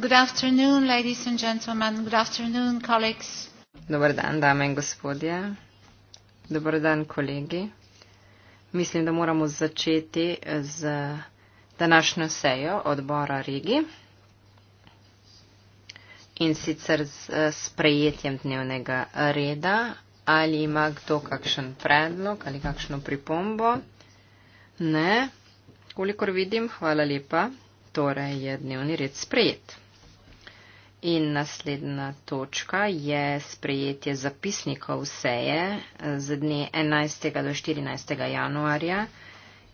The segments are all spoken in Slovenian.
Good afternoon, ladies and gentlemen. Good afternoon, colleagues. Dobar dan, dame in gospodje. Dobar dan, kolegi. Mislim, da moramo začeti z današnjo sejo odbora Rigi in sicer z sprejetjem dnevnega reda. Ali ima kdo kakšen predlog ali kakšno pripombo? Ne. Kolikor vidim, hvala lepa. Torej je dnevni red sprejet. In naslednja točka je sprejetje zapisnikov seje z dne 11. do 14. januarja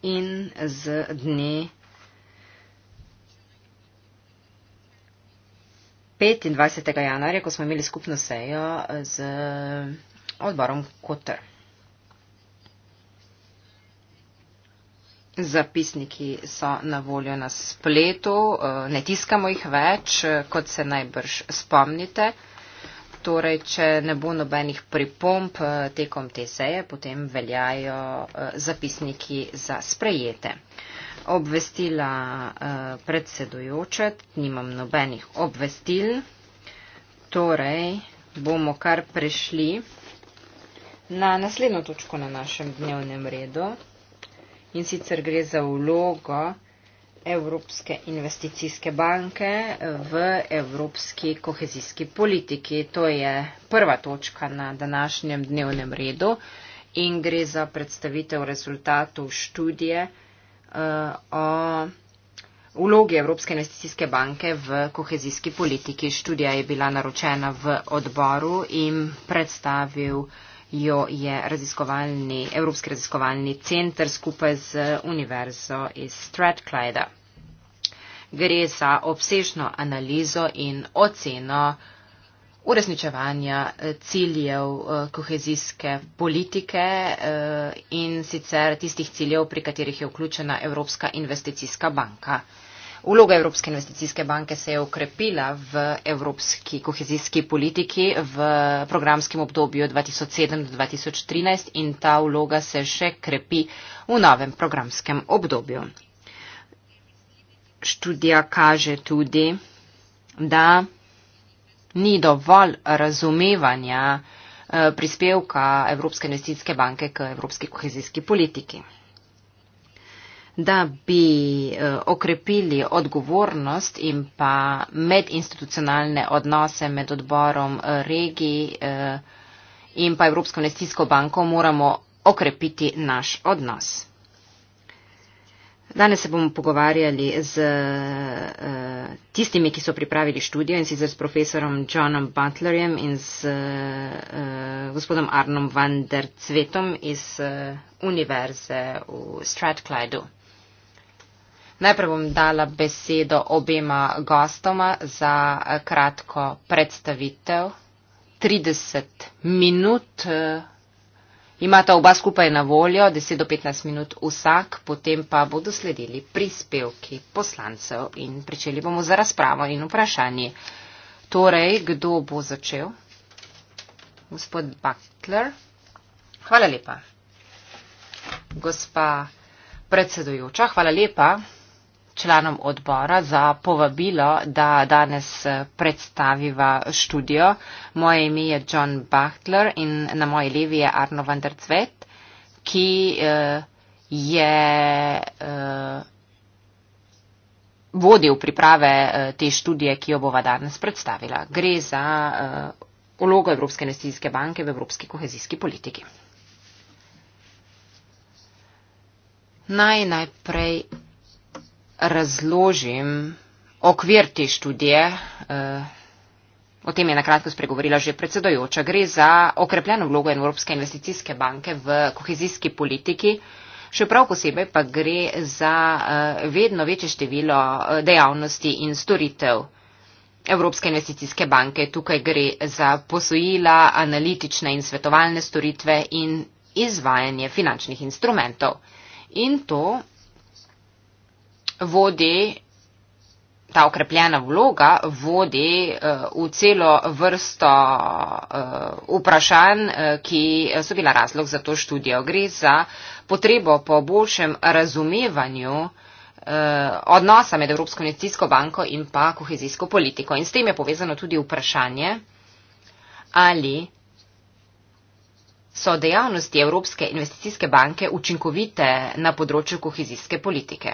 in z dne 25. januarja, ko smo imeli skupno sejo z odborom Kotr. Zapisniki so na voljo na spletu, eh, ne tiskamo jih več, eh, kot se najbrž spomnite. Torej, če ne bo nobenih pripomp eh, tekom te seje, potem veljajo zapisniki za sprejete. Obvestila predsedujoče, nimam nobenih obvestil, torej bomo kar prešli na naslednjo točko na našem dnevnem redu in sicer gre za vlogo Evropske investicijske banke v Evropski kohezijski politiki. To je prva točka na današnjem dnevnem redu in gre za predstavitev rezultatov študije eh, o vlogi Evropske investicijske banke v kohezijski politiki. Študija je bila naročena v odboru in predstavil jo je raziskovalni, Evropski raziskovalni center skupaj z Univerzo iz Stratclyde. Gre za obsežno analizo in oceno uresničevanja eh, ciljev eh, kohezijske politike eh, in sicer tistih ciljev, pri katerih je vključena Evropska investicijska banka. Vloga Evropske investicijske banke se je okrepila v evropski kohezijski politiki v programskem obdobju 2007-2013 in ta vloga se še krepi v novem programskem obdobju. Študija kaže tudi, da ni dovolj razumevanja eh, prispevka Evropske investicijske banke k evropski kohezijski politiki da bi eh, okrepili odgovornost in pa medinstitucionalne odnose med odborom eh, regiji eh, in pa Evropsko investicijsko banko, moramo okrepiti naš odnos. Danes se bomo pogovarjali z tistimi, ki so pripravili študijo in sicer s profesorom Johnom Butlerjem in z gospodom Arnom van der Cvetom iz univerze v Stratclydu. Najprej bom dala besedo obema gostoma za kratko predstavitev. 30 minut eh, imata oba skupaj na voljo, 10 do 15 minut vsak, potem pa bodo sledili prispevki poslancev in pričeli bomo za razpravo in vprašanje. Torej, kdo bo začel? Gospod Butler. Hvala lepa. Gospa predsedujoča, hvala lepa članom odbora za povabilo, da danes eh, predstaviva študijo. Moje ime je John Bachtler in na moji levi je Arno van der Cvet, ki uh, je uh, vodil priprave uh, te študije, ki jo bova danes predstavila. Gre za uh, ulogo Evropske investicijske banke v evropski kohezijski politiki. Naj najprej razložim okvir te študije. Eh, o tem je nakratko spregovorila že predsedojoča. Gre za okrepljeno vlogo Evropske investicijske banke v kohezijski politiki. Še prav posebej pa gre za eh, vedno večje število eh, dejavnosti in storitev Evropske investicijske banke. Tukaj gre za posojila, analitične in svetovalne storitve in izvajanje finančnih instrumentov. In to vodi, ta okrepljena vloga vodi uh, v celo vrsto uh, vprašanj, uh, ki so bila razlog za to študijo. Gre za potrebo po boljšem razumevanju odnosa med Evropsko investicijsko banko in pa kohezijsko politiko. In s tem je povezano tudi vprašanje, ali so dejavnosti Evropske investicijske banke učinkovite na področju kohezijske politike.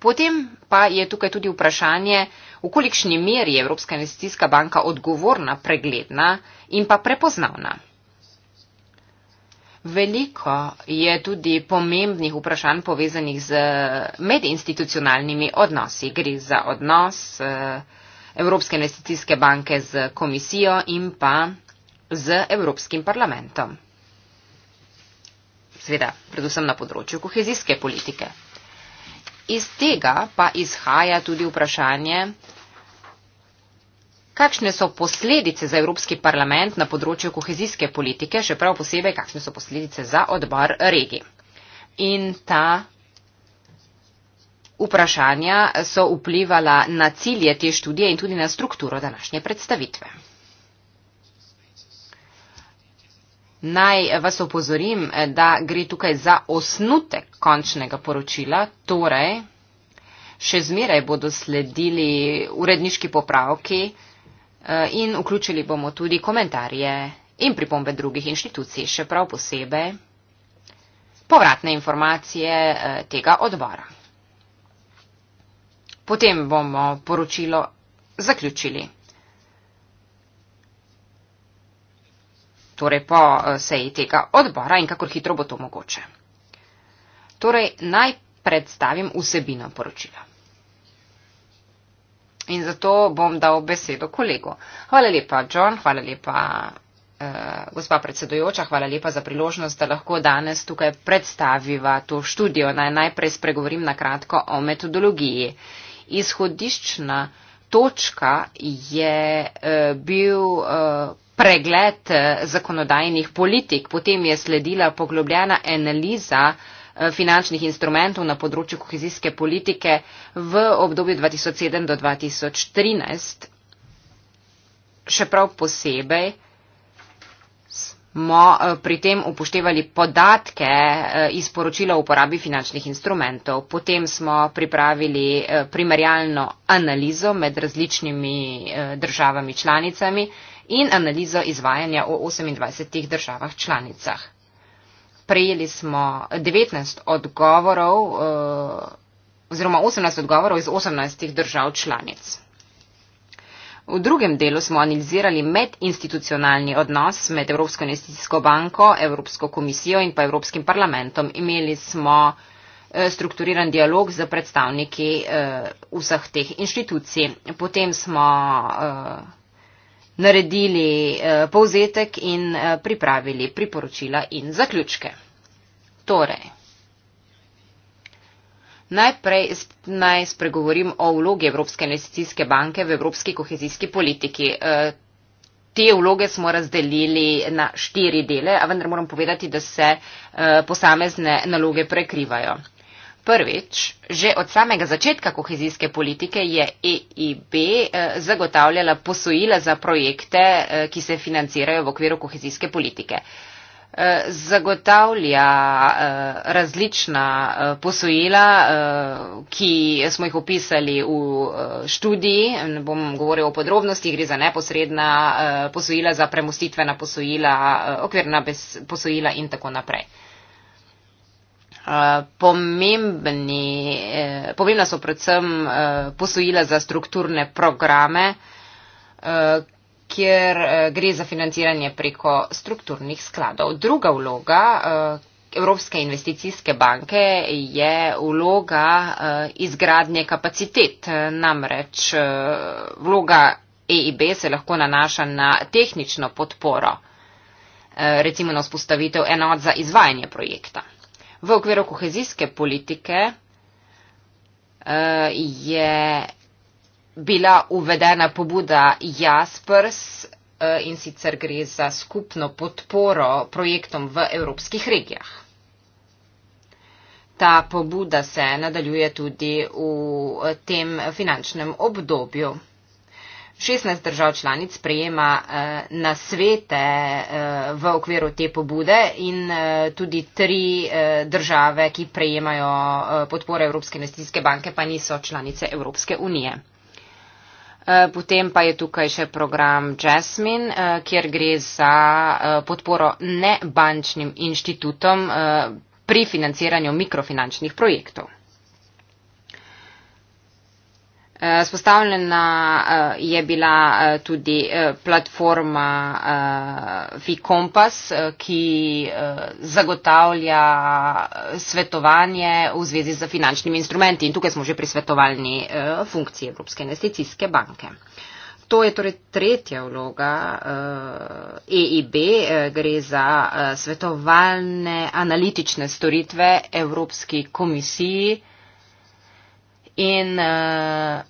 Potem pa je tukaj tudi vprašanje, v kolikšni meri je Evropska investicijska banka odgovorna, pregledna in pa prepoznavna. Veliko je tudi pomembnih vprašanj povezanih z medinstitucionalnimi odnosi. Gre za odnos eh, Evropske investicijske banke z komisijo in pa z Evropskim parlamentom. Sveda, predvsem na področju kohezijske politike iz tega pa izhaja tudi vprašanje, kakšne so posledice za Evropski parlament na področju kohezijske politike, še prav posebej, kakšne so posledice za odbor regi. In ta vprašanja so vplivala na cilje te študije in tudi na strukturo današnje predstavitve. Naj vas opozorim, eh, da gre tukaj za osnutek končnega poročila, torej še zmeraj bodo sledili uredniški popravki eh, in vključili bomo tudi komentarje in pripombe drugih inštitucij, še prav posebej povratne informacije eh, tega odbora. Potem bomo poročilo zaključili. torej po eh, seji tega odbora in kako hitro bo to mogoče. Torej, naj predstavim vsebino poročila. In zato bom dal besedo kolegu. Hvala lepa, John, hvala lepa, eh, gospa predsedujoča, hvala lepa za priložnost, da lahko danes tukaj predstaviva to študijo. Naj najprej spregovorim na kratko o metodologiji. Izhodiščna točka je eh, bil. Eh, pregled eh, zakonodajnih politik, potem je sledila poglobljena analiza eh, finančnih instrumentov na področju kohezijske politike v obdobju 2007 do 2013. Še prav posebej smo eh, pri tem upoštevali podatke iz poročila o uporabi finančnih instrumentov. Potem smo pripravili primerjalno analizo med različnimi državami članicami in analizo izvajanja v 28 državah članicah. Prejeli smo 19 odgovorov, eh, oziroma 18 odgovorov iz 18 držav članic. V drugem delu smo analizirali medinstitucionalni odnos med Evropsko investicijsko banko, Evropsko komisijo in pa Evropskim parlamentom. Imeli smo eh, strukturiran dialog z predstavniki eh, vseh teh inštitucij. Potem smo naredili eh, povzetek in eh, pripravili priporočila in zaključke. Torej, najprej naj spregovorim o vlogi Evropske investicijske banke v Evropski kohezijski politiki. Eh, te vloge smo razdelili na štiri dele, a vendar moram povedati, da se posamezne naloge prekrivajo. Prvič, že od samega začetka kohezijske politike je EIB eh, zagotavljala posojila za projekte, eh, ki se financirajo v okviru kohezijske politike. Eh, zagotavlja različna posojila, ki smo jih opisali v študiji, ne bom govoril o podrobnostih, gre za neposredna posojila, za premustitvena posojila, okvirna posojila in tako naprej. Eh, pomembni, eh, pomembna so predvsem eh, posojila za strukturne programe, kjer gre za financiranje preko strukturnih skladov. Druga vloga Evropske investicijske banke je vloga izgradnje kapacitet, namreč vloga EIB se lahko nanaša na tehnično podporo, recimo na vzpostavitev enot za izvajanje projekta. V okviru kohezijske politike eh, je bila uvedena pobuda Jaspers eh, in sicer gre za skupno podporo projektom v evropskih regijah. Ta pobuda se nadaljuje tudi v tem finančnem obdobju. 16 držav članic prejema eh, na svete eh, v okviru te pobude in eh, tudi tri eh, države, ki prejemajo eh, podporo Evropske investicijske banke, pa niso članice Evropske unije. Eh, potem pa je tukaj še program Jasmine, eh, kjer gre za eh, podporo nebančnim inštitutom eh, pri financiranju mikrofinančnih projektov. Eh, spostavljena eh, je bila eh, tudi platforma FICOMPAS, ki zagotavlja svetovanje v zvezi z finančnimi instrumenti in tukaj smo že pri svetovalni funkciji Evropske investicijske banke. To je torej tretja vloga EIB, e gre za svetovalne analitične storitve Evropski komisiji. In uh,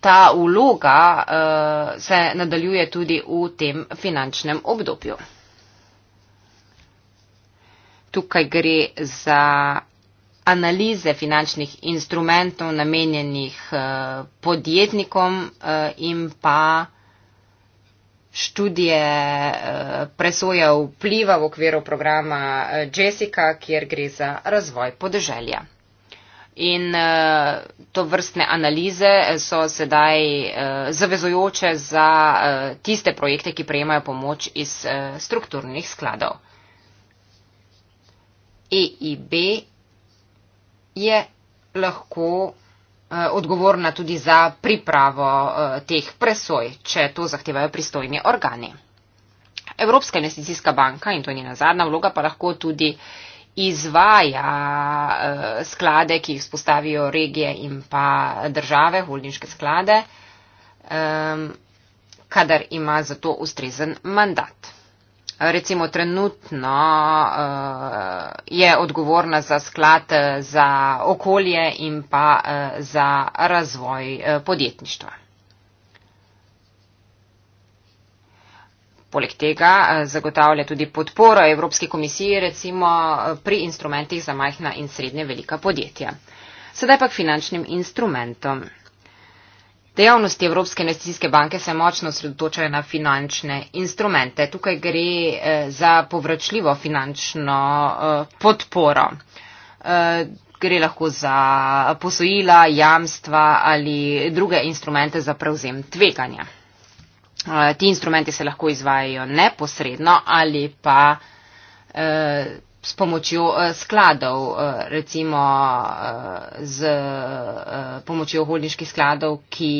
ta vloga uh, se nadaljuje tudi v tem finančnem obdobju. Tukaj gre za analize finančnih instrumentov namenjenih eh, podjetnikom eh, in pa študije presoja vpliva v okviru programa Jessica, kjer gre za razvoj podeželja in eh, to vrstne analize so sedaj eh, zavezojoče za eh, tiste projekte, ki prejemajo pomoč iz strukturnih skladov. EIB je lahko odgovorna tudi za pripravo teh presoj, če to zahtevajo pristojni organi. Evropska investicijska banka in to je njena zadnja vloga pa lahko tudi uh, izvaja eh, sklade, ki jih spostavijo regije in pa države, holdinške sklade, kadar ima za to ustrezen mandat. Recimo trenutno eh, je odgovorna za sklad eh, za okolje in pa za razvoj podjetništva. Poleg tega eh, zagotavlja tudi podporo Evropske komisije recimo eh, pri instrumentih za majhna in srednje velika podjetja. Sedaj pa k finančnim instrumentom. Dejavnosti Evropske investicijske banke se močno sredotočajo na finančne instrumente. Tukaj gre eh, za povračljivo finančno podporo. Gre lahko za posojila, jamstva ali druge instrumente za prevzem tveganja. Eh, ti instrumenti se lahko izvajajo neposredno ali pa eh, s pomočjo eh, skladov, recimo s pomočjo holniških skladov, ki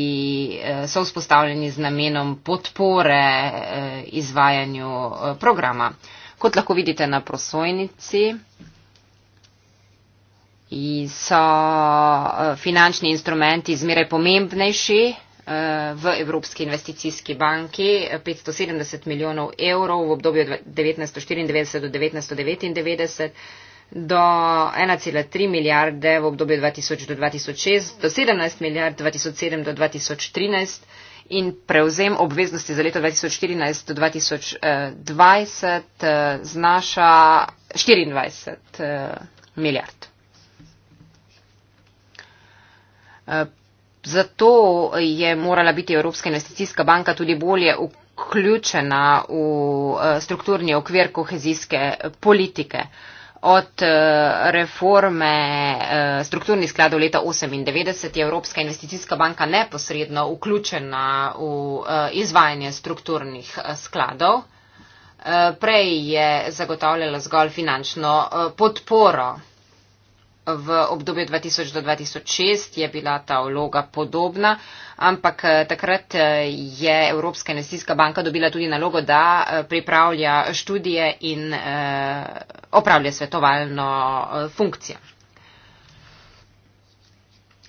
so vzpostavljeni z namenom podpore izvajanju programa. Kot lahko vidite na prosojnici, so finančni instrumenti zmeraj pomembnejši v Evropski investicijski banki 570 milijonov evrov v obdobju 1994 do 1999 do 1,3 milijarde v obdobju 2000 do 2006, do 17 milijard 2007 do 2013 in prevzem obveznosti za leto 2014 do 2020 eh, znaša 24 eh, milijard. Eh, Zato je morala biti Evropska investicijska banka tudi bolje vključena v eh, strukturni okvir kohezijske politike. Od eh, reforme eh, strukturnih skladov leta 1998 je Evropska investicijska banka neposredno vključena v izvajanje strukturnih skladov. Prej je zagotavljala zgolj finančno podporo v obdobju 2000 do 2006 je bila ta vloga podobna, ampak eh, takrat eh, je Evropska investicijska banka dobila tudi nalogo, da eh, pripravlja študije in opravlja svetovalno funkcijo.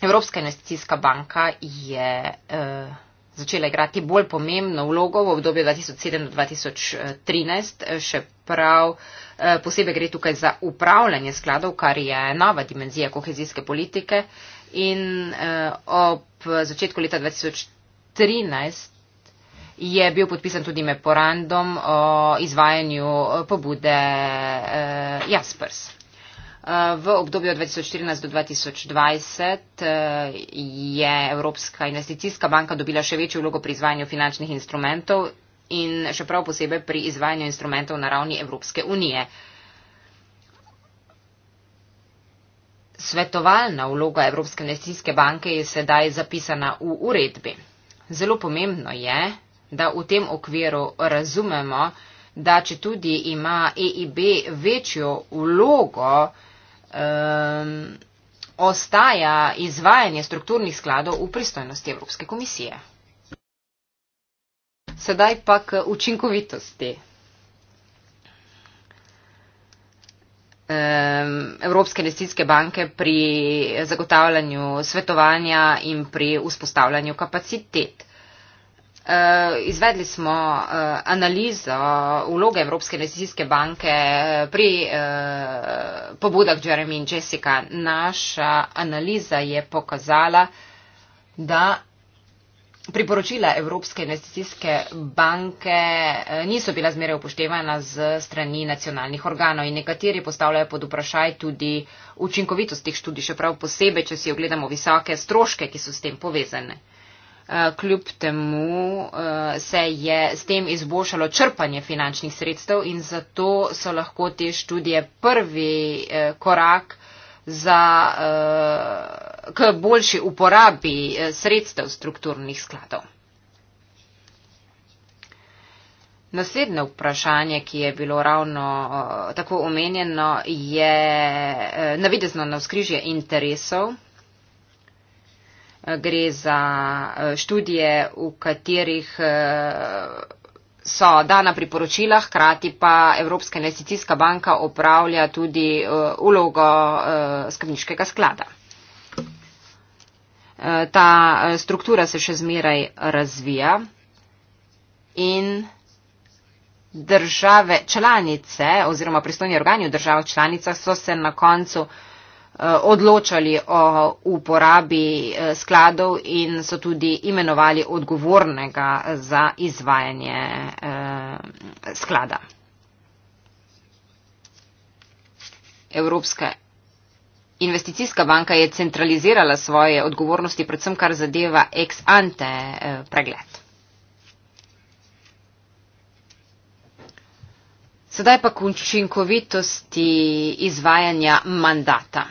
Evropska investicijska banka je. Uh, začela igrati bolj pomembno vlogo v obdobju 2007-2013, še prav eh, posebej gre tukaj za upravljanje skladov, kar je nova dimenzija kohezijske politike in eh, ob začetku leta 2013 je bil podpisan tudi memorandum o izvajanju eh, pobude Jaspers. Eh, v obdobju 2014 do 2020 eh, je Evropska investicijska banka dobila še večjo vlogo pri izvajanju finančnih instrumentov in še prav posebej pri izvajanju instrumentov na ravni Evropske unije. Svetovalna vloga Evropske investicijske banke je sedaj zapisana v uredbi. Zelo pomembno je, da v tem okviru razumemo, da če tudi ima EIB večjo vlogo, um, ostaja izvajanje strukturnih skladov v pristojnosti Evropske komisije. Sedaj pa k učinkovitosti. Evropske investicijske banke pri zagotavljanju svetovanja in pri vzpostavljanju kapacitet. E, Eh, izvedli smo eh, analizo vloge Evropske investicijske banke eh, pri pobudah Jeremy in Jessica. Naša analiza je pokazala, da priporočila Evropske investicijske banke niso bila zmeraj upoštevana z strani nacionalnih organov in nekateri postavljajo pod vprašaj tudi učinkovitost teh študij, še prav posebej, če si ogledamo visoke stroške, ki so s tem povezane. Eh, kljub temu eh, se je s tem izboljšalo črpanje finančnih sredstev in zato so lahko te študije prvi eh, korak za, k boljši uporabi sredstev strukturnih skladov. Naslednje vprašanje, ki je bilo ravno uh, tako omenjeno, je uh, navidezno na vzkrižje interesov gre za eh, študije, v katerih eh, so dana priporočila, hkrati pa Evropska investicijska banka opravlja tudi ulogo eh, skrbniškega sklada. Ta struktura se še zmeraj razvija in države članice oziroma pristojni organi v državah članicah so se na koncu uh, Eh, odločali o uporabi eh, skladov in so tudi imenovali odgovornega za izvajanje eh, sklada. Evropska investicijska banka je centralizirala svoje odgovornosti, predvsem kar zadeva ex ante pregled. Sedaj pa k učinkovitosti izvajanja mandata.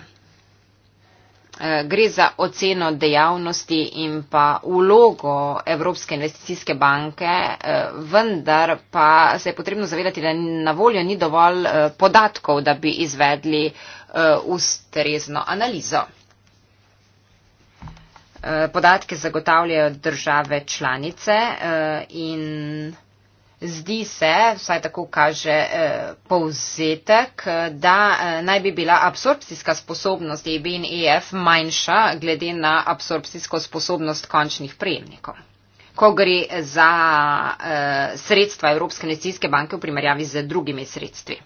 Eh, gre za oceno dejavnosti in pa vlogo Evropske investicijske banke, eh, vendar pa se je potrebno zavedati, da na voljo ni dovolj eh, podatkov, da bi izvedli ustrezno analizo. Podatke zagotavljajo države članice in. Zdi se, vsaj tako kaže eh, povzetek, da eh, naj bi bila absorpcijska sposobnost EB in EF manjša glede na absorpcijsko sposobnost končnih prejemnikov. Ko gre za eh, sredstva Evropske necijske banke v primerjavi z drugimi sredstvi.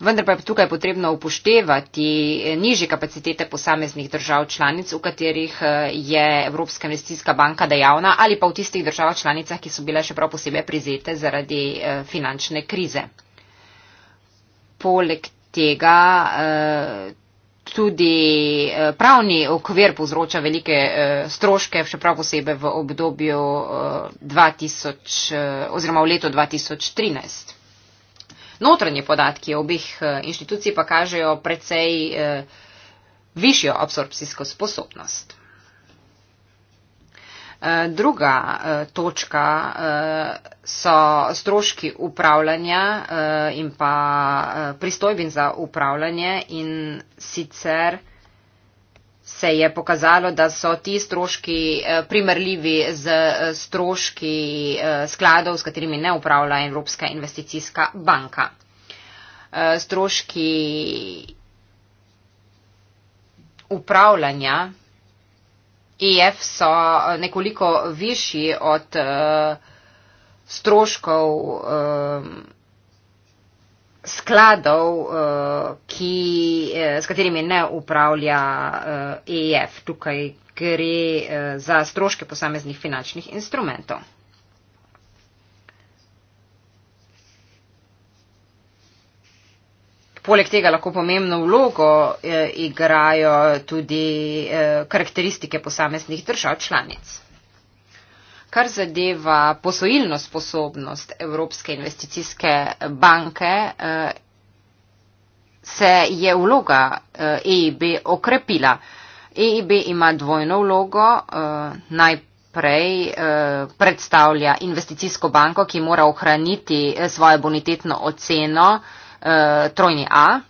Vendar pa je tukaj potrebno upoštevati eh, nižje kapacitete posameznih držav članic, v katerih eh, je Evropska investicijska banka dejavna ali pa v tistih državah članicah, ki so bile še prav posebej prizete zaradi eh, finančne krize. Poleg tega tudi pravni okvir povzroča velike stroške, še prav posebej v obdobju 2000, oziroma v letu 2013 notranje podatke obih eh, inštitucij pa kažejo precej eh, višjo absorpcijsko sposobnost. Eh, druga točka so stroški upravljanja in pa pristojbin za upravljanje in sicer se je pokazalo, da so ti stroški eh, primerljivi z eh, stroški eh, skladov, s katerimi ne upravlja Evropska investicijska banka. Stroški upravljanja EF so nekoliko višji od stroškov skladov, eh, ki, eh, s katerimi ne upravlja EF. Eh, e Tukaj gre za stroške posameznih finančnih instrumentov. Poleg tega lahko pomembno vlogo igrajo tudi karakteristike posameznih držav članic kar zadeva posojilno sposobnost Evropske investicijske banke, eh, se je vloga EIB eh, e okrepila. EIB ima dvojno vlogo, eh, najprej predstavlja investicijsko banko, ki mora ohraniti svojo bonitetno oceno trojni A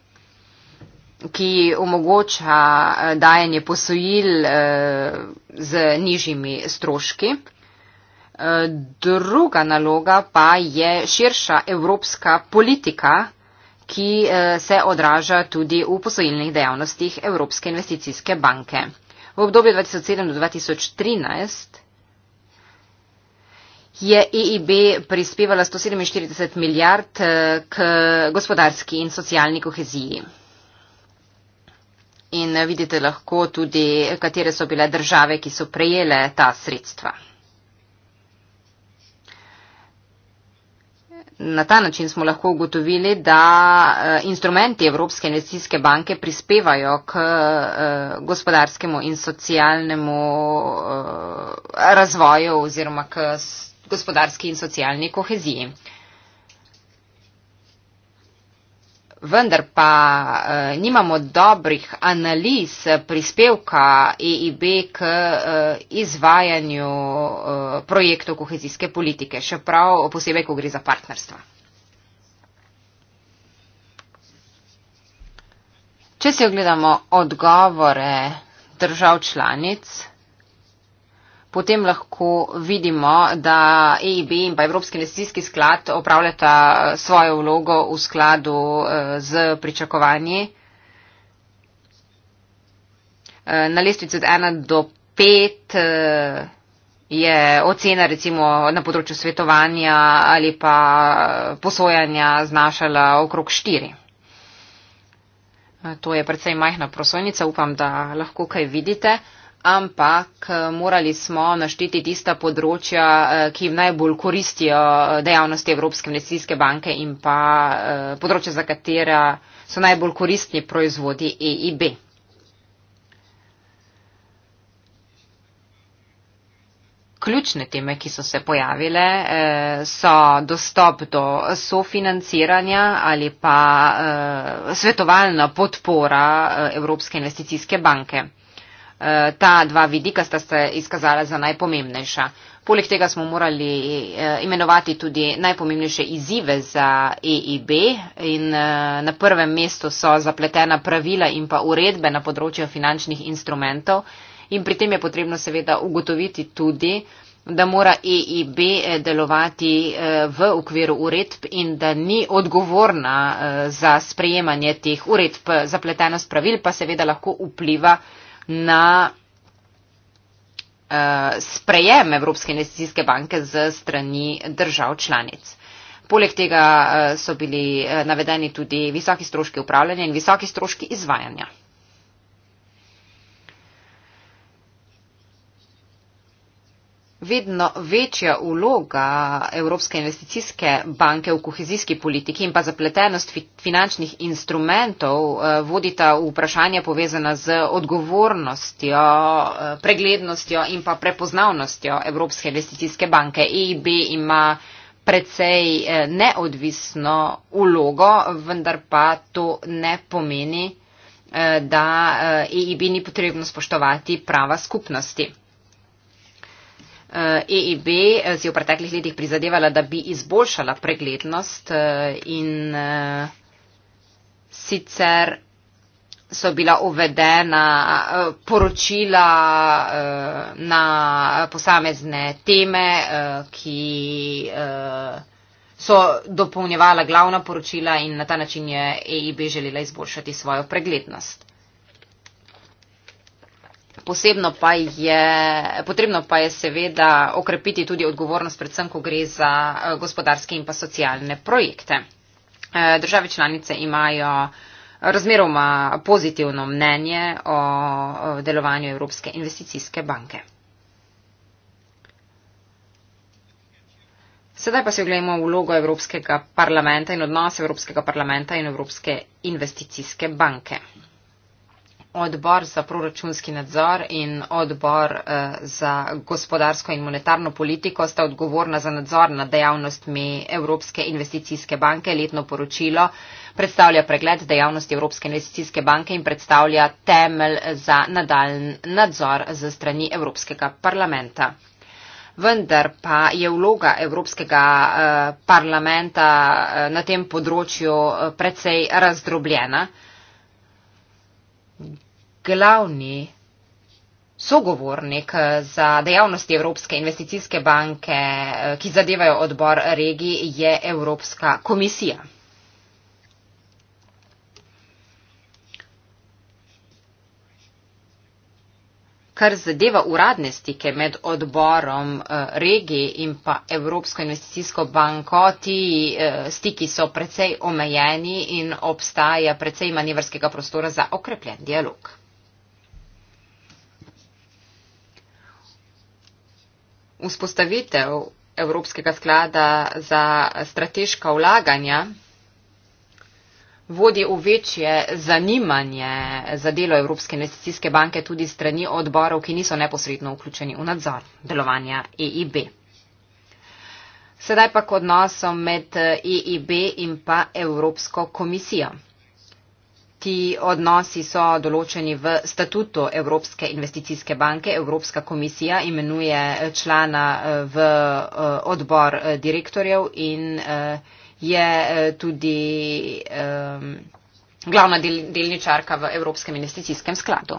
ki omogoča dajanje posojil z nižjimi stroški. E, druga naloga pa je širša evropska politika, ki e, se odraža tudi v posojilnih dejavnostih Evropske investicijske banke. V obdobju 2007 do 2013 je EIB prispevala 147 milijard e, k gospodarski in socialni koheziji. In vidite lahko tudi, katere so bile države, ki so prejele ta sredstva. Na ta način smo lahko ugotovili, da eh, instrumenti Evropske investicijske banke prispevajo k eh, gospodarskemu in socialnemu eh, razvoju oziroma k gospodarski in socialni koheziji. vendar pa uh, nimamo dobrih analiz prispevka EIB k uh, izvajanju uh, projektov kohezijske politike, še prav posebej, ko gre za partnerstva. Če si ogledamo odgovore držav članic, potem lahko vidimo, da EIB in pa Evropski investicijski sklad opravljata eh, svojo vlogo v skladu eh, z pričakovanji. Eh, na lestvici od 1 do 5 je ocena recimo na področju svetovanja ali pa posojanja znašala okrog 4. To je predvsej majhna prosojnica, upam, da lahko kaj vidite. Uh, ampak eh, morali smo našteti tista področja, eh, ki jim najbolj koristijo eh, dejavnosti Evropske investicijske banke in pa področja, za katera so najbolj koristni proizvodi EIB. Ključne teme, ki so se pojavile, so dostop do sofinanciranja ali pa svetovalna podpora Evropske investicijske banke. Eh, ta dva vidika sta se izkazala za najpomembnejša. Poleg tega smo morali eh, imenovati tudi najpomembnejše izzive za EIB in eh, na prvem mestu so zapletena pravila in pa uredbe na področju finančnih instrumentov in pri tem je potrebno seveda ugotoviti tudi, da mora EIB delovati v okviru uredb in da ni odgovorna za sprejemanje teh uredb. Zapletenost pravil pa seveda lahko vpliva na eh, sprejem Evropske investicijske banke z strani držav članic. Poleg tega eh, so bili eh, navedeni tudi visoki stroški upravljanja in visoki stroški izvajanja. vedno večja vloga Evropske investicijske banke v kohezijski politiki in pa zapletenost fi finančnih instrumentov eh, vodita v vprašanje povezana z odgovornostjo, eh, preglednostjo in pa prepoznavnostjo Evropske investicijske banke. EIB ima precej eh, neodvisno vlogo, vendar pa to ne pomeni, eh, da eh, EIB ni potrebno spoštovati prava skupnosti. EIB eh, e eh, si v preteklih letih prizadevala, da bi izboljšala preglednost eh, in sicer so bila uvedena poročila na posamezne teme, ki so dopolnjevala glavna poročila in na ta način je EIB želela izboljšati svojo preglednost posebno pa je, potrebno pa je seveda okrepiti tudi odgovornost, predvsem, ko gre za eh, gospodarske in pa socialne projekte. Eh, države članice imajo razmeroma pozitivno mnenje o delovanju Evropske investicijske banke. Sedaj pa se oglejmo vlogo Evropskega parlamenta in odnos Evropskega parlamenta in Evropske investicijske banke odbor za proračunski nadzor in odbor eh, za gospodarsko in monetarno politiko sta odgovorna za nadzor nad dejavnostmi Evropske investicijske banke. Letno poročilo predstavlja pregled dejavnosti Evropske investicijske banke in predstavlja temelj za nadaljn nadzor za strani Evropskega parlamenta. Vendar pa je vloga Evropskega eh, parlamenta eh, na tem področju precej razdrobljena glavni sogovornik eh, za dejavnosti Evropske investicijske banke, eh, ki zadevajo odbor regij, je Evropska komisija. Kar zadeva uradne stike med odborom eh, regij in pa Evropsko investicijsko banko, ti stiki so precej omejeni in obstaja precej manevrskega prostora za okrepljen dialog. vzpostavitev Evropskega sklada za strateška vlaganja vodi v večje zanimanje za delo Evropske investicijske banke tudi strani odborov, ki niso neposredno vključeni v nadzor delovanja EIB. Sedaj pa k odnosom med EIB in pa Evropsko komisijo ti odnosi so določeni v statutu Evropske investicijske banke. Evropska komisija imenuje eh, člana eh, v eh, odbor direktorjev in je tudi glavna delničarka v Evropskem investicijskem skladu.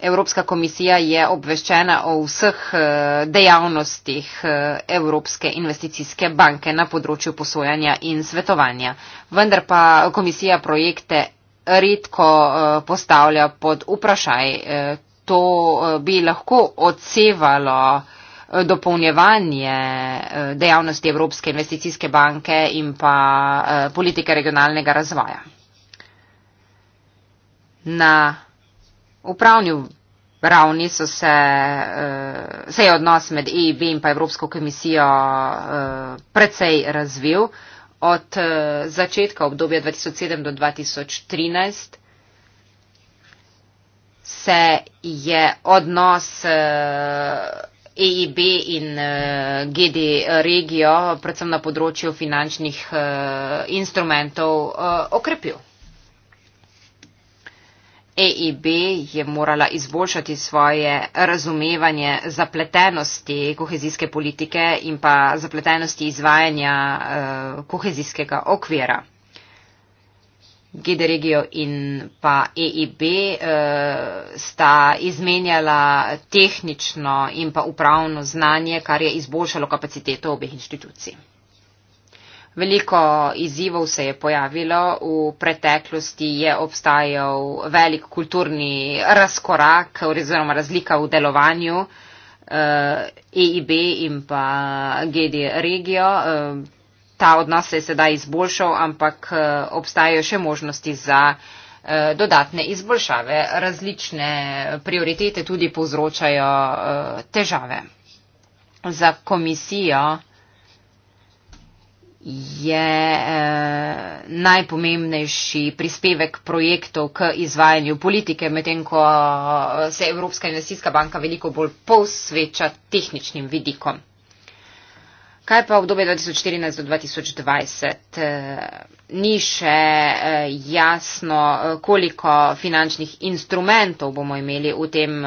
Evropska komisija je obveščena o vseh eh, dejavnostih eh, Evropske investicijske banke na področju posojanja in svetovanja. Vendar pa komisija projekte redko eh, postavlja pod vprašaj. To bi lahko odsevalo dopolnjevanje dejavnosti Evropske investicijske banke in pa politike regionalnega razvoja. Na upravni ravni so se, eh, se je odnos med EIB in pa Evropsko komisijo eh, precej razvil. Od eh, začetka obdobja 2007 do 2013 se je odnos EIB e in GD regijo, predvsem na področju finančnih instrumentov, okrepil. EIB je morala izboljšati svoje razumevanje zapletenosti kohezijske politike in pa zapletenosti izvajanja eh, kohezijskega okvira. GD Regio in pa EIB eh, sta izmenjala tehnično in pa upravno znanje, kar je izboljšalo kapaciteto obeh inštitucij. Veliko izzivov se je pojavilo, v preteklosti je obstajal velik kulturni razkorak oziroma razlika v delovanju eh, EIB in pa GD regijo. Eh, ta odnos se je sedaj izboljšal, ampak eh, obstajajo še možnosti za eh, dodatne izboljšave. Različne prioritete tudi povzročajo eh, težave. Za komisijo je eh, najpomembnejši prispevek projektov k izvajanju politike, medtem ko eh, se Evropska investicijska banka veliko bolj posveča tehničnim vidikom. Kaj pa obdobje 2014 do 2020? Eh, ni še eh, jasno, koliko finančnih instrumentov bomo imeli v tem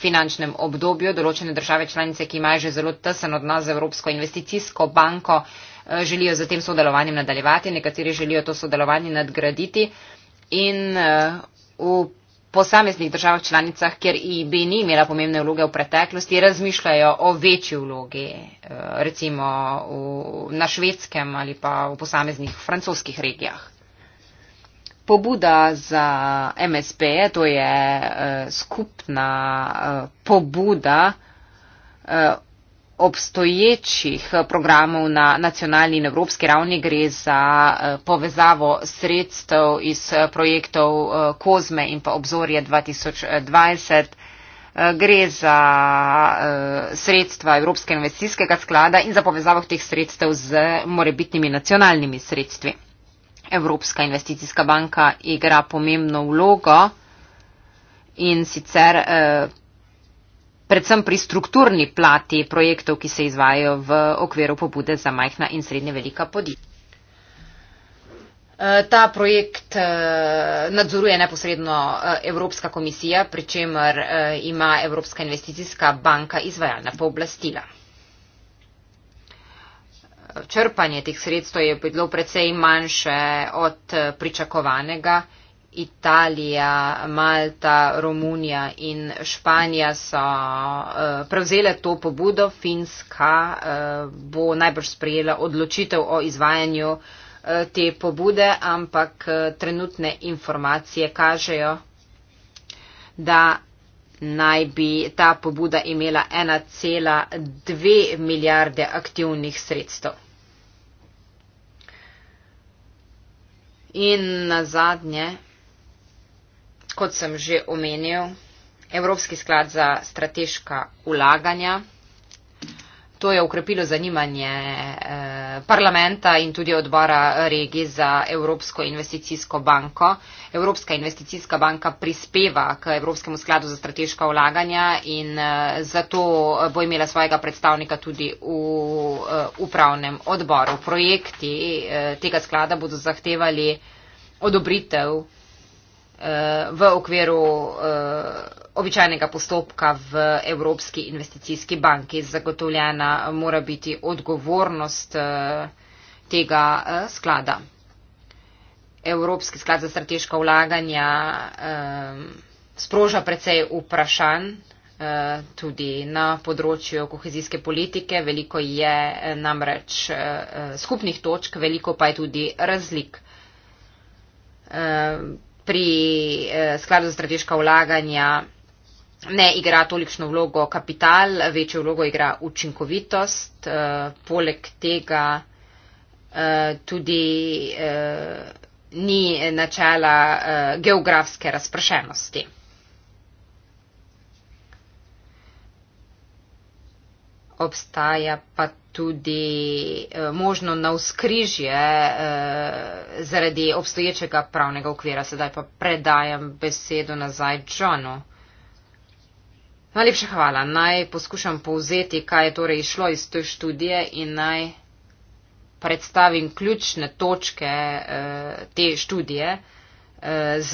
finančnem obdobju. Določene države članice, ki imajo že zelo tesen odnos z Evropsko investicijsko banko, Eh, želijo z tem sodelovanjem nadaljevati, nekateri želijo to sodelovanje nadgraditi in eh, v posameznih državah članicah, kjer IB ni imela pomembne vloge v preteklosti, razmišljajo o večji vlogi, eh, recimo v, na švedskem ali pa v posameznih francoskih regijah. Pobuda za MSP, to je skupna pobuda obstoječih eh, programov na nacionalni in evropski ravni gre za eh, povezavo sredstev iz eh, projektov Kozme in pa obzorje 2020. Gre za sredstva Evropske investicijskega sklada in za povezavo teh sredstev z morebitnimi nacionalnimi sredstvi. Evropska investicijska banka igra pomembno vlogo in sicer predvsem pri strukturni plati projektov, ki se izvajo v okviru pobude za majhna in srednje velika podjetja. Eh, ta projekt eh, nadzoruje neposredno eh, Evropska komisija, pri čemer ima Evropska investicijska banka izvajalna pooblastila. Črpanje teh sredstev je bilo precej manjše od pričakovanega. Italija, Malta, Romunija in Španija so uh, prevzele to pobudo, Finska uh, bo najbrž sprejela odločitev o izvajanju uh, te pobude, ampak uh, trenutne informacije kažejo, da naj bi ta pobuda imela 1,2 milijarde aktivnih sredstev. In na zadnje, kot sem že omenil, Evropski sklad za strateška ulaganja. To je ukrepilo zanimanje eh, parlamenta in tudi odbora regi za Evropsko investicijsko banko. Evropska investicijska banka prispeva k Evropskemu skladu za strateška ulaganja in eh, zato bo imela svojega predstavnika tudi v eh, upravnem odboru. Projekti tega sklada bodo zahtevali odobritev v okviru eh, običajnega postopka v Evropski investicijski banki. Zagotovljena mora biti odgovornost eh, tega eh, sklada. Evropski sklad za strateška vlaganja sproža precej vprašanj tudi na področju kohezijske politike. Veliko je namreč skupnih točk, veliko pa je tudi razlik pri eh, skladu za strateška vlaganja ne igra tolikšno vlogo kapital, večjo vlogo igra učinkovitost. Eh, poleg tega eh, tudi eh, ni načela eh, geografske razprašenosti. Obstaja pa tudi eh, možno na vzkrižje eh, zaradi obstoječega pravnega okvira. Sedaj pa predajam besedo nazaj Johnu. Najlepša hvala. Naj poskušam povzeti, kaj je torej išlo iz te študije in naj predstavim ključne točke eh, te študije z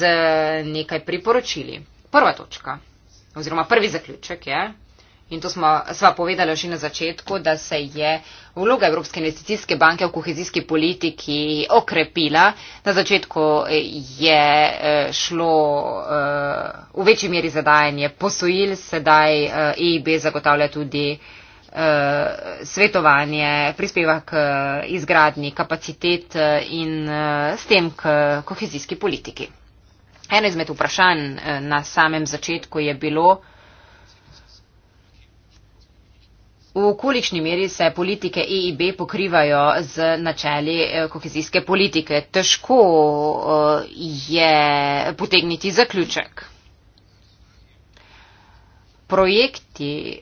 nekaj priporočili. Prva točka oziroma prvi zaključek je, In to smo, sva povedala že na začetku, da se je vloga Evropske investicijske banke v kohezijski politiki okrepila. Na začetku je eh, šlo eh, v večji meri zadajanje posojil, sedaj EIB eh, e zagotavlja tudi svetovanje, prispeva k izgradni kapacitet in s tem k kohezijski politiki. Eno izmed vprašanj na samem začetku je bilo, V kolikšni meri se politike EIB pokrivajo z načeli eh, kohezijske politike? Težko eh, je potegniti zaključek. Projekti eh,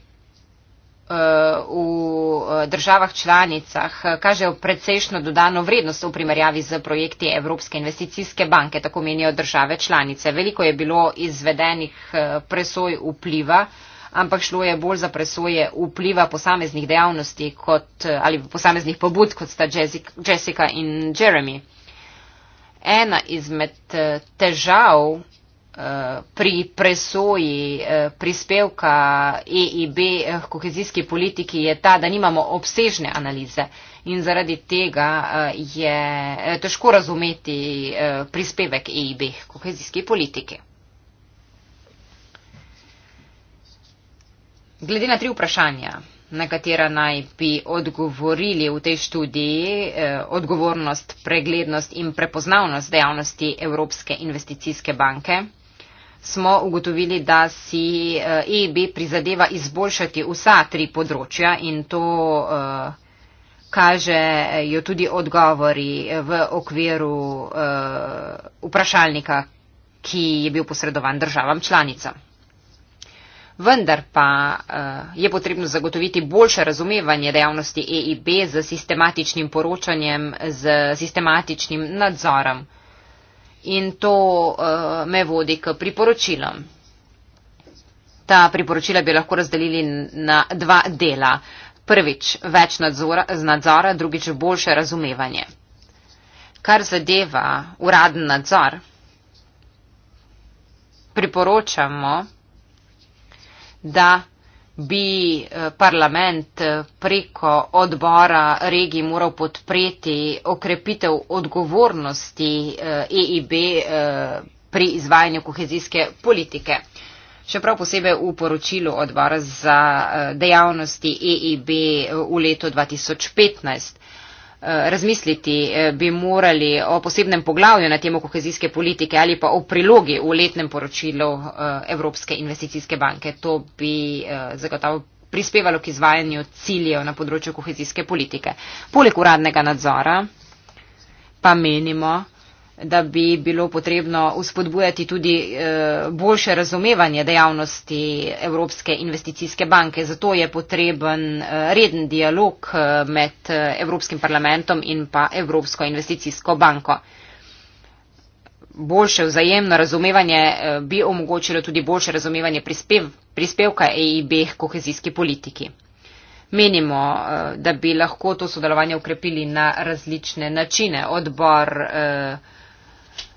v državah članicah kažejo precejšno dodano vrednost v primerjavi z projekti Evropske investicijske banke, tako menijo države članice. Veliko je bilo izvedenih presoj vpliva ampak šlo je bolj za presoje vpliva posameznih dejavnosti kot, ali posameznih pobud, kot sta Jessica in Jeremy. Ena izmed eh, težav eh, pri presoji eh, prispevka EIB k kohezijski politiki je ta, da nimamo obsežne analize in zaradi tega je težko razumeti prispevek EIB k kohezijski politiki. Glede na tri vprašanja, na katera naj bi odgovorili v tej študiji, eh, odgovornost, preglednost in prepoznavnost dejavnosti Evropske investicijske banke, smo ugotovili, da si eh, EB prizadeva izboljšati vsa tri področja in to eh, kažejo tudi odgovori eh, v okviru eh, vprašalnika, ki je bil posredovan državam članicam. Vendar pa uh, je potrebno zagotoviti boljše razumevanje dejavnosti EIB z sistematičnim poročanjem, z sistematičnim nadzorom. In to uh, me vodi k priporočilom. Ta priporočila bi lahko razdelili na dva dela. Prvič, več nadzora, z nadzora, drugič, boljše razumevanje. Kar zadeva uraden nadzor, priporočamo, da bi eh, parlament eh, preko odbora regij moral podpreti okrepitev odgovornosti EIB eh, e pri izvajanju kohezijske politike. Še prav posebej v poročilu odbora za dejavnosti EIB v letu 2015. Eh, razmisliti, eh, bi morali o posebnem poglavju na temo kohezijske politike ali pa o prilogi v letnem poročilu eh, Evropske investicijske banke. To bi zagotovo prispevalo k izvajanju ciljev na področju kohezijske politike. Poleg uradnega nadzora pa menimo, da bi bilo potrebno uspodbujati tudi eh, boljše razumevanje dejavnosti Evropske investicijske banke. Zato je potreben eh, reden dialog eh, med Evropskim parlamentom in pa Evropsko investicijsko banko. Boljše vzajemno razumevanje bi omogočilo tudi boljše razumevanje prispev, prispevka EIB k kohezijski politiki. Menimo, da bi lahko to sodelovanje ukrepili na različne načine. Odbor eh,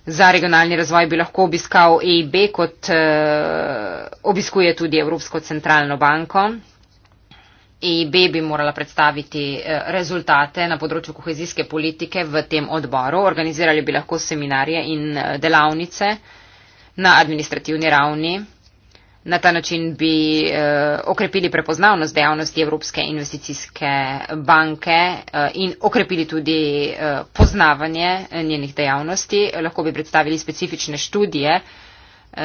za regionalni razvoj bi lahko obiskal EIB, kot uh, obiskuje tudi Evropsko centralno banko. EIB bi morala predstaviti eh, rezultate na področju kohezijske politike v tem odboru. Organizirali bi lahko seminarje in eh, delavnice na administrativni ravni. Na ta način bi uh, okrepili prepoznavnost dejavnosti Evropske investicijske banke uh, in okrepili tudi uh, poznavanje njenih dejavnosti. Lahko bi predstavili specifične študije uh,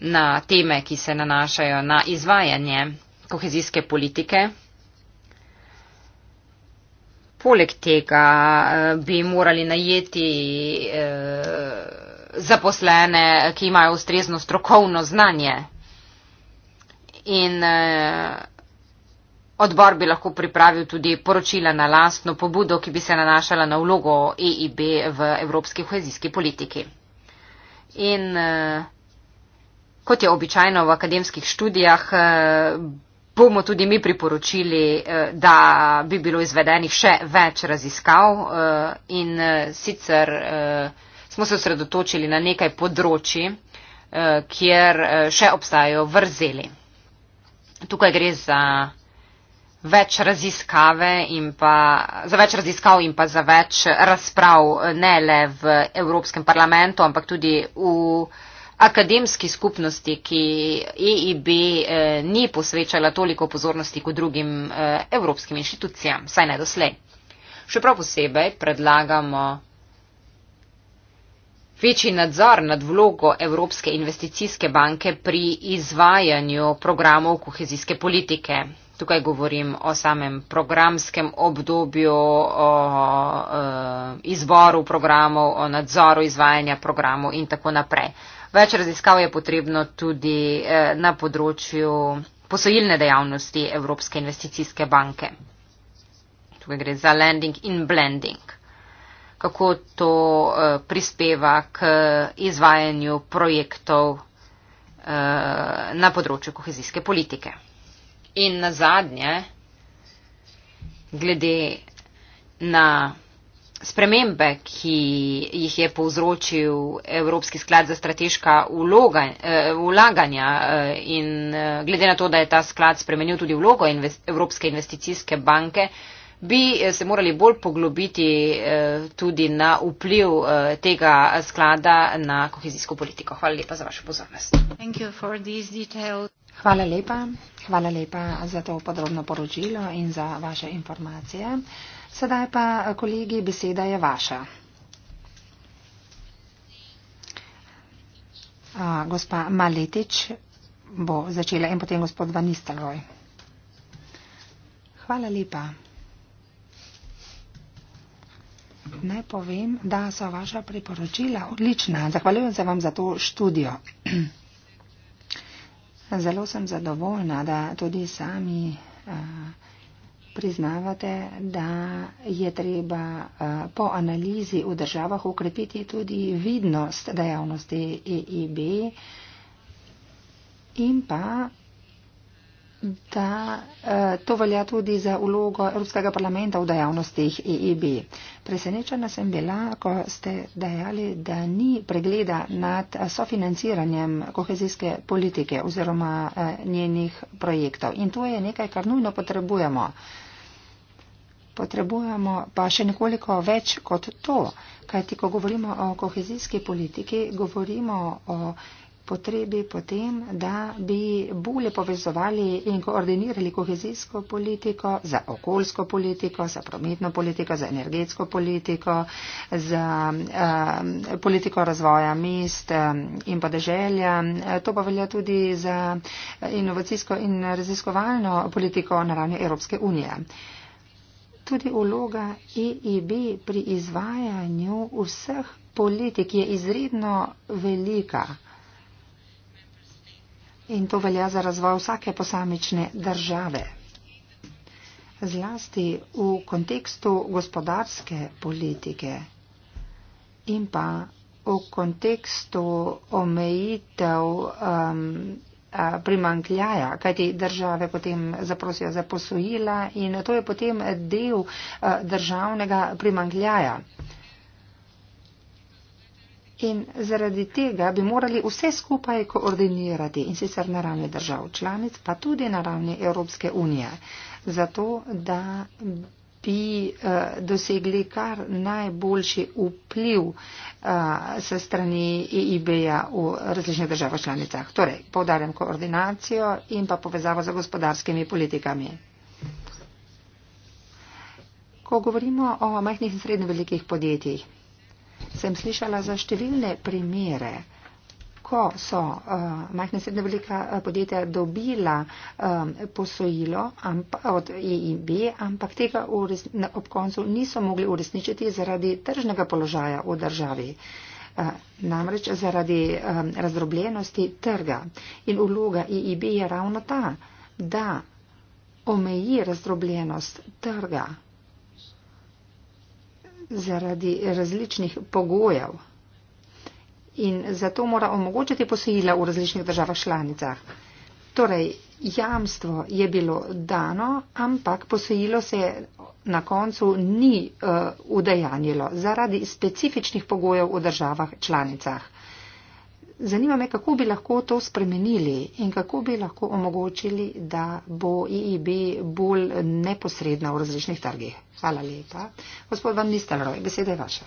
na teme, ki se nanašajo na izvajanje kohezijske politike. Poleg tega uh, bi morali najeti. Uh, zaposlene, ki imajo ustrezno strokovno znanje in eh, odbor bi lahko pripravil tudi poročila na lastno pobudo, ki bi se nanašala na vlogo EIB v evropski hojezijski politiki. In eh, kot je običajno v akademskih študijah, eh, bomo tudi mi priporočili, da bi bilo izvedenih še več raziskav in sicer smo se osredotočili na nekaj področji, kjer še obstajajo vrzeli tukaj gre za več raziskave in pa za več raziskav in pa za več razprav ne le v Evropskem parlamentu, ampak tudi v akademski skupnosti, ki EIB eh, ni posvečala toliko pozornosti kot drugim eh, evropskim inštitucijam, saj ne doslej. Še prav posebej predlagamo Večji nadzor nad vlogo Evropske investicijske banke pri izvajanju programov kohezijske politike. Tukaj govorim o samem programskem obdobju, o, o izvoru programov, o nadzoru izvajanja programov in tako naprej. Več raziskav je potrebno tudi e, na področju posojilne dejavnosti Evropske investicijske banke. Tukaj gre za lending in blending kako to eh, prispeva k izvajanju projektov eh, na področju kohezijske politike. In na zadnje, glede na spremembe, ki jih je povzročil Evropski sklad za strateška vloga, eh, vlaganja in glede na to, da je ta sklad spremenil tudi vlogo Evropske investicijske banke, bi eh, se morali bolj poglobiti eh, tudi na vpliv eh, tega sklada na kohezijsko politiko. Hvala lepa za vašo pozornost. Hvala lepa. Hvala lepa za to podrobno poročilo in za vaše informacije. Sedaj pa, kolegi, beseda je vaša. Gospa Maletič bo začela in potem gospod Vanistelvoj. Hvala lepa. Naj povem, da so vaša priporočila odlična. Zahvaljujem se vam za to študijo. Zelo sem zadovoljna, da tudi sami eh, priznavate, da je treba eh, po analizi v državah ukrepiti tudi vidnost dejavnosti EIB in pa da eh, to velja tudi za ulogo Evropskega parlamenta v dejavnostih EIB. E Presenečena sem bila, ko ste dejali, da ni pregleda nad eh, sofinanciranjem kohezijske politike oziroma eh, njenih projektov. In to je nekaj, kar nujno potrebujemo. Potrebujemo pa še nekoliko več kot to, kajti ko govorimo o kohezijski politiki, govorimo o potrebi potem, da bi bolje povezovali in koordinirali kohezijsko politiko za okoljsko politiko, za prometno politiko, za energetsko politiko, za um, politiko razvoja mest um, in podeželja. To pa velja tudi za inovacijsko in raziskovalno politiko na ravni Evropske unije. Tudi uloga EIB pri izvajanju vseh politik je izredno velika. In to velja za razvoj vsake posamične države. Zlasti v kontekstu gospodarske politike in pa v kontekstu omejitev um, primankljaja, kajti države potem zaprosijo za posojila in to je potem del državnega primankljaja. In zaradi tega bi morali vse skupaj koordinirati in sicer na ravni držav članic, pa tudi na ravni Evropske unije, zato da bi uh, dosegli kar najboljši vpliv uh, eh, se strani EIB-ja v različnih državah članicah. Torej, povdarjam koordinacijo in pa povezavo z gospodarskimi politikami. Ko govorimo o majhnih in srednjih velikih podjetjih, sem slišala za številne primere, ko so uh, eh, majhne srednje velika eh, podjetja dobila um, posojilo ampa, od EIB, ampak tega na, ob koncu niso mogli uresničiti zaradi tržnega položaja v državi. Namreč zaradi um, razdrobljenosti trga in uloga e IIB je ravno ta, da omeji razdrobljenost trga zaradi različnih pogojev. In zato mora omogočiti posojila v različnih državah članicah. Torej, jamstvo je bilo dano, ampak posojilo se na koncu ni uh, udejanjilo zaradi specifičnih pogojev v državah članicah zanima me, kako bi lahko to spremenili in kako bi lahko omogočili, da bo IIB bolj neposredna v različnih trgih. Hvala lepa. Gospod Van Nistelrooy, beseda je vaša.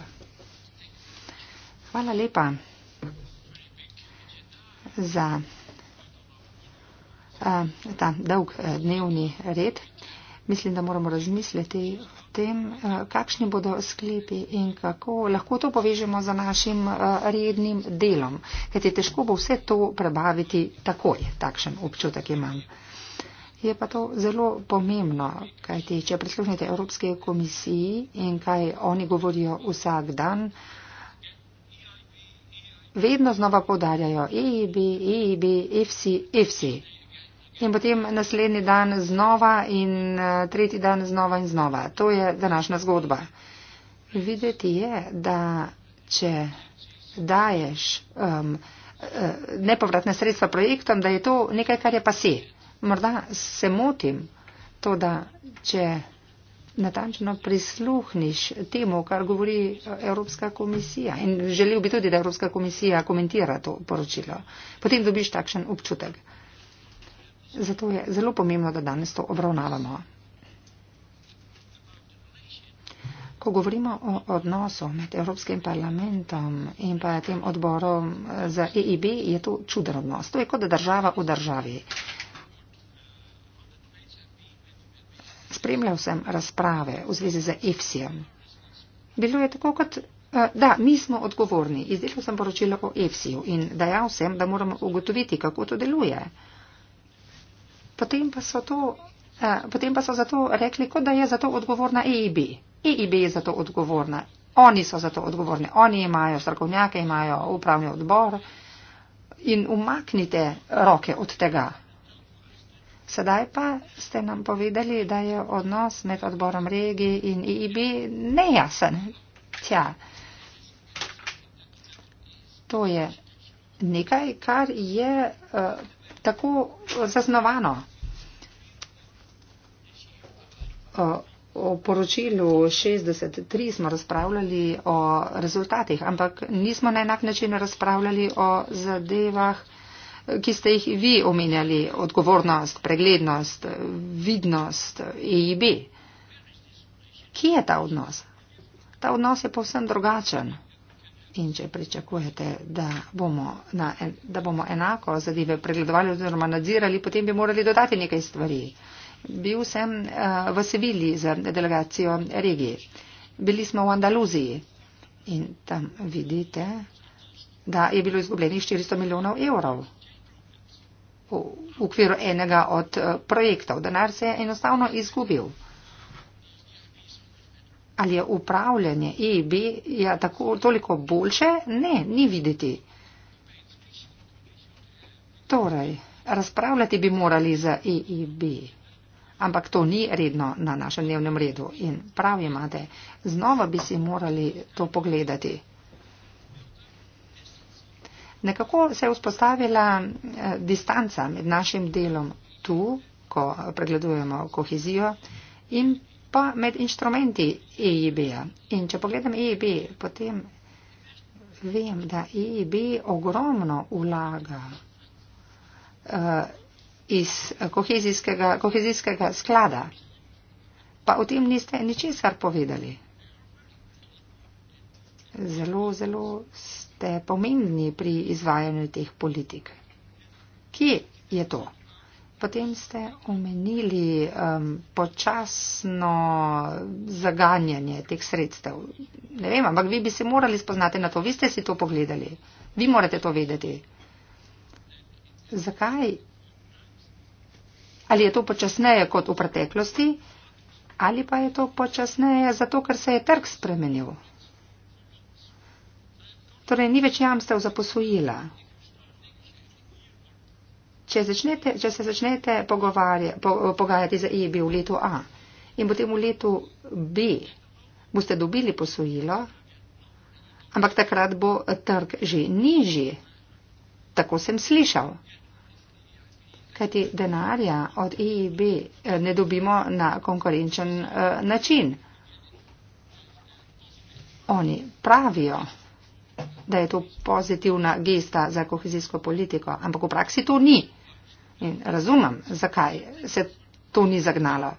Hvala lepa za uh, ta dolg uh, dnevni red. Mislim, da moramo razmisliti tem, eh, kakšni bodo sklepi in kako lahko to povežemo za našim eh, rednim delom, ker je težko bo vse to prebaviti takoj, takšen občutek imam. Je pa to zelo pomembno, kajti če prisluhnete Evropske komisiji in kaj oni govorijo vsak dan, vedno znova podarjajo EIB, EIB, EFSI, EFSI. In potem naslednji dan znova in eh, tretji dan znova in znova. To je današnja zgodba. Videti je, da če daješ um, eh, nepovratne sredstva projektom, da je to nekaj, kar je pasi. Morda se motim, to, da če natančno prisluhniš temu, kar govori eh, Evropska komisija in želel bi tudi, da Evropska komisija komentira to poročilo, potem dobiš takšen občutek. Zato je zelo pomembno, da danes to obravnavamo. Ko govorimo o odnosu med Evropskim parlamentom in pa tem odborom za EIB, je to čuden odnos. To je kot država v državi. Spremljal sem razprave v zvezi z EFSI-em. Bilo je tako, kot eh, da mi smo odgovorni. Izdelal sem poročilo o EFSI-ju in dajal sem, da moramo ugotoviti, kako to deluje potem pa so, to, a, eh, potem pa so zato rekli, kot da je zato odgovorna EIB. EIB je zato odgovorna. Oni so zato odgovorni. Oni imajo strokovnjake, imajo upravni odbor in umaknite roke od tega. Sedaj pa ste nam povedali, da je odnos med odborom regi in EIB nejasen. Tja. To je nekaj, kar je uh, tako zaznovano. O, o poročilu 63 smo razpravljali o rezultatih, ampak nismo na enak način razpravljali o zadevah, ki ste jih vi omenjali, odgovornost, preglednost, vidnost, EIB. Kje je ta odnos? Ta odnos je povsem drugačen in če pričakujete, da bomo, na, da bomo enako zadeve pregledovali oziroma nadzirali, potem bi morali dodati nekaj stvari. Bil sem uh, v Sevilji z delegacijo regije. Bili smo v Andaluziji in tam vidite, da je bilo izgubljenih 400 milijonov evrov v okviru enega od eh, projektov. Denar se je enostavno izgubil ali je upravljanje EIB ja, tako, toliko boljše? Ne, ni videti. Torej, razpravljati bi morali za EIB, ampak to ni redno na našem dnevnem redu in pravi imate, znova bi si morali to pogledati. Nekako se je vzpostavila eh, distanca med našim delom tu, ko pregledujemo kohezijo in pa med instrumenti EIB. In če pogledam EIB, potem vem, da EIB ogromno vlaga uh, iz kohezijskega, kohezijskega sklada. Pa o tem niste ničesar povedali. Zelo, zelo ste pomembni pri izvajanju teh politik. Kje je to? Potem ste omenili um, počasno zaganjanje teh sredstev. Ne vem, ampak vi bi se morali spoznati na to. Vi ste si to pogledali. Vi morate to vedeti. Zakaj? Ali je to počasneje kot v preteklosti, ali pa je to počasneje zato, ker se je trg spremenil? Torej, ni več jamstev za posojila če, začnete, če se začnete po, pogajati za EIB v letu A in potem v letu B boste dobili posojilo, ampak takrat bo trg že nižji. Tako sem slišal. Kajti denarja od EIB eh, ne dobimo na konkurenčen eh, način. Oni pravijo, da je to pozitivna gesta za kohezijsko politiko, ampak v praksi to ni. In razumem, zakaj se to ni zagnalo.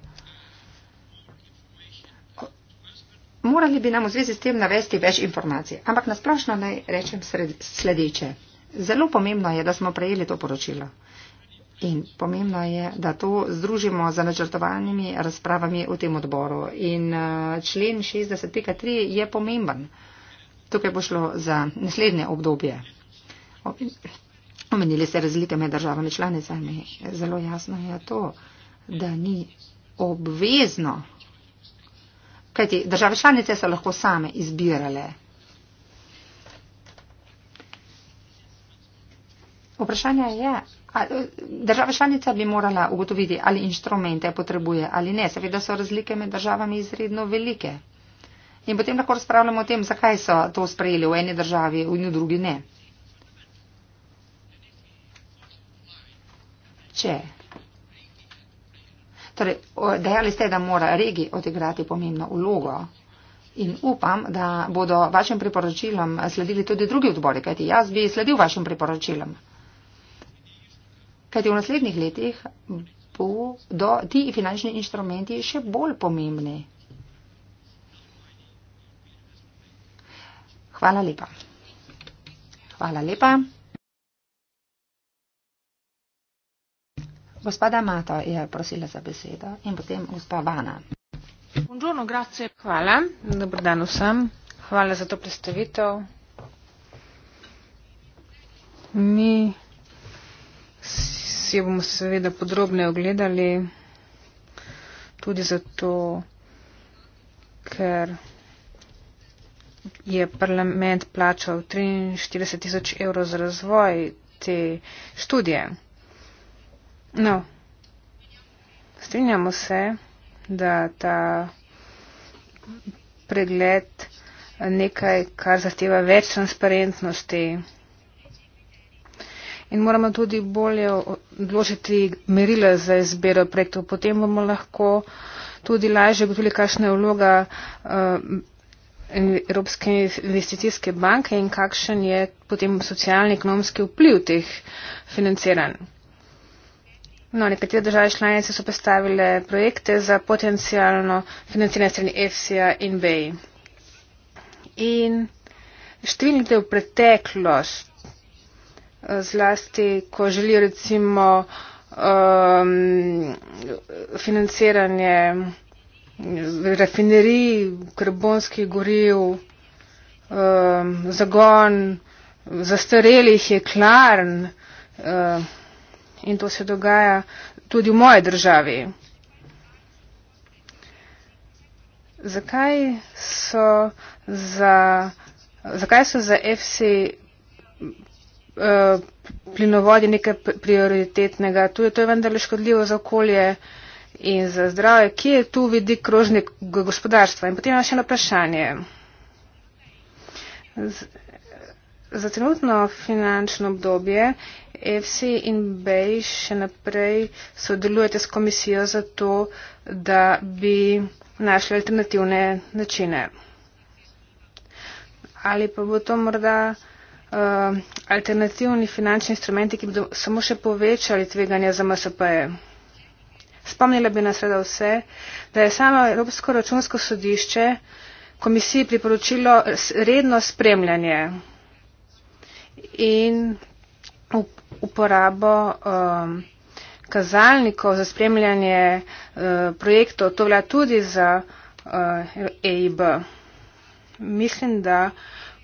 Morali bi nam v zvezi s tem navesti več informacij, ampak nasplošno naj rečem sledeče. Zelo pomembno je, da smo prejeli to poročilo. In pomembno je, da to združimo za načrtovanimi razpravami v tem odboru. In eh, člen 60.3 je pomemben. Tukaj bo šlo za naslednje obdobje. Omenili ste razlike med državami članicami. Zelo jasno je to, da ni obvezno, kajti države članice so lahko same izbirale. Vprašanje je, država članica bi morala ugotoviti, ali inštrumente potrebuje ali ne. Seveda so razlike med državami izredno velike. In potem lahko razpravljamo o tem, zakaj so to sprejeli v eni državi, v drugi ne. nihče. Torej, dejali ste, da mora regi odigrati pomembno ulogo in upam, da bodo vašim priporočilom sledili tudi drugi odbori, kajti jaz bi sledil vašim priporočilom. Kajti v naslednjih letih bodo ti finančni inštrumenti še bolj pomembni. Hvala lepa. Hvala lepa. Gospoda Mato je prosila za besedo in potem gospa Vana. Buongiorno, grazie. Hvala. Dobar dan vsem. Hvala za to predstavitev. Mi si bomo seveda podrobne ogledali tudi zato, ker je parlament plačal 43 tisoč evrov za razvoj te študije. No, strinjamo se, da ta pregled nekaj, kar zahteva več transparentnosti. In moramo tudi bolje odložiti merila za izbiro projektov. Potem bomo lahko tudi lažje ugotovili, kakšna je vloga eh, Evropske investicijske banke in kakšen je potem socialni ekonomski vpliv teh financiranj. No, nekatere države članice so predstavile projekte za potencijalno financiranje strani EFSI-ja in BEI. In številni gledajo v preteklost, eh, zlasti, ko želijo recimo um, financiranje eh, rafinerij, karbonskih goriv, um, zagon zastarelih je klarn. Um, eh, in to se dogaja tudi v moji državi. Zakaj so za, zakaj so za FC uh, eh, plinovodi nekaj prioritetnega? To je, to je vendar škodljivo za okolje in za zdravje. Kje je tu vidik krožnega gospodarstva? In potem imamo še eno vprašanje. Za trenutno finančno obdobje EFSI in BEJ še naprej sodelujete s komisijo za to, da bi našli alternativne načine. Ali pa bo to morda uh, alternativni finančni instrumenti, ki bodo samo še povečali tveganja za MSP-je. Spomnila bi nas rada vse, da je samo Evropsko računsko sodišče komisiji priporočilo redno spremljanje in uporabo um, kazalnikov za spremljanje uh, projektov. To velja tudi za uh, EIB. Mislim, da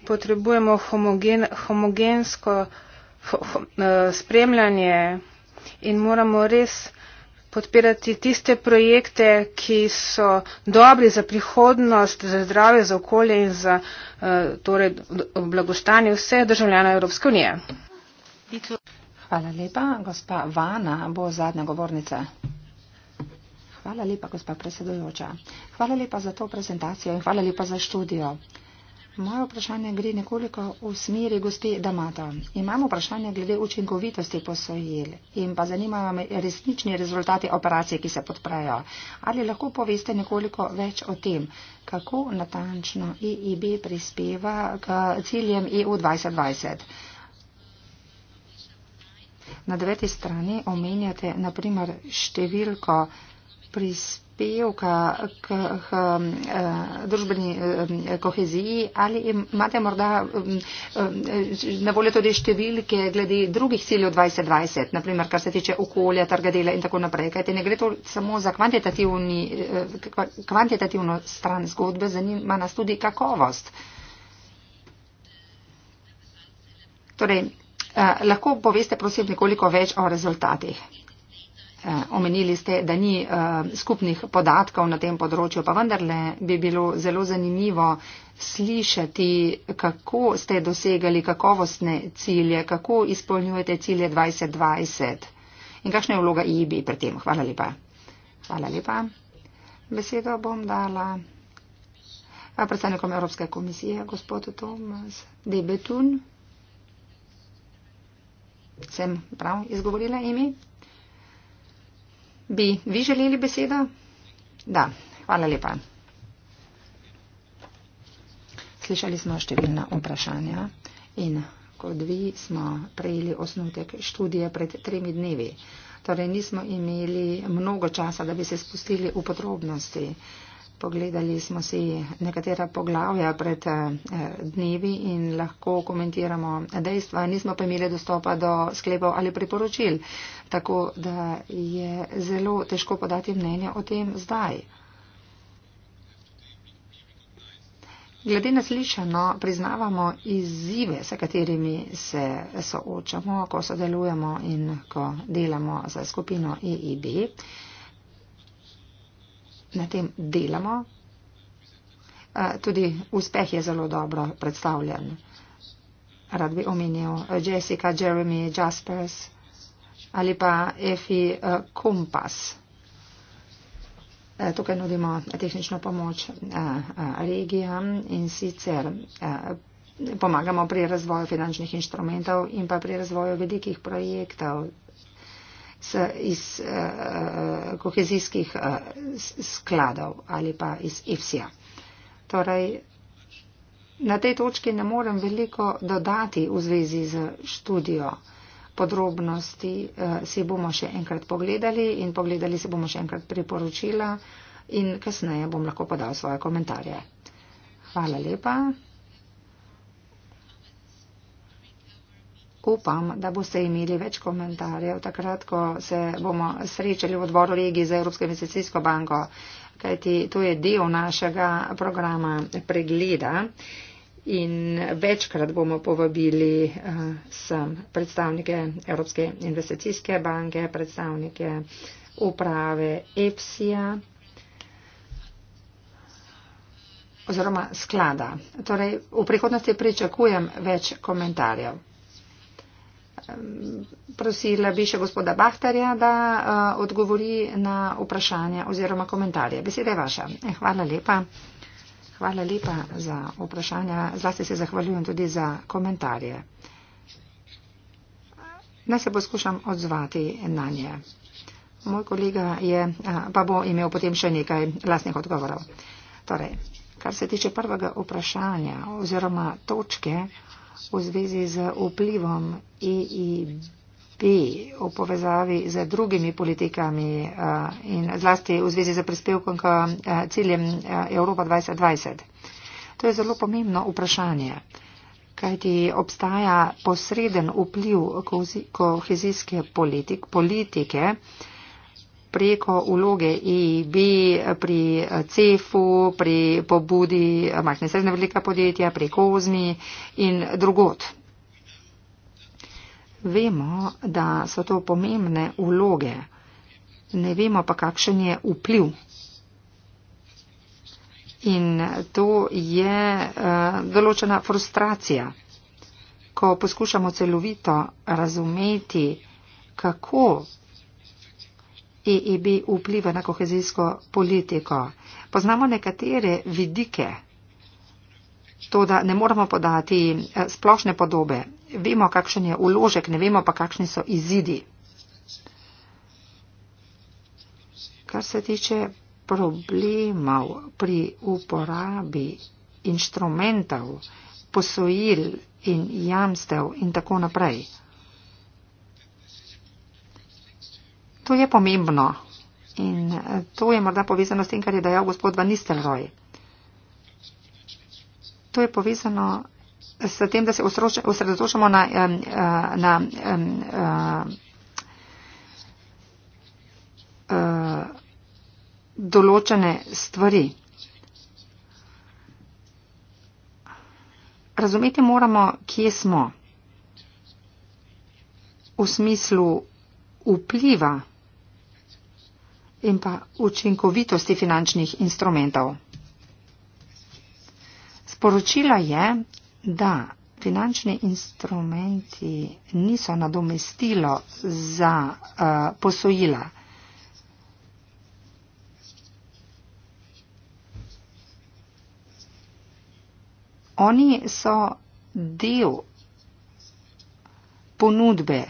potrebujemo homogen, homogensko ho, ho, uh, spremljanje in moramo res podpirati tiste projekte, ki so dobri za prihodnost, za zdrave, za okolje in za eh, torej, blagostanje vseh državljanov Evropske unije. Hvala lepa. Gospa Vana bo zadnja govornica. Hvala lepa, gospa predsedujoča. Hvala lepa za to prezentacijo in hvala lepa za študijo. Moje vprašanje gre nekoliko v smeri gosti Damata. Imamo vprašanje glede učinkovitosti posojil in pa zanimajo me resnični rezultati operacij, ki se podprajo. Ali lahko poveste nekoliko več o tem, kako natančno EIB prispeva k ciljem EU 2020? Na deveti strani omenjate naprimer številko prispevkov prispevka k, k eh, družbeni eh, koheziji ali imate morda mm, eh, na voljo tudi številke glede drugih ciljev 2020, naprimer kar se tiče okolja, trga dela in tako naprej. Kajte ne gre to samo za kvantitativno stran zgodbe, zanima nas tudi kakovost. Torej, lahko poveste prosim nekoliko več o rezultatih. Eh, omenili ste, da ni eh, skupnih podatkov na tem področju, pa vendarle bi bilo zelo zanimivo slišati, kako ste dosegali kakovostne cilje, kako izpolnjujete cilje 2020 in kakšna je vloga IB pri tem. Hvala lepa. Hvala lepa. Besedo bom dala eh, predstavnikom Evropske komisije, gospodu Tomas Debetun. Sem prav izgovorila ime? Bi vi želeli besedo? Da, hvala lepa. Slišali smo številna vprašanja in kot vi smo prejeli osnutek študije pred tremi dnevi. Torej nismo imeli mnogo časa, da bi se spustili v podrobnosti. Uh, Pogledali smo si nekatera poglavja pred eh, dnevi in lahko komentiramo dejstva. Nismo pa imeli dostopa do sklepov ali priporočil, tako da je zelo težko podati mnenje o tem zdaj. Glede na slišano, priznavamo izzive, s katerimi se soočamo, ko sodelujemo in ko delamo za skupino EIB na tem delamo. Tudi uspeh je zelo dobro predstavljen. Rad bi omenil Jessica, Jeremy, Jaspers ali pa Efi Kompas. Tukaj nudimo tehnično pomoč regijam in sicer pomagamo pri razvoju finančnih inštrumentov in pa pri razvoju velikih projektov, iz eh, eh, kohezijskih eh, skladov ali pa iz IFSIA. Torej, na tej točki ne morem veliko dodati v zvezi z študijo. Podrobnosti si bomo še enkrat pogledali in pogledali si bomo še enkrat priporočila in kasneje bom lahko podal svoje komentarje. Hvala lepa. upam, da boste imeli več komentarjev takrat, ko se bomo srečali v odboru regij za Evropsko investicijsko banko, kajti to je del našega programa pregleda in večkrat bomo povabili eh, sem predstavnike Evropske investicijske banke, predstavnike uprave EPSIA oziroma sklada. Torej, v prihodnosti pričakujem več komentarjev prosila bi še gospoda Bahtarja, da eh, odgovori na vprašanje oziroma komentarje. Beseda je vaša. Eh, hvala lepa. Hvala lepa za vprašanja. Zlasti se zahvaljujem tudi za komentarje. Naj se poskušam odzvati na nje. Moj kolega je, eh, pa bo imel potem še nekaj lasnih odgovorov. Torej, kar se tiče prvega vprašanja oziroma točke, v zvezi z vplivom EIB e v povezavi z drugimi politikami eh, in zlasti v zvezi z prispevkom k eh, ciljem eh, Evropa 2020. To je zelo pomembno vprašanje, kajti obstaja posreden vpliv kohezijske politik, politike, politike, preko uloge EIB pri CEF-u, pri pobudi majhne srednje velika podjetja, pri Kozmi in drugot. Vemo, da so to pomembne uloge, ne vemo pa, kakšen je vpliv. In to je uh, določena frustracija, ko poskušamo celovito razumeti, kako EEB vpliva na kohezijsko politiko. Poznamo nekatere vidike, to, da ne moramo podati eh, splošne podobe. Vemo, kakšen je uložek, ne vemo pa, kakšni so izidi. Kar se tiče problemov pri uporabi inštrumentov, posojil in jamstev in tako naprej. To je pomembno in eh, to je morda povezano s tem, kar je dejal gospod Van Nistelrooy. To je povezano s tem, da se osredotočamo na, eh, na, na, na eh, določene stvari. Razumeti moramo, kje smo v smislu vpliva in pa učinkovitosti finančnih instrumentov. Sporočila je, da finančni instrumenti niso nadomestilo za uh, posojila. Oni so del ponudbe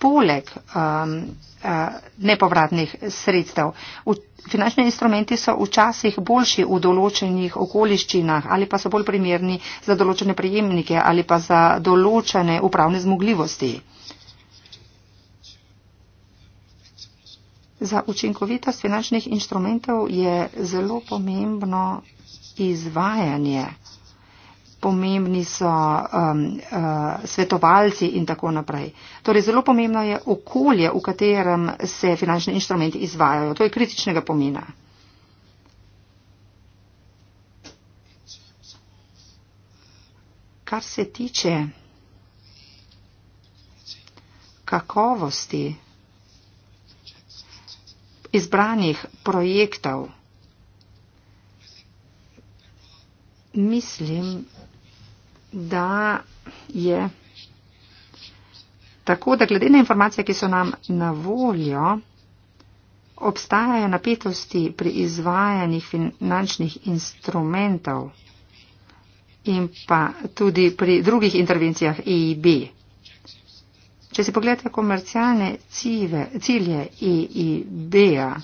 poleg um, uh, nepovratnih sredstev. V, finančni instrumenti so včasih boljši v določenih okoliščinah ali pa so bolj primerni za določene prijemnike ali pa za določene upravne zmogljivosti. Za učinkovitost finančnih instrumentov je zelo pomembno izvajanje pomembni so um, uh, svetovalci in tako naprej. Torej, zelo pomembno je okolje, v katerem se finančni inštrumenti izvajajo. To je kritičnega pomena. Kar se tiče kakovosti izbranih projektov, mislim, da je tako, da glede na informacije, ki so nam na voljo, obstajajo napetosti pri izvajanjih finančnih instrumentov in pa tudi pri drugih intervencijah EIB. Če si pogledate komercialne cive, cilje EIB-a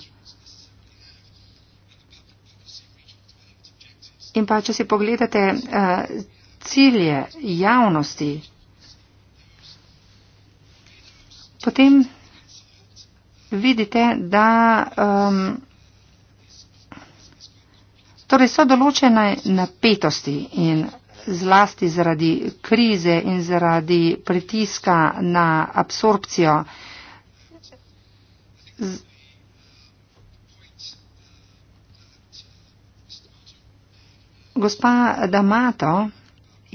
in pa če si pogledate uh, cilje javnosti, potem vidite, da um, torej so določene napetosti in zlasti zaradi krize in zaradi pritiska na absorpcijo. Z Gospa Damato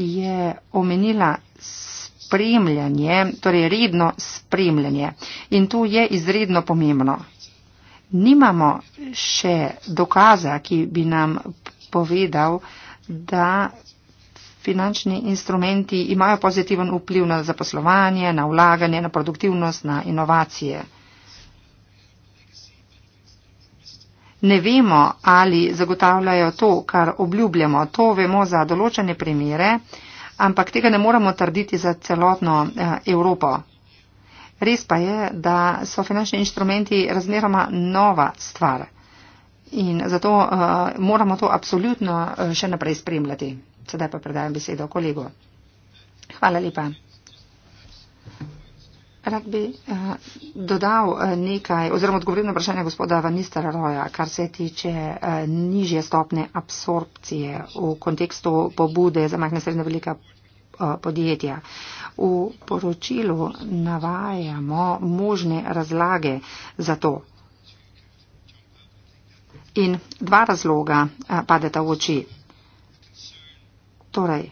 je omenila spremljanje, torej redno spremljanje. In to je izredno pomembno. Nimamo še dokaza, ki bi nam povedal, da finančni instrumenti imajo pozitiven vpliv na zaposlovanje, na vlaganje, na produktivnost, na inovacije. Ne vemo, ali zagotavljajo to, kar obljubljamo. To vemo za določene primere, ampak tega ne moremo trditi za celotno eh, Evropo. Res pa je, da so finančni inštrumenti razmeroma nova stvar in zato uh, moramo to absolutno eh, še naprej spremljati. Sedaj pa predajam besedo kolegu. Hvala lepa. Rad bi uh, dodal eh, nekaj oziroma odgovoril na vprašanje gospoda Vanistra Roja, kar se tiče uh, nižje stopne absorpcije v kontekstu pobude za majhne srednje velika uh, podjetja. V poročilu navajamo možne razlage za to. In dva razloga uh, padeta v oči. Torej,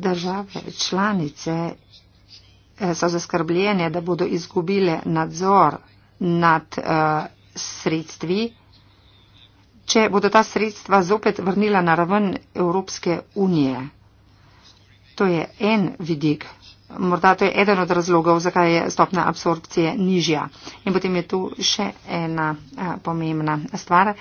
države članice so zaskrbljene, da bodo izgubile nadzor nad uh, sredstvi, če bodo ta sredstva zopet vrnila na raven Evropske unije. To je en vidik. Morda to je eden od razlogov, zakaj je stopna absorpcije nižja. In potem je tu še ena a, eh, pomembna stvar.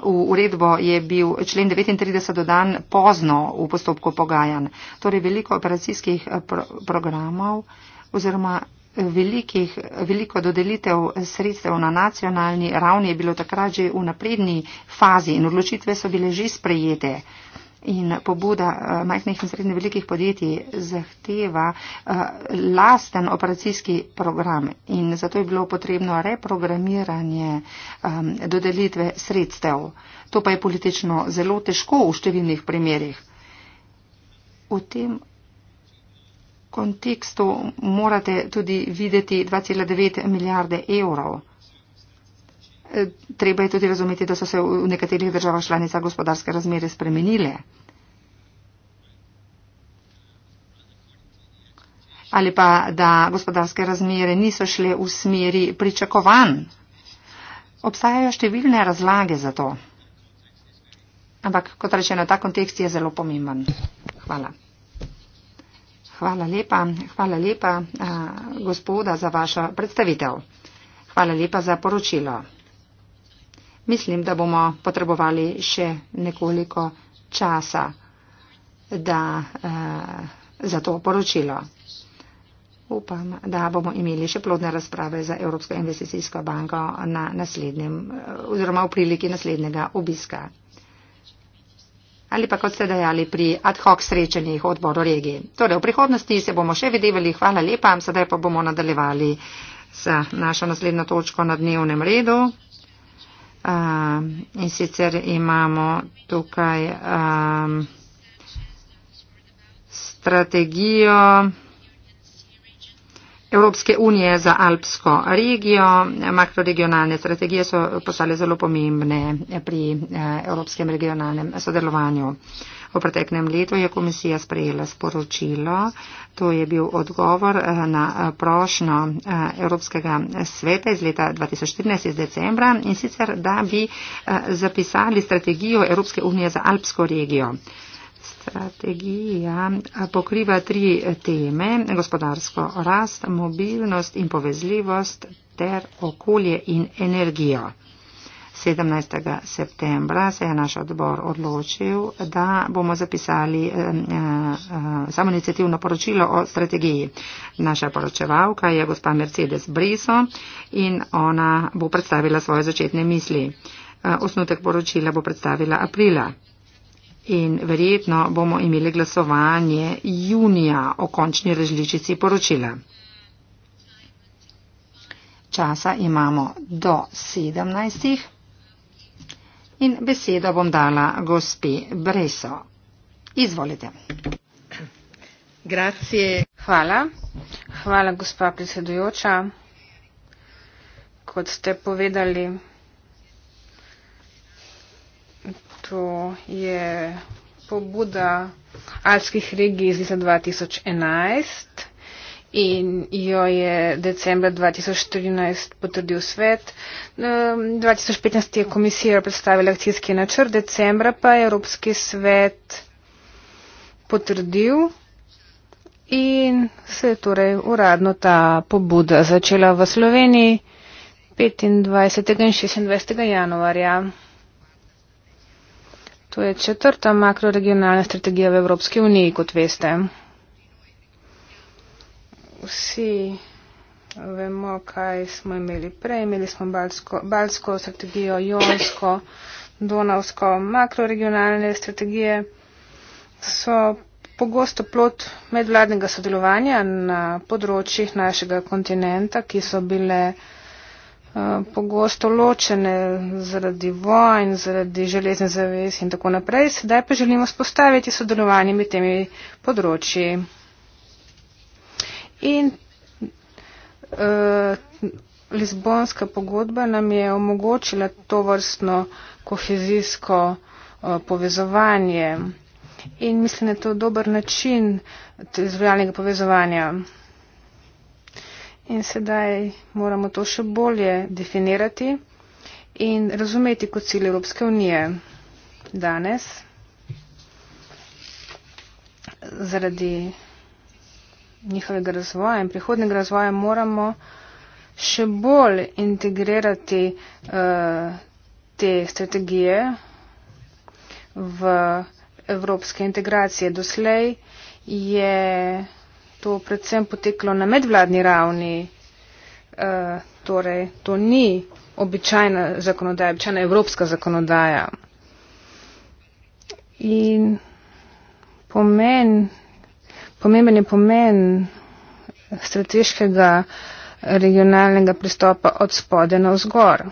V uredbo je bil člen 39 dodan pozno v postopku pogajanj. Torej veliko operacijskih eh, pro programov oziroma eh, velikih, veliko dodelitev sredstev na nacionalni ravni je bilo takrat že v napredni fazi in odločitve so bile že sprejete. In pobuda eh, majhnih in srednje velikih podjetij zahteva eh, lasten operacijski program in zato je bilo potrebno reprogramiranje ehm, dodelitve sredstev. To pa je politično zelo težko v številnih primerjih. V tem kontekstu morate tudi videti 2,9 milijarde evrov treba je tudi razumeti, da so se v nekaterih državah članica gospodarske razmere spremenile. Ali pa, da gospodarske razmere niso šle v smeri pričakovanj. Obstajajo številne razlage za to. Ampak, kot rečeno, ta kontekst je zelo pomemben. Hvala. Hvala lepa, hvala lepa, a, eh, gospoda, za vašo predstavitev. Hvala lepa za poročilo. Mislim, da bomo potrebovali še nekoliko časa da, eh, za to poročilo. Upam, da bomo imeli še plodne razprave za Evropsko investicijsko banko na naslednjem, eh, oziroma v priliki naslednjega obiska. Ali pa, kot ste dejali, pri ad hoc srečanjih odboru regij. Torej, v prihodnosti se bomo še videli. Hvala lepa, sedaj pa bomo nadaljevali sa našo naslednjo točko na dnevnem redu in sicer imamo tukaj um, strategijo. Evropske unije za alpsko regijo. Makroregionalne strategije so postale zelo pomembne pri eh, evropskem regionalnem sodelovanju. V preteklem letu je komisija sprejela sporočilo, to je bil odgovor eh, na eh, prošnjo Evropskega sveta iz leta 2014 iz decembra in sicer, da bi zapisali strategijo Evropske unije za alpsko regijo strategija eh, pokriva tri eh, teme, gospodarsko rast, mobilnost in povezljivost ter okolje in energijo. 17. septembra se je naš odbor odločil, da bomo zapisali eh, eh, samo inicijativno poročilo o strategiji. Naša poročevalka je gospa Mercedes Briso in ona bo predstavila svoje začetne misli. Eh, osnutek poročila bo predstavila aprila in verjetno bomo imeli glasovanje junija o končni različici poročila. Časa imamo do 17. In besedo bom dala gospe Breso. Izvolite. Grazie. Hvala. Hvala, gospa predsedujoča. Kot ste povedali, bistvu je pobuda alpskih regij iz leta 2011 in jo je decembra 2014 potrdil svet. 2015 ehm, je komisija predstavila akcijski načrt, decembra pa je Evropski svet potrdil in se je torej uradno ta pobuda začela v Sloveniji 25. in 26. januarja. To je četrta makroregionalna strategija v Evropski uniji, kot veste. Vsi vemo, kaj smo imeli prej. Imeli smo balsko strategijo, jonsko, donavsko. Makroregionalne strategije so pogosto plot medvladnega sodelovanja na področjih našega kontinenta, ki so bile pogosto ločene zaradi vojn, zaradi železne zaves in tako naprej. Sedaj pa želimo spostaviti sodelovanje med temi področji. In uh, Lizbonska pogodba nam je omogočila to vrstno kohezijsko uh, povezovanje. In mislim, da je to dober način izvajalnega povezovanja. In sedaj moramo to še bolje definirati in razumeti kot cilj Evropske unije danes zaradi njihovega razvoja in prihodnega razvoja moramo še bolj integrirati uh, te strategije v evropske integracije. Doslej je to predvsem poteklo na medvladni ravni, eh, torej to ni običajna zakonodaja, običajna evropska zakonodaja. In pomen, pomemben je pomen strateškega regionalnega pristopa od spode na vzgor.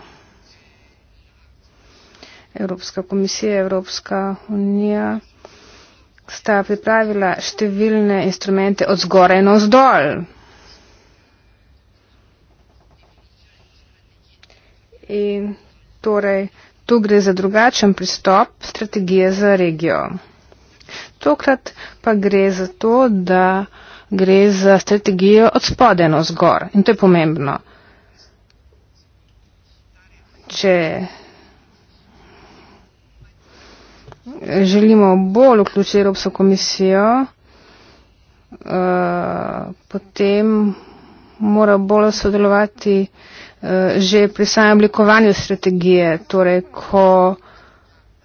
Evropska komisija, Evropska unija sta pripravila številne instrumente od zgoraj na vzdolj. In torej, tu gre za drugačen pristop strategije za regijo. Tokrat pa gre za to, da gre za strategijo od spodaj na vzgor. In to je pomembno. Če želimo bolj vključiti Evropsko komisijo, eh, potem mora bolj sodelovati eh, že pri samem oblikovanju strategije, torej ko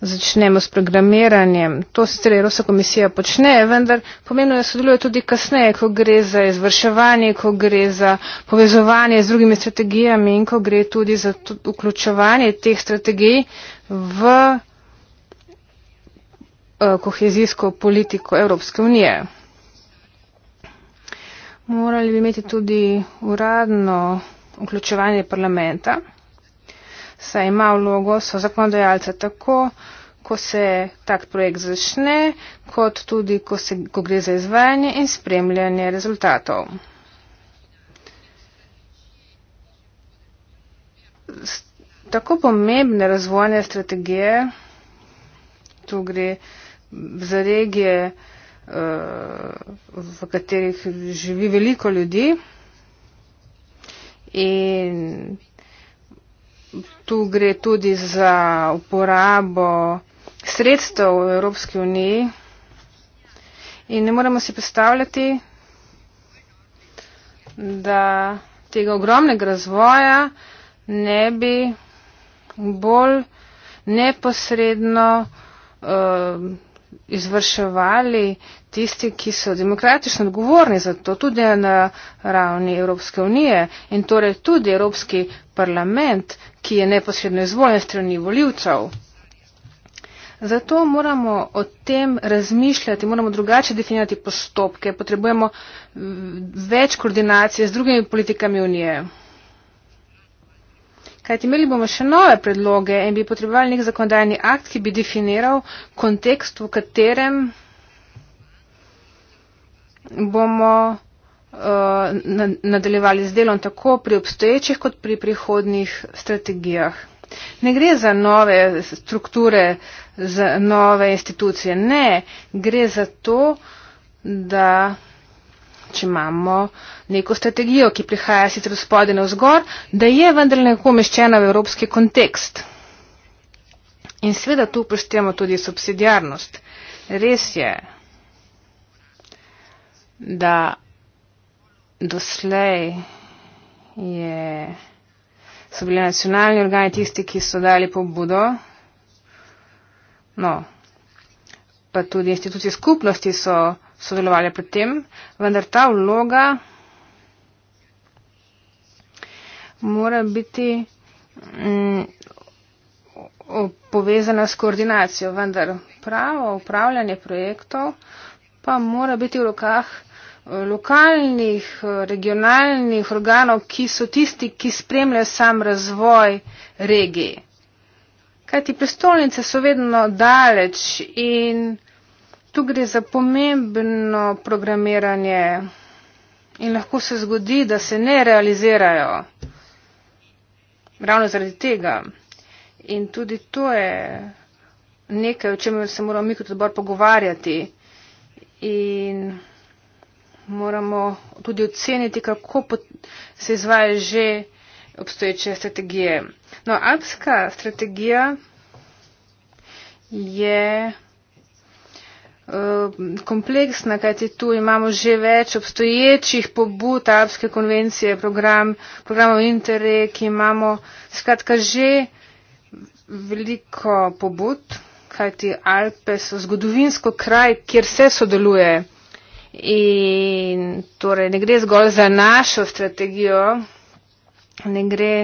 začnemo s programiranjem. To sicer Evropska komisija počne, vendar pomembno je sodeluje tudi kasneje, ko gre za izvrševanje, ko gre za povezovanje z drugimi strategijami in ko gre tudi za vključevanje teh strategij v. Eh, kohezijsko politiko Evropske unije. Morali bi imeti tudi uradno vključevanje parlamenta, saj ima vlogo so zakonodajalca tako, ko se tak projekt začne, kot tudi, ko, se, ko gre za izvajanje in spremljanje rezultatov. Tako pomembne razvojne strategije, tu gre za za regije, eh, v katerih živi veliko ljudi. In tu gre tudi za uporabo sredstev v Evropski uniji. In ne moremo si predstavljati, da tega ogromnega razvoja ne bi bolj neposredno uh, izvrševali tisti, ki so demokratično odgovorni za to, tudi na ravni Evropske unije in torej tudi Evropski parlament, ki je neposredno izvoljen strani voljivcev. Zato moramo o tem razmišljati, moramo drugače definirati postopke, potrebujemo mm, več koordinacije z drugimi politikami unije kajti imeli bomo še nove predloge in bi potrebovali nek zakonodajni akt, ki bi definiral kontekst, v katerem bomo uh, nadaljevali z delom tako pri obstoječih kot pri prihodnih strategijah. Ne gre za nove strukture, za nove institucije, ne, gre za to, da če imamo neko strategijo, ki prihaja sicer spodaj na vzgor, da je vendar nekako umeščena v evropski kontekst. In seveda tu upoštevamo tudi subsidijarnost. Res je, da doslej je, so bili nacionalni organi tisti, ki so dali pobudo, no, pa tudi institucije skupnosti so sodelovali pred tem, vendar ta vloga mora biti mm, povezana s koordinacijo, vendar pravo upravljanje projektov pa mora biti v rokah eh, lokalnih, eh, regionalnih organov, ki so tisti, ki spremljajo sam razvoj regije. Kajti prestolnice so vedno daleč in Tu gre za pomembno programiranje in lahko se zgodi, da se ne realizirajo. Ravno zaradi tega. In tudi to je nekaj, o čemer se moramo mi kot odbor pogovarjati. In moramo tudi oceniti, kako se izvaja že obstoječe strategije. No, alpska strategija je Eh, kompleksna, kajti tu imamo že več obstoječih pobud Alpske konvencije, program, programov Interreg, imamo skratka že veliko pobud, kajti Alpe so zgodovinsko kraj, kjer se sodeluje. In torej ne gre zgolj za našo strategijo, ne gre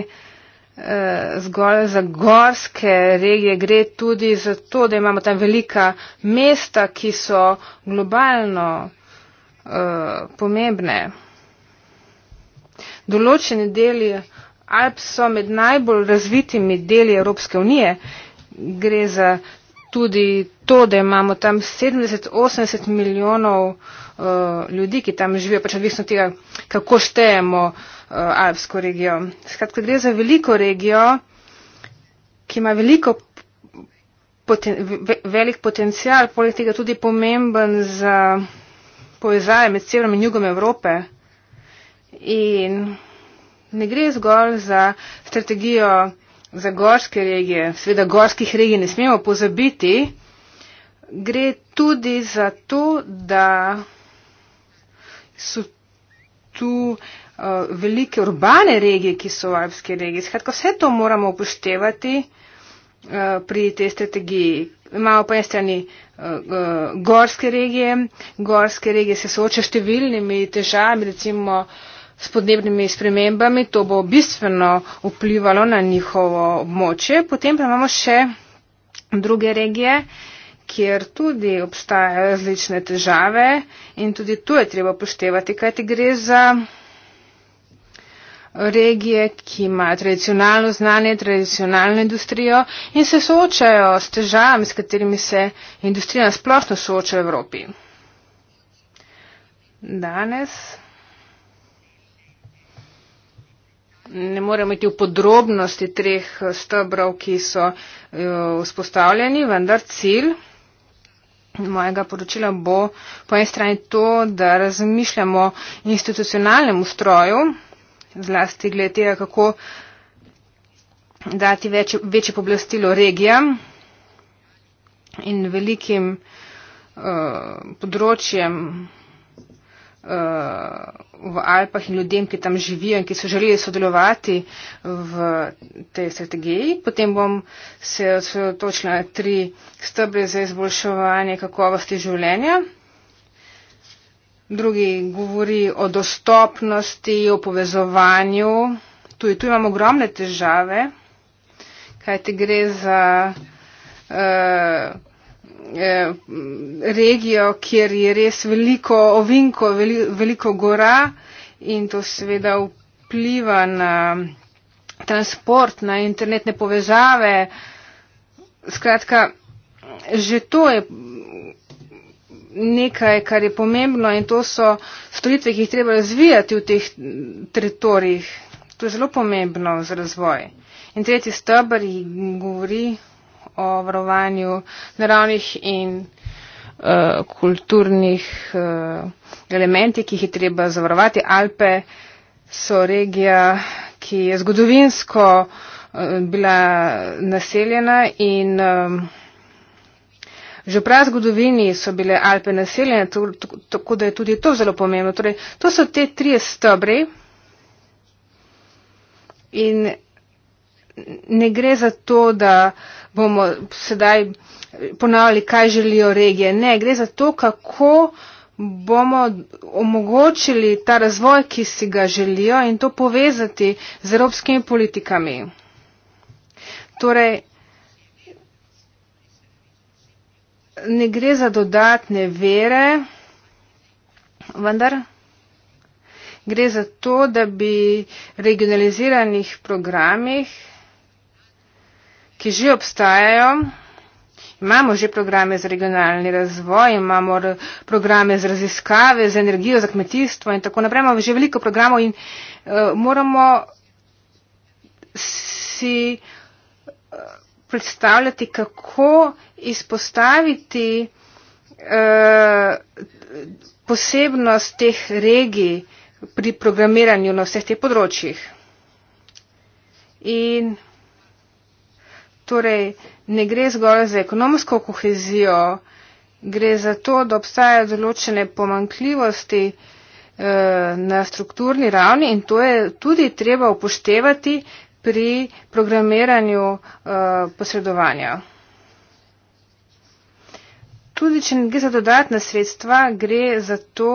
Eh, zgolj za gorske regije, gre tudi za to, da imamo tam velika mesta, ki so globalno uh, pomembne. Določeni deli Alp so med najbolj razvitimi deli Evropske unije. Gre za tudi to, da imamo tam 70-80 milijonov uh, ljudi, ki tam živijo, pač odvisno tega, kako štejemo. Eh, alpsko regijo. Skratka, gre za veliko regijo, ki ima veliko poten, velik potencial, poleg tega tudi pomemben za povezave med severom in jugom Evrope. In ne gre zgolj za strategijo za gorske regije, seveda gorskih regij ne smemo pozabiti, gre tudi za to, da so tu uh, Eh, velike urbane regije, ki so alpske regije. Skratka, vse to moramo upoštevati eh, pri tej strategiji. Imamo po eni strani eh, gorske regije. Gorske regije se soočajo številnimi težavami, recimo s podnebnimi spremembami. To bo bistveno vplivalo na njihovo območje. Potem pa imamo še druge regije kjer tudi obstajajo različne težave in tudi tu je treba poštevati, kajti gre za regije, ki ima tradicionalno znanje, tradicionalno industrijo in se soočajo s težavami, s katerimi se industrija nasplošno sooča v Evropi. Danes ne moremo iti v podrobnosti treh stebrov, ki so eh, vzpostavljeni, vendar cilj mojega poročila bo po eni strani to, da razmišljamo institucionalnem ustroju, zlasti glede tega, kako dati več, večje poblastilo regijam in velikim uh, področjem uh, v Alpah in ljudem, ki tam živijo in ki so želeli sodelovati v tej strategiji. Potem bom se osredotočila na tri stebre za izboljševanje kakovosti življenja drugi govori o dostopnosti, o povezovanju. Tudi tu imamo ogromne težave, kajti gre za uh, regijo, kjer je res veliko ovinko, veliko gora in to seveda vpliva na transport, na internetne povezave. Skratka, že to je nekaj, kar je pomembno in to so storitve, ki jih treba razvijati v teh teritorijih. To je zelo pomembno za razvoj. In tretji stebr govori o varovanju naravnih in uh, kulturnih uh, eh, elementi, ki jih je treba zavarovati. Alpe so regija, ki je zgodovinsko uh, bila naseljena in um, Že v prazgodovini so bile Alpe naseljene, tako da je tudi to zelo pomembno. Torej, to so te tri stebre in ne gre za to, da bomo sedaj ponavljali, kaj želijo regije. Ne, gre za to, kako bomo omogočili ta razvoj, ki si ga želijo in to povezati z evropskimi politikami. Torej, ne gre za dodatne vere, vendar gre za to, da bi regionaliziranih programih, ki že obstajajo, imamo že programe za regionalni razvoj, imamo programe za raziskave, za energijo, za kmetijstvo in tako naprej, imamo že veliko programov in uh, moramo si. Uh, predstavljati, kako izpostaviti eh, posebnost teh regij pri programiranju na vseh teh področjih. In torej ne gre zgolj za ekonomsko kohezijo, gre za to, da obstajajo določene pomankljivosti eh, na strukturni ravni in to je tudi treba upoštevati pri programiranju uh, posredovanja. Tudi, če ne gre za dodatna sredstva, gre za to,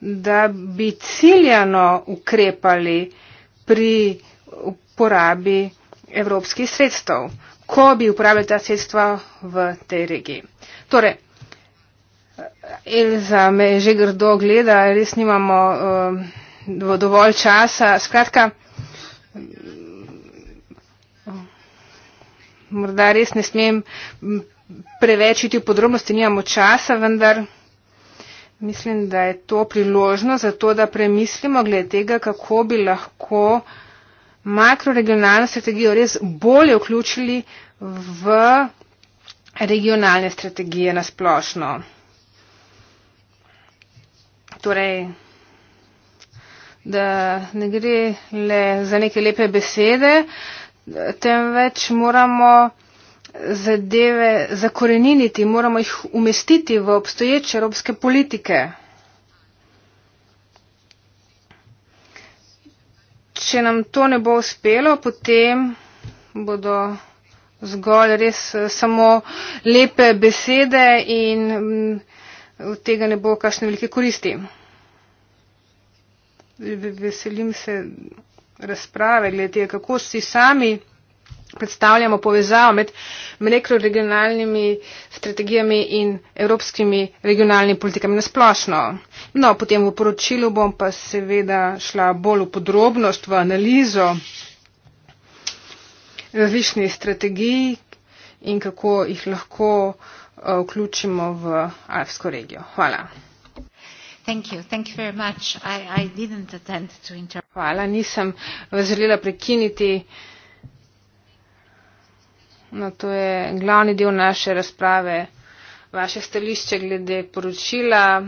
da bi ciljano ukrepali pri uporabi evropskih sredstev, ko bi uporabljali ta sredstva v tej regiji. Torej, Elza me že grdo gleda, res nimamo uh, dovolj časa. Skratka, morda res ne smem prevečiti v podrobnosti, nimamo časa, vendar mislim, da je to priložno za to, da premislimo glede tega, kako bi lahko makroregionalno strategijo res bolje vključili v regionalne strategije nasplošno. Torej, da ne gre le za neke lepe besede, temveč moramo zadeve zakoreniniti, moramo jih umestiti v obstoječe evropske politike. Če nam to ne bo uspelo, potem bodo zgolj res eh, samo lepe besede in mm, od tega ne bo kakšne velike koristi. Veselim se razprave glede, kako si sami predstavljamo povezavo med mikroregionalnimi strategijami in evropskimi regionalnimi politikami nasplošno. No, potem v poročilu bom pa seveda šla bolj v podrobnost, v analizo različnih strategij in kako jih lahko eh, vključimo v Alpsko regijo. Hvala hvala nisem vas želela prekiniti no to je glavni del naše razprave vaše stališče glede poročila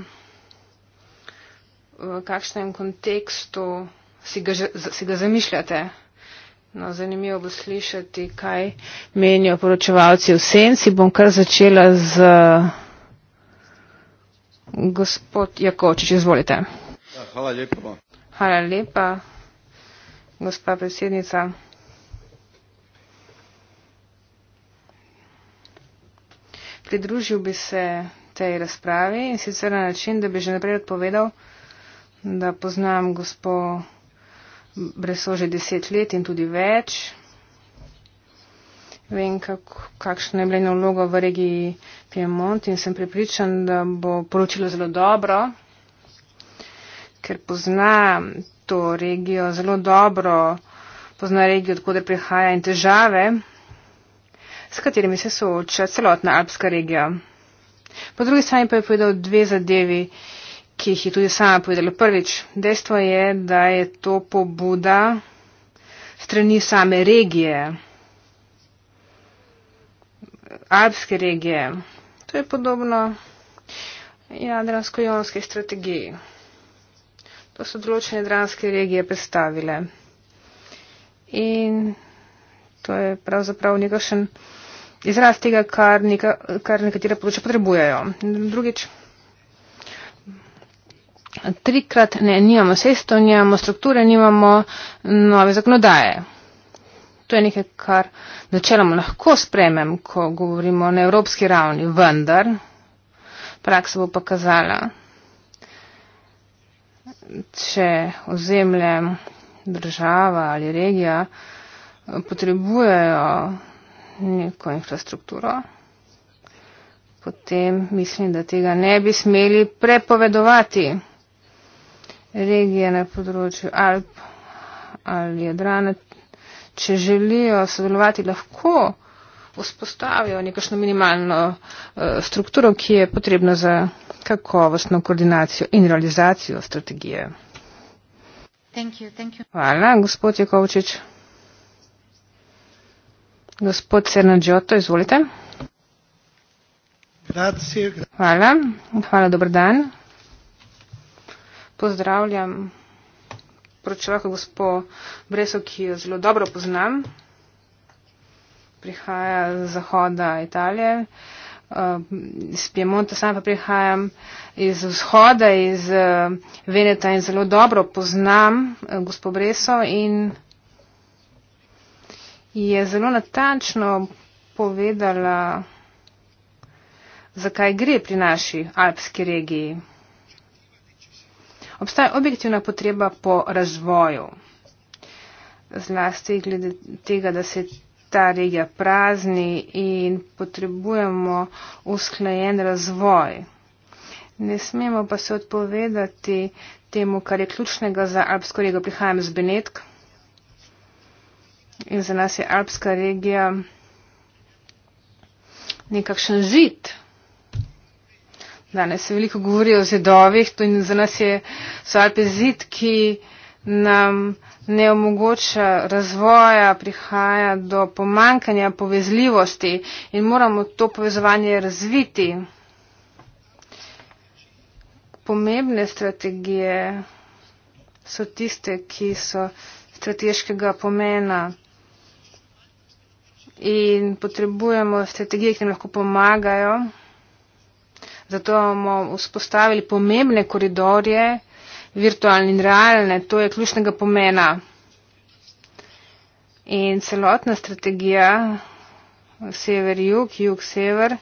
v kakšnem kontekstu si ga, si ga zamišljate no zanimivo bo slišati kaj menijo poročevalci v senci bom kar začela z gospod Jakočič, izvolite. Ja, hvala lepa. Hvala lepa, gospa predsednica. Pridružil bi se tej razpravi in sicer na način, da bi že naprej odpovedal, da poznam gospo Breso že deset let in tudi več. Vem, kak, kakšno je bila vloga v regiji Piemont in sem pripričan, da bo poročilo zelo dobro, ker pozna to regijo zelo dobro, pozna regijo, odkuder prihaja in težave, s katerimi se sooča celotna alpska regija. Po drugi strani pa je povedal dve zadevi, ki jih je tudi sama povedala. Prvič, dejstvo je, da je to pobuda strani same regije alpske regije. To je podobno jadransko-jonske strategiji. To so določene jadranske regije predstavile. In to je pravzaprav nekakšen izraz tega, kar, neka, kar nekatere področja potrebujejo. Drugič, trikrat ne, nimamo sestov, nimamo strukture, nimamo nove zakonodaje. To je nekaj, kar načeloma lahko sprejmem, ko govorimo na evropski ravni, vendar praksa bo pokazala, če ozemlje država ali regija eh, potrebujejo neko infrastrukturo, potem mislim, da tega ne bi smeli prepovedovati. Regije na področju Alp ali Jadrana če želijo sodelovati, lahko vzpostavijo nekakšno minimalno uh, strukturo, ki je potrebna za kakovostno koordinacijo in realizacijo strategije. Thank you, thank you. Hvala, gospod Jakovčič. Gospod Cernadžoto, izvolite. Grazie, grazie. Hvala, hvala, dobrodan. Pozdravljam sporočila kot gospod Breso, ki jo zelo dobro poznam. Prihaja z zahoda Italije. Eh, iz Piemonta sam pa prihajam iz vzhoda, iz eh, Veneta in zelo dobro poznam eh, gospod Breso in je zelo natančno povedala, zakaj gre pri naši alpski regiji. Obstaja objektivna potreba po razvoju, zlasti glede tega, da se ta regija prazni in potrebujemo usklajen razvoj. Ne smemo pa se odpovedati temu, kar je ključnega za Alpsko regijo. Prihajam z Benetk in za nas je Alpska regija nekakšen žit. Danes se veliko govori o zidovih, to in za nas je vsaj zid, ki nam ne omogoča razvoja, prihaja do pomankanja povezljivosti in moramo to povezovanje razviti. Pomembne strategije so tiste, ki so strateškega pomena in potrebujemo strategije, ki nam lahko pomagajo. Zato bomo vzpostavili pomembne koridorje, virtualne in realne, to je ključnega pomena. In celotna strategija sever-jug, jug-sever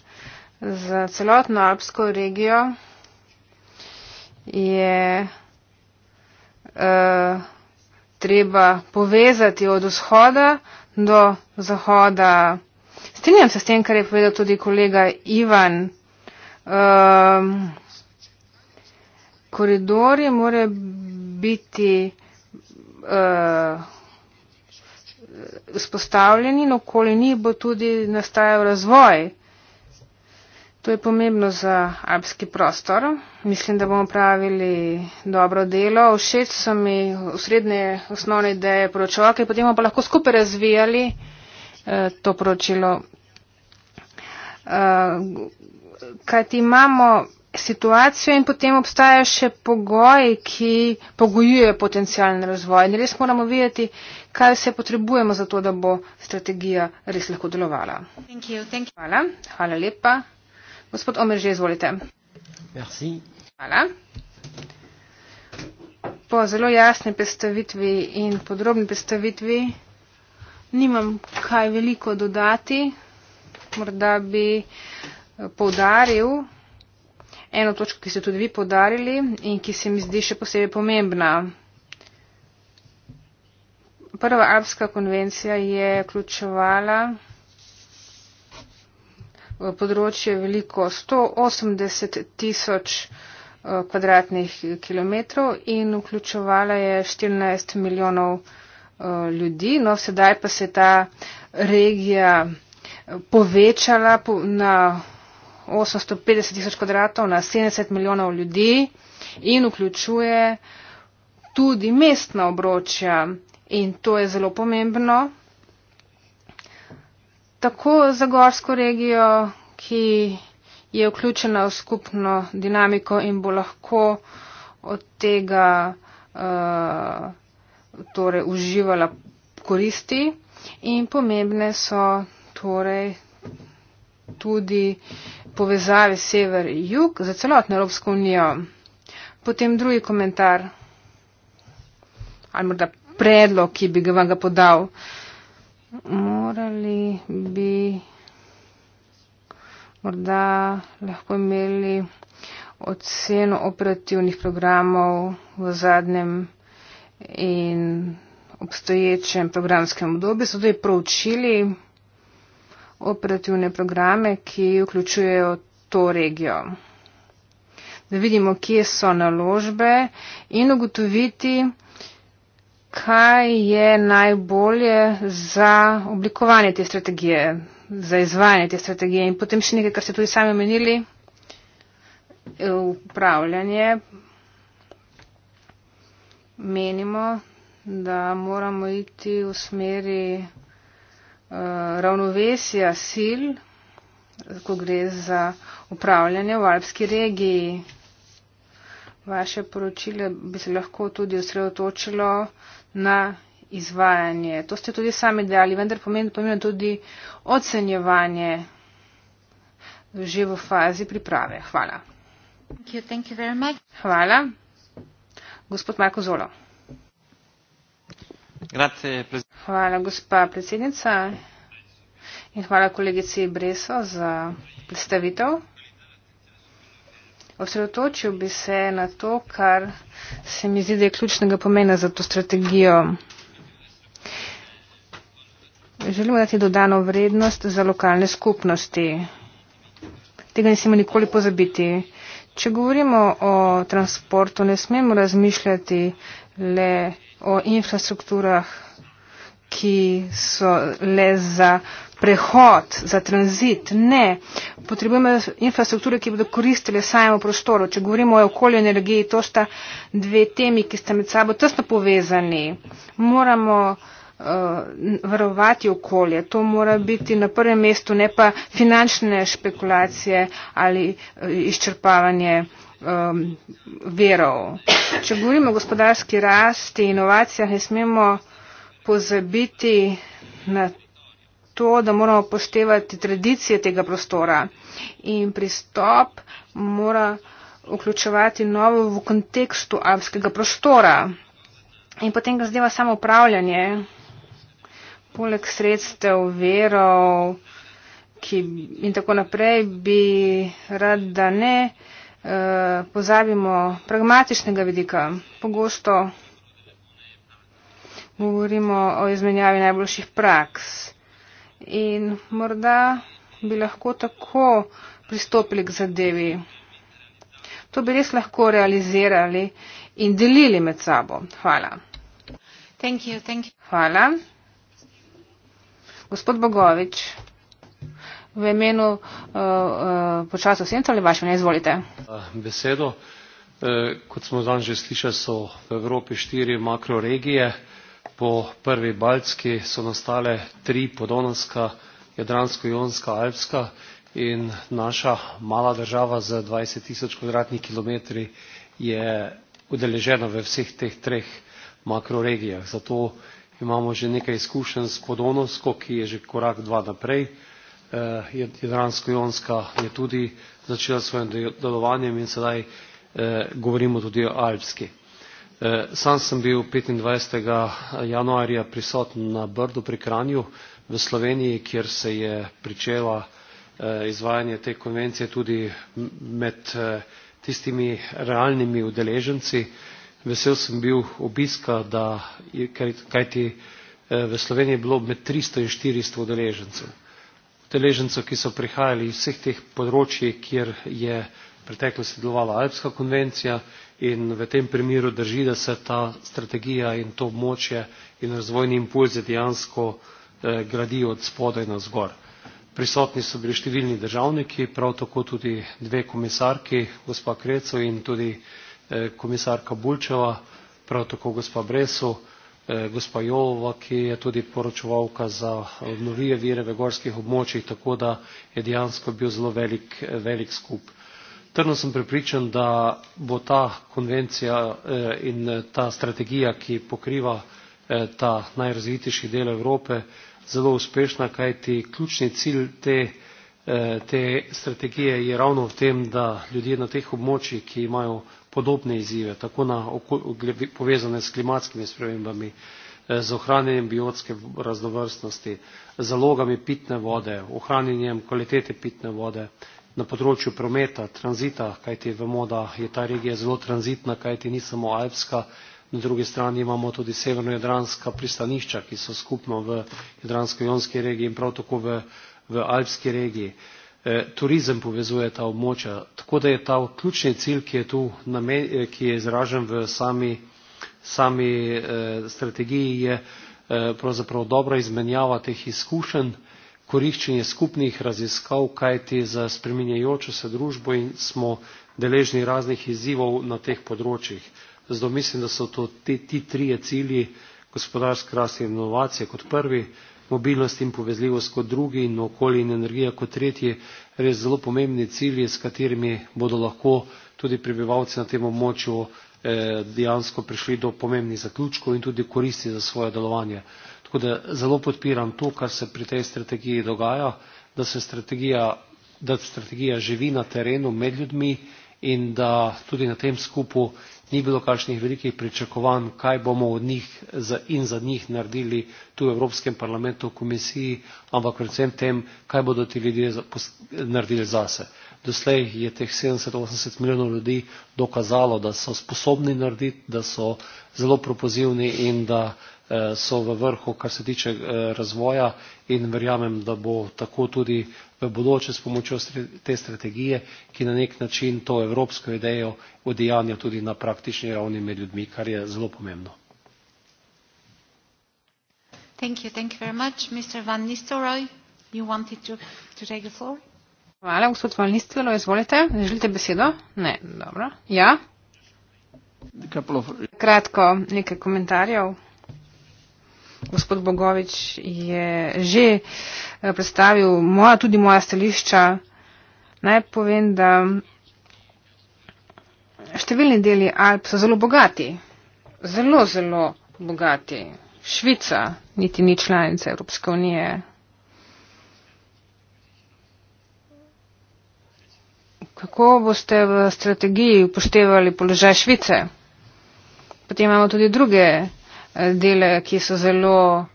za celotno alpsko regijo je uh, treba povezati od vzhoda do zahoda. Strinjam se s tem, kar je povedal tudi kolega Ivan. Um, ehm, koridori more biti uh, eh, spostavljeni, no okoli njih bo tudi nastajal razvoj. To je pomembno za alpski prostor. Mislim, da bomo pravili dobro delo. Všeč so mi srednje osnovne ideje poročila, ker potem bomo pa lahko skupaj razvijali eh, to poročilo. Eh, kajti imamo situacijo in potem obstaja še pogoj, ki pogojuje potencijalen razvoj. In res moramo vedeti, kaj vse potrebujemo za to, da bo strategija res lahko delovala. Thank you, thank you. Hvala. Hvala lepa. Gospod Omer, že izvolite. Merci. Hvala. Po zelo jasni predstavitvi in podrobni predstavitvi nimam kaj veliko dodati. Morda bi poudaril eno točko, ki ste tudi vi poudarili in ki se mi zdi še posebej pomembna. Prva Alpska konvencija je vključevala v področje veliko 180 tisoč eh, kvadratnih kilometrov in vključevala je 14 milijonov eh, ljudi. No, sedaj pa se je ta regija eh, povečala na 850 tisoč kvadratov na 70 milijonov ljudi in vključuje tudi mestna obročja in to je zelo pomembno. Tako za gorsko regijo, ki je vključena v skupno dinamiko in bo lahko od tega uh, torej uživala koristi in pomembne so torej tudi uh, povezavi sever-jug za celotno Evropsko unijo. Potem drugi komentar ali morda predlog, ki bi ga vam ga podal. Morali bi morda lahko imeli oceno operativnih programov v zadnjem in obstoječem programskem obdobju, so tudi proučili operativne programe, ki vključujejo to regijo. Da vidimo, kje so naložbe in ugotoviti, kaj je najbolje za oblikovanje te strategije, za izvajanje te strategije in potem še nekaj, kar ste tudi sami omenili, upravljanje. Menimo, da moramo iti v smeri Eh, ravnovesja sil, ko gre za upravljanje v alpski regiji. Vaše poročile bi se lahko tudi osredotočilo na izvajanje. To ste tudi sami dejali, vendar pomeni, pomeni tudi ocenjevanje že v fazi priprave. Hvala. Thank you, thank you Hvala. Gospod Marko Zolo. Hvala, gospa predsednica. In hvala kolegici Breso za predstavitev. Osredotočil bi se na to, kar se mi zdi, da je ključnega pomena za to strategijo. Želimo dati dodano vrednost za lokalne skupnosti. Tega ne smemo nikoli pozabiti. Če govorimo o transportu, ne smemo razmišljati le o infrastrukturah, ki so le za prehod, za tranzit. Ne, potrebujemo infrastrukture, ki bodo koristile samemu prostoru. Če govorimo o okolju energiji, to sta dve temi, ki sta med sabo tesno povezani. Moramo uh, varovati okolje. To mora biti na prvem mestu, ne pa finančne špekulacije ali uh, izčrpavanje uh, um, verov. Če govorimo o gospodarski rasti in inovacijah, ne smemo pozabiti na to, da moramo poštevati tradicije tega prostora in pristop mora vključevati novo v kontekstu avskega prostora in potem ga zdeva samo upravljanje, poleg sredstev, verov ki, in tako naprej, bi rad, da ne uh, Eh, pozabimo pragmatičnega vidika. Pogosto govorimo o izmenjavi najboljših praks in morda bi lahko tako pristopili k zadevi. To bi res lahko realizirali in delili med sabo. Hvala. Thank you, thank you. Hvala. Gospod Bogovič v imenu uh, uh, počasov senca ali vašem, izvolite. Besedo. Eh, kot smo danes že slišali, so v Evropi štiri makroregije. Po prvi Baltski so nastale tri podonavska, Jadransko, Jonska, Alpska in naša mala država z 20 tisoč kvadratnih kilometri je udeležena v vseh teh treh makroregijah. Zato imamo že nekaj izkušenj s podonavsko, ki je že korak dva naprej. Eh, jadransko jonska je tudi začela s svojim delovanjem in sedaj eh, govorimo tudi o alpski. Eh, sam sem bil 25. januarja prisoten na Brdu pri Kranju v Sloveniji, kjer se je pričela izvajanje te konvencije tudi med tistimi realnimi udeleženci. Vesel sem bil obiska, da, kajti v Sloveniji je bilo med 300 in 400 udeležencev deležencev, ki so prihajali iz vseh teh področji, kjer je preteklo sodelovala Alpska konvencija in v tem primeru drži, da se ta strategija in to območje in razvojni impulzi dejansko eh, gradijo od spodaj na zgor. Prisotni so bili številni državniki, prav tako tudi dve komisarki, gospa Krecov in tudi eh, komisarka Bulčeva, prav tako gospa Bresov. Eh, gospa Jovova, ki je tudi poročevalka za obnovljive vire v gorskih območjih, tako da je dejansko bil zelo velik, velik skup. Trdno sem pripričan, da bo ta konvencija eh, in eh, ta strategija, ki pokriva ta najrazvitejši del Evrope, zelo uspešna, kajti ključni cilj te, te strategije je ravno v tem, da ljudje na teh območjih, ki imajo podobne izzive, tako na povezane s klimatskimi spremembami, eh, z ohranjenjem biotske raznovrstnosti, z zalogami pitne vode, ohranjenjem kvalitete pitne vode, na področju prometa, tranzita, kajti vemo, da je ta regija zelo tranzitna, kajti ni samo alpska, na drugi strani imamo tudi severno-jadranska pristanišča, ki so skupno v jadransko-jonski regiji in prav tako v, v alpski regiji. Uh, Eh, turizem povezuje ta območja. Tako da je ta ključni cilj, ki je, tu, eh, ki je izražen v sami, sami eh, strategiji, je pravzaprav dobra izmenjava teh izkušenj, koriščenje skupnih raziskav, kajti za spreminjajočo se družbo in smo deležni raznih izzivov na teh področjih. Zato mislim, da so to ti, ti trije cilji, gospodarska rast in inovacije kot prvi, mobilnost in povezljivost kot drugi in okolje in energija kot tretji res zelo pomembni cilji, s katerimi bodo lahko tudi prebivalci na tem območju eh, dejansko prišli do pomembnih zaključkov in tudi koristi za svoje delovanje. Tako da zelo podpiram to, kar se pri tej strategiji dogaja, da se strategija, da strategija živi na terenu med ljudmi in da tudi na tem skupu ni bilo kakšnih velikih pričakovanj, kaj bomo od njih in za njih naredili tu v Evropskem parlamentu, v komisiji, ampak predvsem tem, kaj bodo ti ljudje naredili zase. Doslej je teh 70-80 milijonov ljudi dokazalo, da so sposobni narediti, da so zelo propozivni in da Eh, so v vrhu, kar se tiče eh, razvoja in verjamem, da bo tako tudi v bodoče s pomočjo te strategije, ki na nek način to evropsko idejo odijanja tudi na praktični ravni med ljudmi, kar je zelo pomembno. Hvala, gospod Van Nistelo, izvolite. Želite besedo? Ne, dobro. Ja? Kratko, nekaj komentarjev gospod Bogovič je že eh, predstavil moja, tudi moja stališča. Naj povem, da številni deli Alp so zelo bogati. Zelo, zelo bogati. Švica niti ni članica Evropske unije. Kako boste v strategiji upoštevali položaj Švice? Potem imamo tudi druge dele, ki so zelo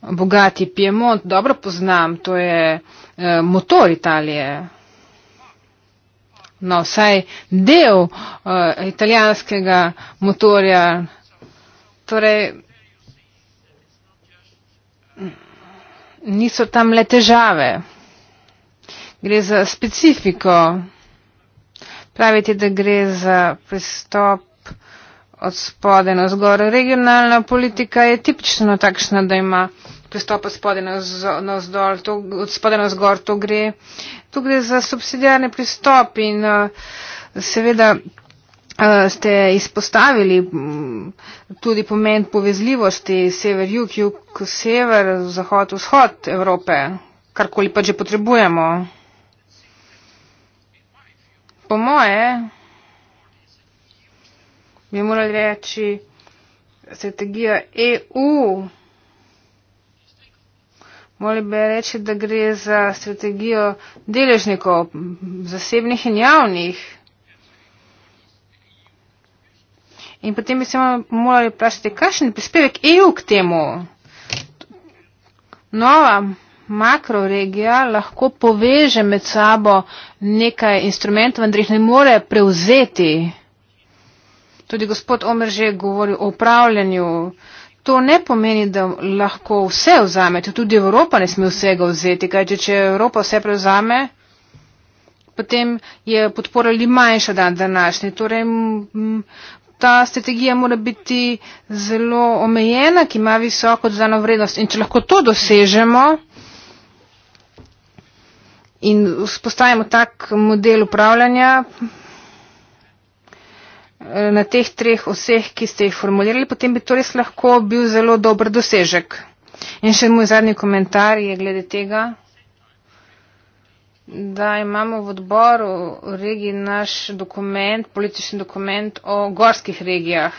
bogati. Piemont dobro poznam, to je eh, motor Italije. No, vsaj del eh, italijanskega motorja. Torej, niso tam le težave. Gre za specifiko. Pravite, da gre za pristop od spode na zgor. Regionalna politika je tipično takšna, da ima pristop od spode na, z, na, zdol, to, od spode na zgor. To gre, to gre za subsidijarni pristop in eh, seveda eh, ste izpostavili mm, tudi pomen povezljivosti sever-jug, jug-sever, zahod-vzhod Evrope, karkoli pa že potrebujemo. Po moje, bi morali reči strategija EU. Morali bi reči, da gre za strategijo deležnikov, zasebnih in javnih. In potem bi se morali vprašati, kakšen je prispevek EU k temu. Nova makroregija lahko poveže med sabo nekaj instrumentov, vendar jih ne more prevzeti. Tudi gospod Omer že govori o upravljanju. To ne pomeni, da lahko vse vzamete. Tudi Evropa ne sme vsega vzeti, kajče če Evropa vse prevzame, potem je podpora ali manjša dan današnji. Torej, ta strategija mora biti zelo omejena, ki ima visoko dodano vrednost. In če lahko to dosežemo in vzpostavimo tak model upravljanja, Eh, na teh treh oseh, ki ste jih formulirali, potem bi to res lahko bil zelo dober dosežek. In še moj zadnji komentar je glede tega, da imamo v odboru v regiji naš dokument, politični dokument o gorskih regijah.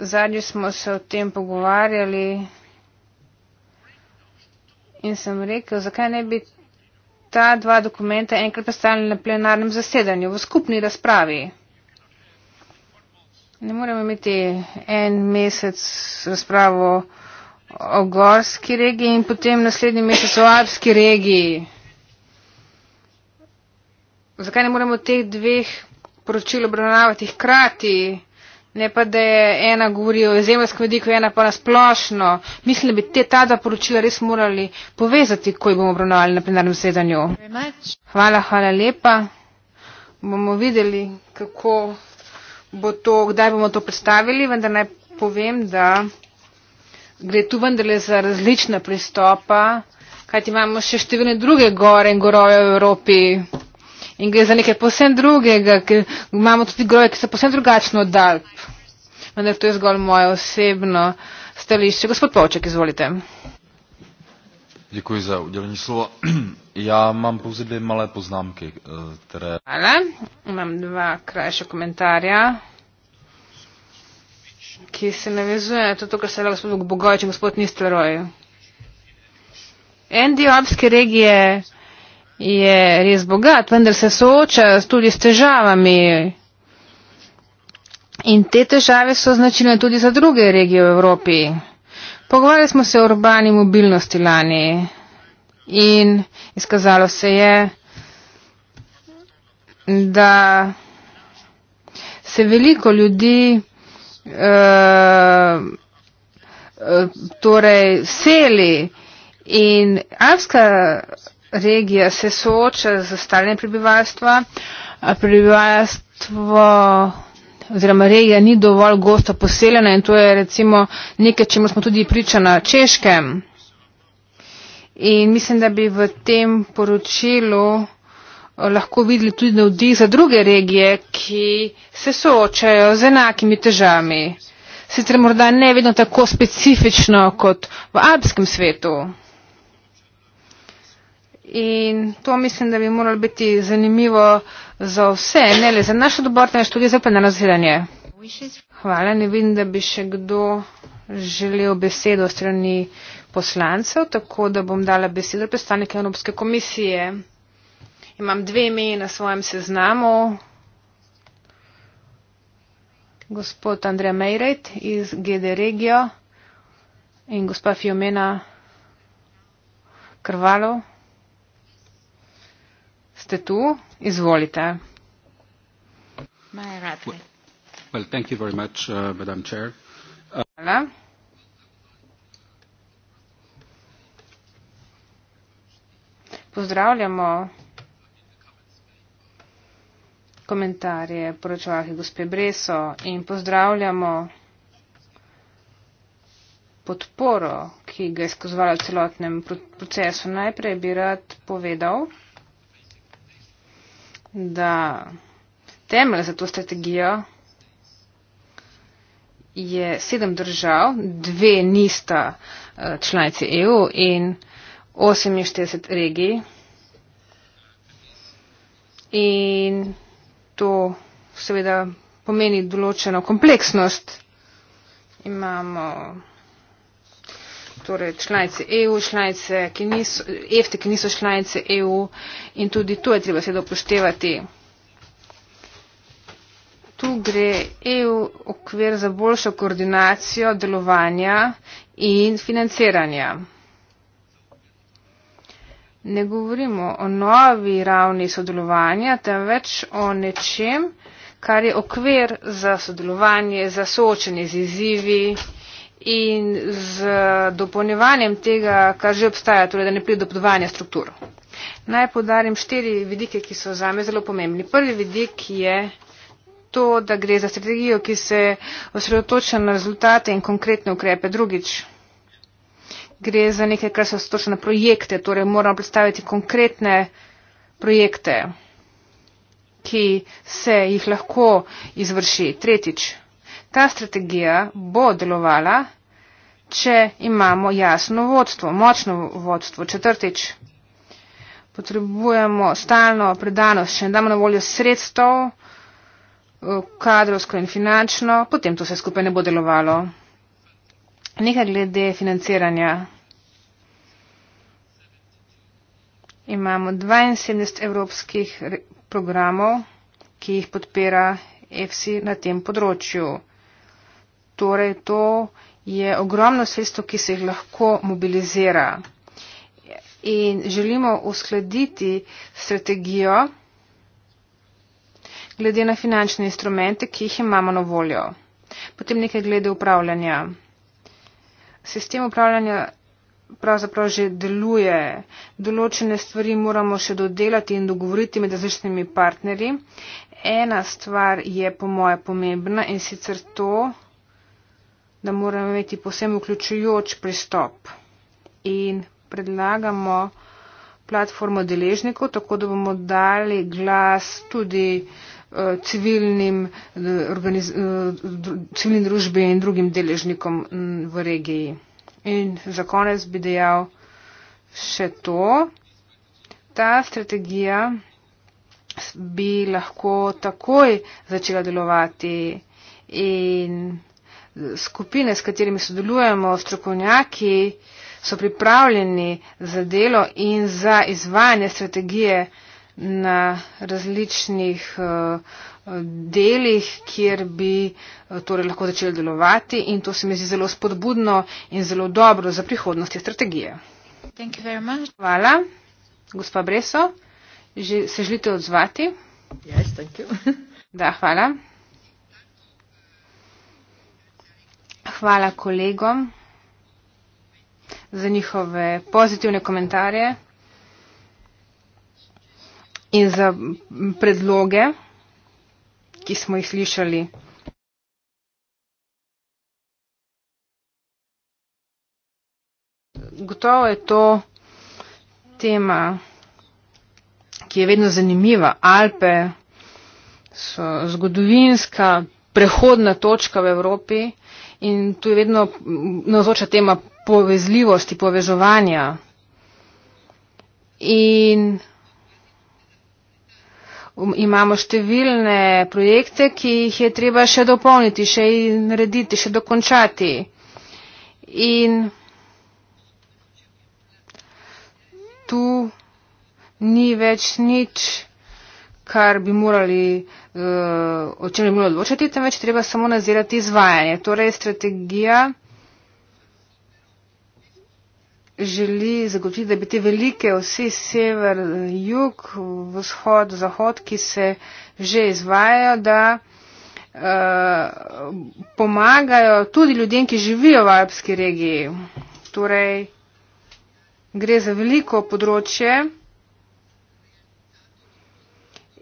Zadnji smo se o tem pogovarjali in sem rekel, zakaj ne bi ta dva dokumenta enkrat predstavljena na plenarnem zasedanju, v skupni razpravi. Ne moremo imeti en mesec razpravo o gorski regiji in potem naslednji mesec o alpski regiji. Zakaj ne moremo teh dveh poročil obravnavati hkrati? ne pa da je ena govori o zemljskem vidiku, ena pa nasplošno. Mislim, da bi te ta dva poročila res morali povezati, ko jih bomo obravnavali na plenarnem sedanju. Hvala, hvala lepa. Bomo videli, kako bo to, kdaj bomo to predstavili, vendar naj povem, da gre tu vendarle za različna pristopa, kajti imamo še številne druge gore in gorove v Evropi in gre za nekaj posebno drugega, ker imamo tudi grobe, ki so posebno drugačno od Alp. Vendar to je zgolj moje osebno stališče. Gospod Povček, izvolite. Děkuji za udělení slova. Já mám pouze dvě malé poznámky, eh, které... Hvala. Mám dva krajše komentária, ki se navizuje na to, kar se je gospod Bogovič in gospod Nistleroj. En dio Alpske regije je res bogat, vendar se sooča tudi s težavami. In te težave so značilne tudi za druge regije v Evropi. Pogovarjali smo se o urbani mobilnosti lani in izkazalo se je, da se veliko ljudi uh, uh, torej seli in avska regija se sooča z staranjem prebivalstva, prebivalstvo oziroma regija ni dovolj gosto poseljena in to je recimo nekaj, čemu smo tudi priča na Češkem. In mislim, da bi v tem poročilu eh, lahko videli tudi navdih za druge regije, ki se soočajo z enakimi težavami. Sicer morda ne vedno tako specifično kot v alpskem svetu. In to mislim, da bi moralo biti zanimivo za vse, ne le za naš odbor, temveč tudi za plenarno zasedanje. Hvala, ne vidim, da bi še kdo želel besedo strani poslancev, tako da bom dala besedo predstavnike Evropske komisije. Imam dve imeni na svojem seznamu. Gospod Andrej Mejrejt iz GD Regio in gospa Fiomena Krvalov. Ste tu? Izvolite. Well, thank you very much, uh, Madam Chair. Uh, Hvala. Pozdravljamo komentarje poročevalke gospe Breso in pozdravljamo podporo, ki ga je skozvala celotnem procesu. Najprej bi rad povedal, da temelj za to strategijo je sedem držav, dve nista eh, članice EU in 48 regij. In to seveda pomeni določeno kompleksnost. Imamo torej članice EU, članice, ki niso, EFTE, ki niso članice EU in tudi tu je treba seveda upoštevati. Tu gre EU okvir za boljšo koordinacijo delovanja in financiranja. Ne govorimo o novi ravni sodelovanja, temveč o nečem, kar je okvir za sodelovanje, za soočenje z izzivi in z dopolnjevanjem tega, kar že obstaja, torej da ne pride do podvajanja struktur. Naj podarim štiri vidike, ki so zame zelo pomembni. Prvi vidik je to, da gre za strategijo, ki se osredotoča na rezultate in konkretne ukrepe. Drugič, gre za nekaj, kar se osredotoča na projekte, torej moramo predstaviti konkretne projekte, ki se jih lahko izvrši. Tretjič, ta strategija bo delovala če imamo jasno vodstvo, močno vodstvo. Četrtič, potrebujemo stalno predanost, če ne damo na voljo sredstev, eh, kadrovsko in finančno, potem to vse skupaj ne bo delovalo. Nekaj glede financiranja. Imamo 72 evropskih programov, ki jih podpira EFSI na tem področju. Torej, to je ogromno sredstvo, ki se jih lahko mobilizira. In želimo uskladiti strategijo glede na finančne instrumente, ki jih imamo na voljo. Potem nekaj glede upravljanja. Sistem upravljanja pravzaprav že deluje. Določene stvari moramo še dodelati in dogovoriti med različnimi partnerji. Ena stvar je po moje pomembna in sicer to, da moramo imeti posebno vključujoč pristop in predlagamo platformo deležnikov, tako da bomo dali glas tudi eh, civilnim, eh, eh, civilnim družbi in drugim deležnikom mm, v regiji. In za konec bi dejal še to. Ta strategija bi lahko takoj začela delovati in skupine, s katerimi sodelujemo, strokovnjaki, so pripravljeni za delo in za izvajanje strategije na različnih uh, delih, kjer bi uh, torej lahko začeli delovati in to se mi zdi zelo spodbudno in zelo dobro za prihodnost te strategije. Hvala, gospa Breso. Že, se želite odzvati? Yes, da, hvala. Hvala kolegom za njihove pozitivne komentarje in za predloge, ki smo jih slišali. Gotovo je to tema, ki je vedno zanimiva. Alpe so zgodovinska prehodna točka v Evropi in tu je vedno navzoča tema povezljivosti, povezovanja. In um, imamo številne projekte, ki jih je treba še dopolniti, še narediti, še dokončati. In tu ni več nič kar bi morali, uh, o čem bi morali odločiti, temveč treba samo nadzirati izvajanje. Torej, strategija želi zagotoviti, da bi te velike osi sever, jug, vzhod, zahod, ki se že izvajajo, da uh, pomagajo tudi ljudem, ki živijo v alpski regiji. Torej, gre za veliko področje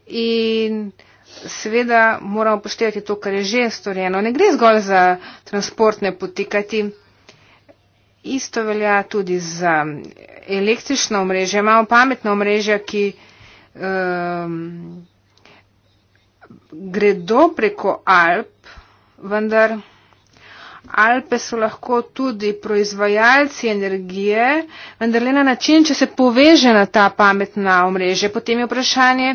in seveda moramo poštevati to, kar je že storjeno. Ne gre zgolj za transportne potikati. Isto velja tudi za električno omrežje. Imamo pametno omrežje, ki um, gredo preko Alp, vendar Alpe so lahko tudi proizvajalci energije, vendar le na način, če se poveže na ta pametna omrežje. Potem je vprašanje,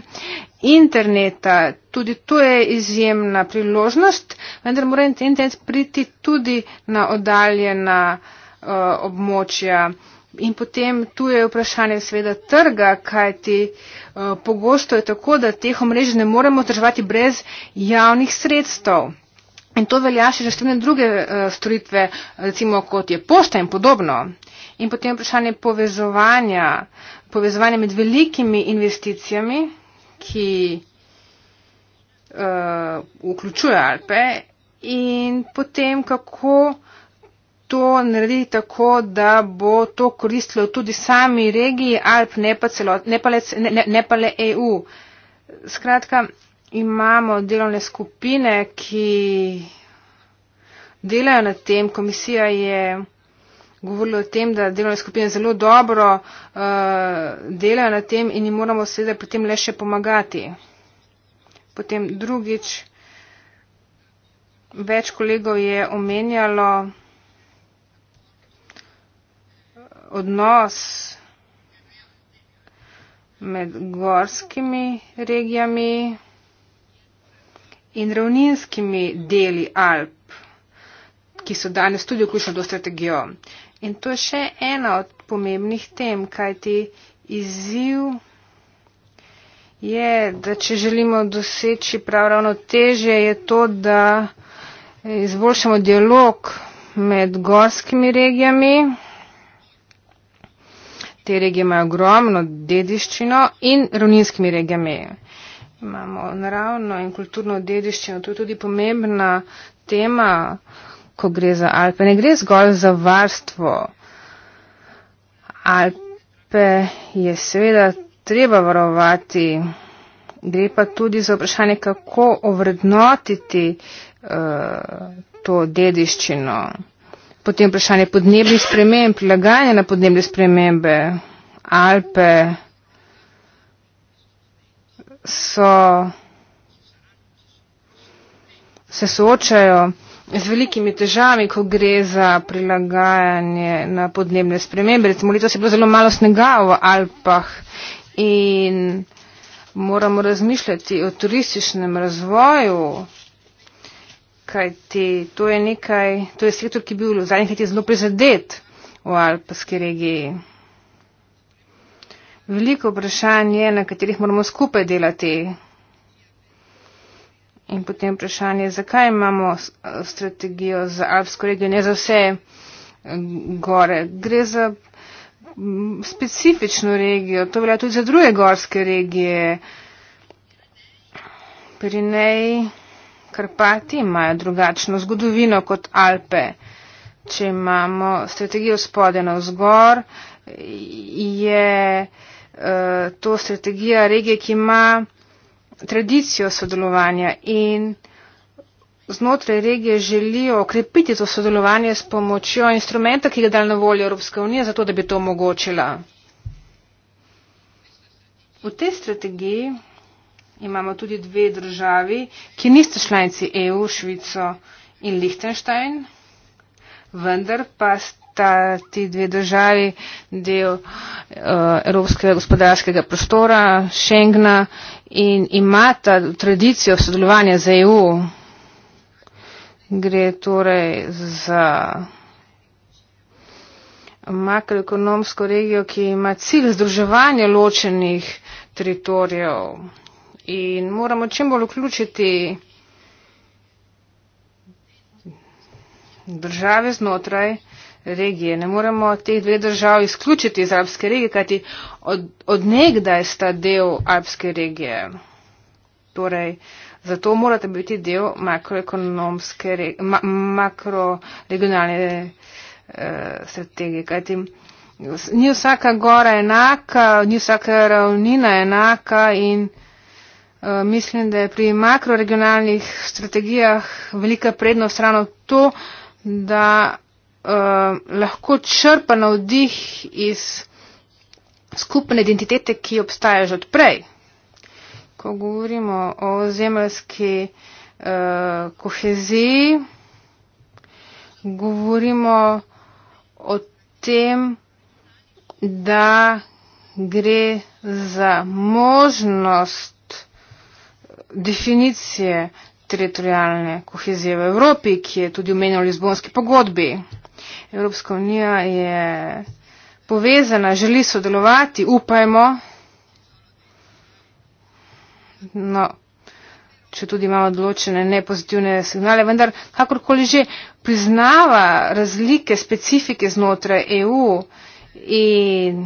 interneta. Tudi to je izjemna priložnost, vendar mora internet priti tudi na oddaljena uh, območja. In potem tu je vprašanje sveda trga, kajti uh, pogosto je tako, da teh omrež ne moremo držati brez javnih sredstev. In to velja še za številne druge uh, storitve, recimo kot je pošta in podobno. In potem vprašanje povezovanja, povezovanja med velikimi investicijami ki uh, vključuje Alpe in potem kako to narediti tako, da bo to koristilo tudi sami regiji Alp, ne pa, celo, ne pa, le, ne, ne pa le EU. Skratka, imamo delovne skupine, ki delajo na tem. Komisija je govorili o tem, da delovne skupine zelo dobro uh, delajo na tem in jim moramo seveda pri tem le še pomagati. Potem drugič, več kolegov je omenjalo eh, odnos med gorskimi regijami in ravninskimi deli Alp, ki so danes tudi vključeni v strategijo. In to je še ena od pomembnih tem, kajti izziv je, da če želimo doseči prav ravno teže, je to, da izboljšamo dialog med gorskimi regijami. Te regije imajo ogromno dediščino in ravninskimi regijami. Imamo naravno in kulturno dediščino, to je tudi pomembna tema uh, ko gre za Alpe. Ne gre zgolj za varstvo. Alpe je seveda treba varovati. Gre pa tudi za vprašanje, kako ovrednotiti uh, to dediščino. Potem vprašanje podnebnih sprememb, prilagajanje na podnebne spremembe. Alpe so, se soočajo z velikimi težavami, ko gre za prilagajanje na podnebne spremembe. Recimo letos je bilo zelo malo snega v Alpah in moramo razmišljati o turističnem razvoju, kajti to je nekaj, to je sektor, ki je bil v zadnjih letih zelo prizadet v alpski regiji. Veliko vprašanj je, na katerih moramo skupaj delati. In potem vprašanje, zakaj imamo strategijo za Alpsko regijo, ne za vse eh, gore. Gre za mm, specifično regijo, to velja tudi za druge gorske regije. Pirinej, Karpati imajo drugačno zgodovino kot Alpe. Če imamo strategijo spode na vzgor, je uh, to strategija regije, ki ima tradicijo sodelovanja in znotraj regije želijo okrepiti to sodelovanje s pomočjo instrumenta, ki ga je dal na voljo Evropska unija, zato da bi to omogočila. V tej strategiji imamo tudi dve državi, ki niste članici EU, Švico in Lichtenstein, vendar pa ste sta ti dve državi del uh, evropskega gospodarskega prostora, Schengna in imata tradicijo sodelovanja z EU. Gre torej za makroekonomsko regijo, ki ima cilj združevanja ločenih teritorijev in moramo čim bolj vključiti države znotraj regije. Ne moremo teh dveh držav izključiti iz alpske regije, kajti od, odnegdaj sta del alpske regije. Torej, zato morate biti del makroekonomske, ma, makroregionalne eh, strategije. Kajti, ni vsaka gora enaka, ni vsaka ravnina enaka in eh, Mislim, da je pri makroregionalnih strategijah velika prednost ravno to, da Eh, lahko črpa navdih iz skupne identitete, ki obstaja že odprej. Ko govorimo o zemljski uh, eh, koheziji, govorimo o tem, da gre za možnost definicije teritorijalne kohezije v Evropi, ki je tudi omenjeno v Lizbonski pogodbi. Evropska unija je povezana, želi sodelovati, upajmo. No, če tudi imamo določene nepozitivne signale, vendar kakorkoli že priznava razlike, specifike znotraj EU in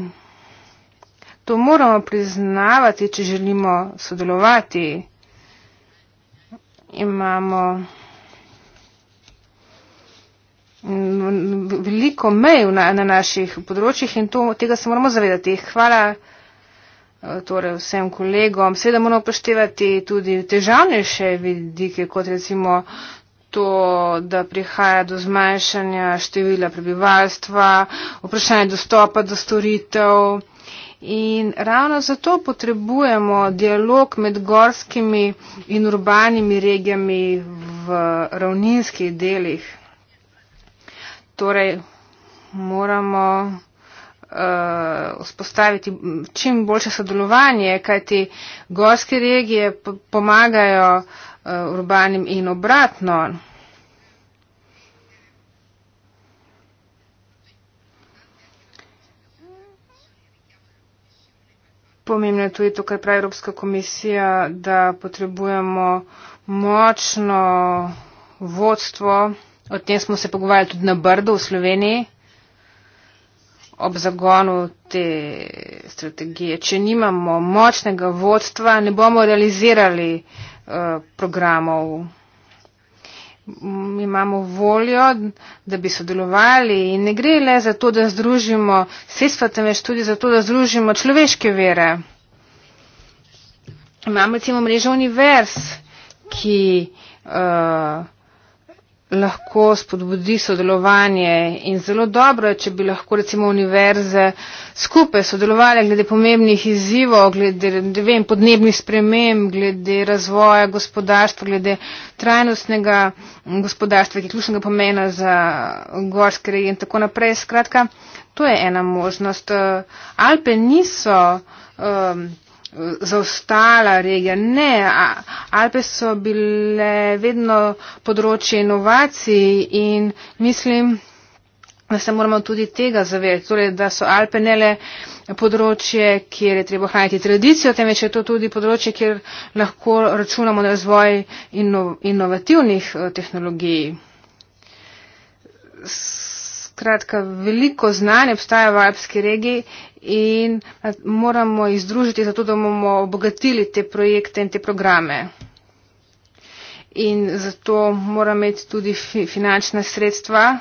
to moramo priznavati, če želimo sodelovati. Imamo veliko mej na, na naših področjih in to, tega se moramo zavedati. Hvala eh, torej, vsem kolegom. Seveda moramo poštevati tudi težavnejše vidike, kot recimo to, da prihaja do zmanjšanja števila prebivalstva, vprašanje dostopa do storitev. In ravno zato potrebujemo dialog med gorskimi in urbanimi regijami v ravninskih delih torej moramo eh, vzpostaviti uh, čim boljše sodelovanje, kajti gorske regije pomagajo uh, urbanim in obratno. Pomembno je tudi to, kar pravi Evropska komisija, da potrebujemo močno vodstvo. O tem smo se pogovarjali tudi na Brdu v Sloveniji, ob zagonu te strategije. Če nimamo močnega vodstva, ne bomo realizirali uh, programov. Mi imamo voljo, da bi sodelovali in ne gre le za to, da združimo sredstva, temveč tudi za to, da združimo človeške vere. Imamo recimo mrežo univerz, ki uh, lahko spodbudi sodelovanje in zelo dobro je, če bi lahko recimo univerze skupaj sodelovali glede pomembnih izzivov, glede vem, podnebnih sprememb, glede razvoja gospodarstva, glede trajnostnega gospodarstva, ki je ključnega pomena za gorske regije in tako naprej. Skratka, to je ena možnost. Alpe niso. Um, zaostala regija. Ne, Alpe so bile vedno področje inovacij in mislim, da se moramo tudi tega zavedati, torej, da so Alpe ne le področje, kjer je treba hraniti tradicijo, temveč je to tudi področje, kjer lahko računamo na razvoj ino, inovativnih eh, tehnologij. Skratka, veliko znanja obstaja v alpski regiji in moramo jih združiti, zato da bomo obogatili te projekte in te programe. In zato moramo imeti tudi finančna sredstva,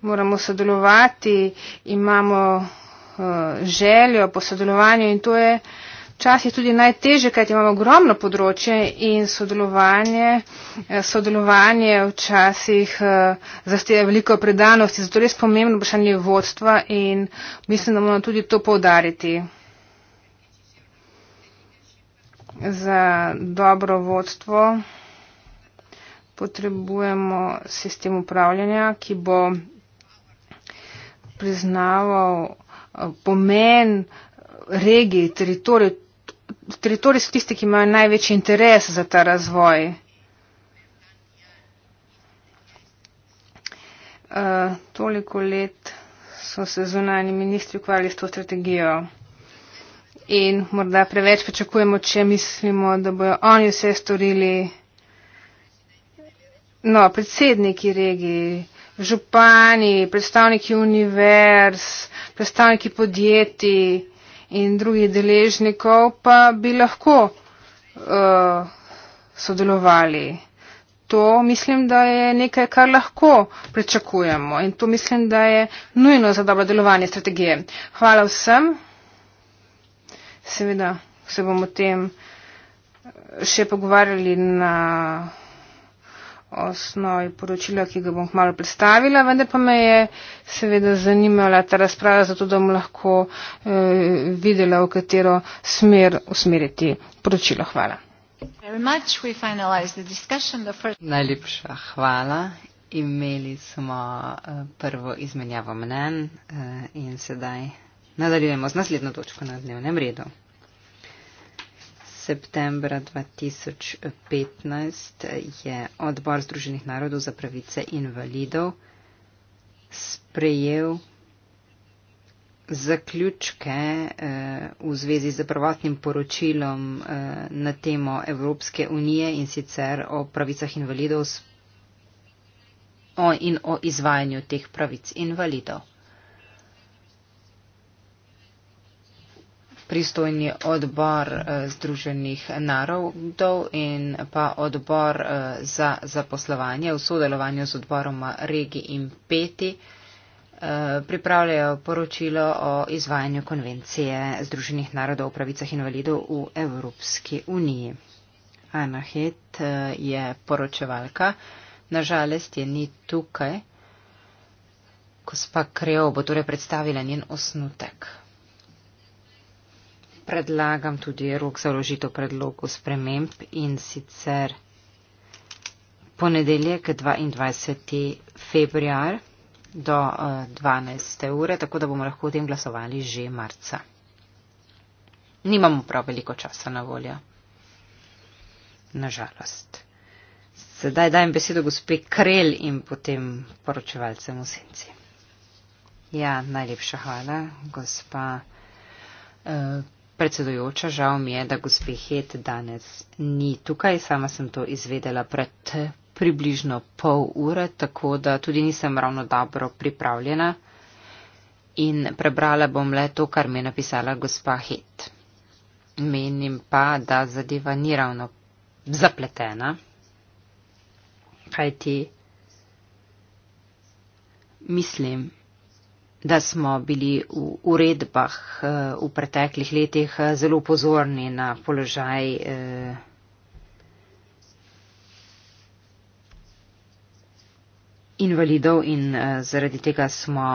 moramo sodelovati, imamo uh, željo po sodelovanju in to je včasih tudi najteže, kajti imamo ogromno področje in sodelovanje, eh, sodelovanje včasih eh, zahteva veliko predanosti, zato je res pomembno vprašanje vodstva in mislim, da moramo tudi to povdariti. Za dobro vodstvo potrebujemo sistem upravljanja, ki bo priznaval eh, pomen regij, teritorij, teritoriji so tisti, ki imajo največji interes za ta razvoj. Uh, toliko let so se zunani ministri ukvarjali s to strategijo in morda preveč pričakujemo, če mislimo, da bojo oni vse storili. No, predsedniki regij, župani, predstavniki univerz, predstavniki podjetij in drugih deležnikov pa bi lahko uh, sodelovali. To mislim, da je nekaj, kar lahko pričakujemo in to mislim, da je nujno za dobro delovanje strategije. Hvala vsem. Seveda se bomo o tem eh, še pogovarjali na osnovi poročila, ki ga bom hmalo predstavila, vendar pa me je seveda zanimala ta razprava, zato da bom lahko eh, videla, v katero smer usmeriti poročilo. Hvala. Najlepša hvala. Imeli smo eh, prvo izmenjavo mnen eh, in sedaj nadaljujemo z naslednjo točko na dnevnem redu septembra 2015 je odbor Združenih narodov za pravice invalidov sprejel zaključke eh, v zvezi z prvotnim poročilom eh, na temo Evropske unije in sicer o pravicah invalidov o, in o izvajanju teh pravic invalidov. pristojni odbor eh, Združenih narodov in pa odbor eh, za zaposlovanje v sodelovanju z odborom Regi in Peti eh, pripravljajo poročilo o izvajanju konvencije Združenih narodov o pravicah invalidov v Evropski uniji. Ana Het je poročevalka, nažalost je ni tukaj. Gospa Kreo bo torej predstavila njen osnutek predlagam tudi rok za vložitev predlogov sprememb in sicer ponedeljek 22. februar do 12. Eh, ure, tako da bomo lahko o tem glasovali že marca. Nimamo prav veliko časa na voljo. Nažalost. Sedaj dajem besedo gospe Krel in potem poročevalcem v senci. Ja, najlepša hvala, gospa. Uh, predsedojoča, žal mi je, da gospe Het danes ni tukaj, sama sem to izvedela pred približno pol ure, tako da tudi nisem ravno dobro pripravljena in prebrala bom le to, kar mi je napisala gospa Het. Menim pa, da zadeva ni ravno zapletena, kajti mislim, da smo bili v uredbah eh, v preteklih letih eh, zelo pozorni na položaj eh, invalidov in zaradi tega smo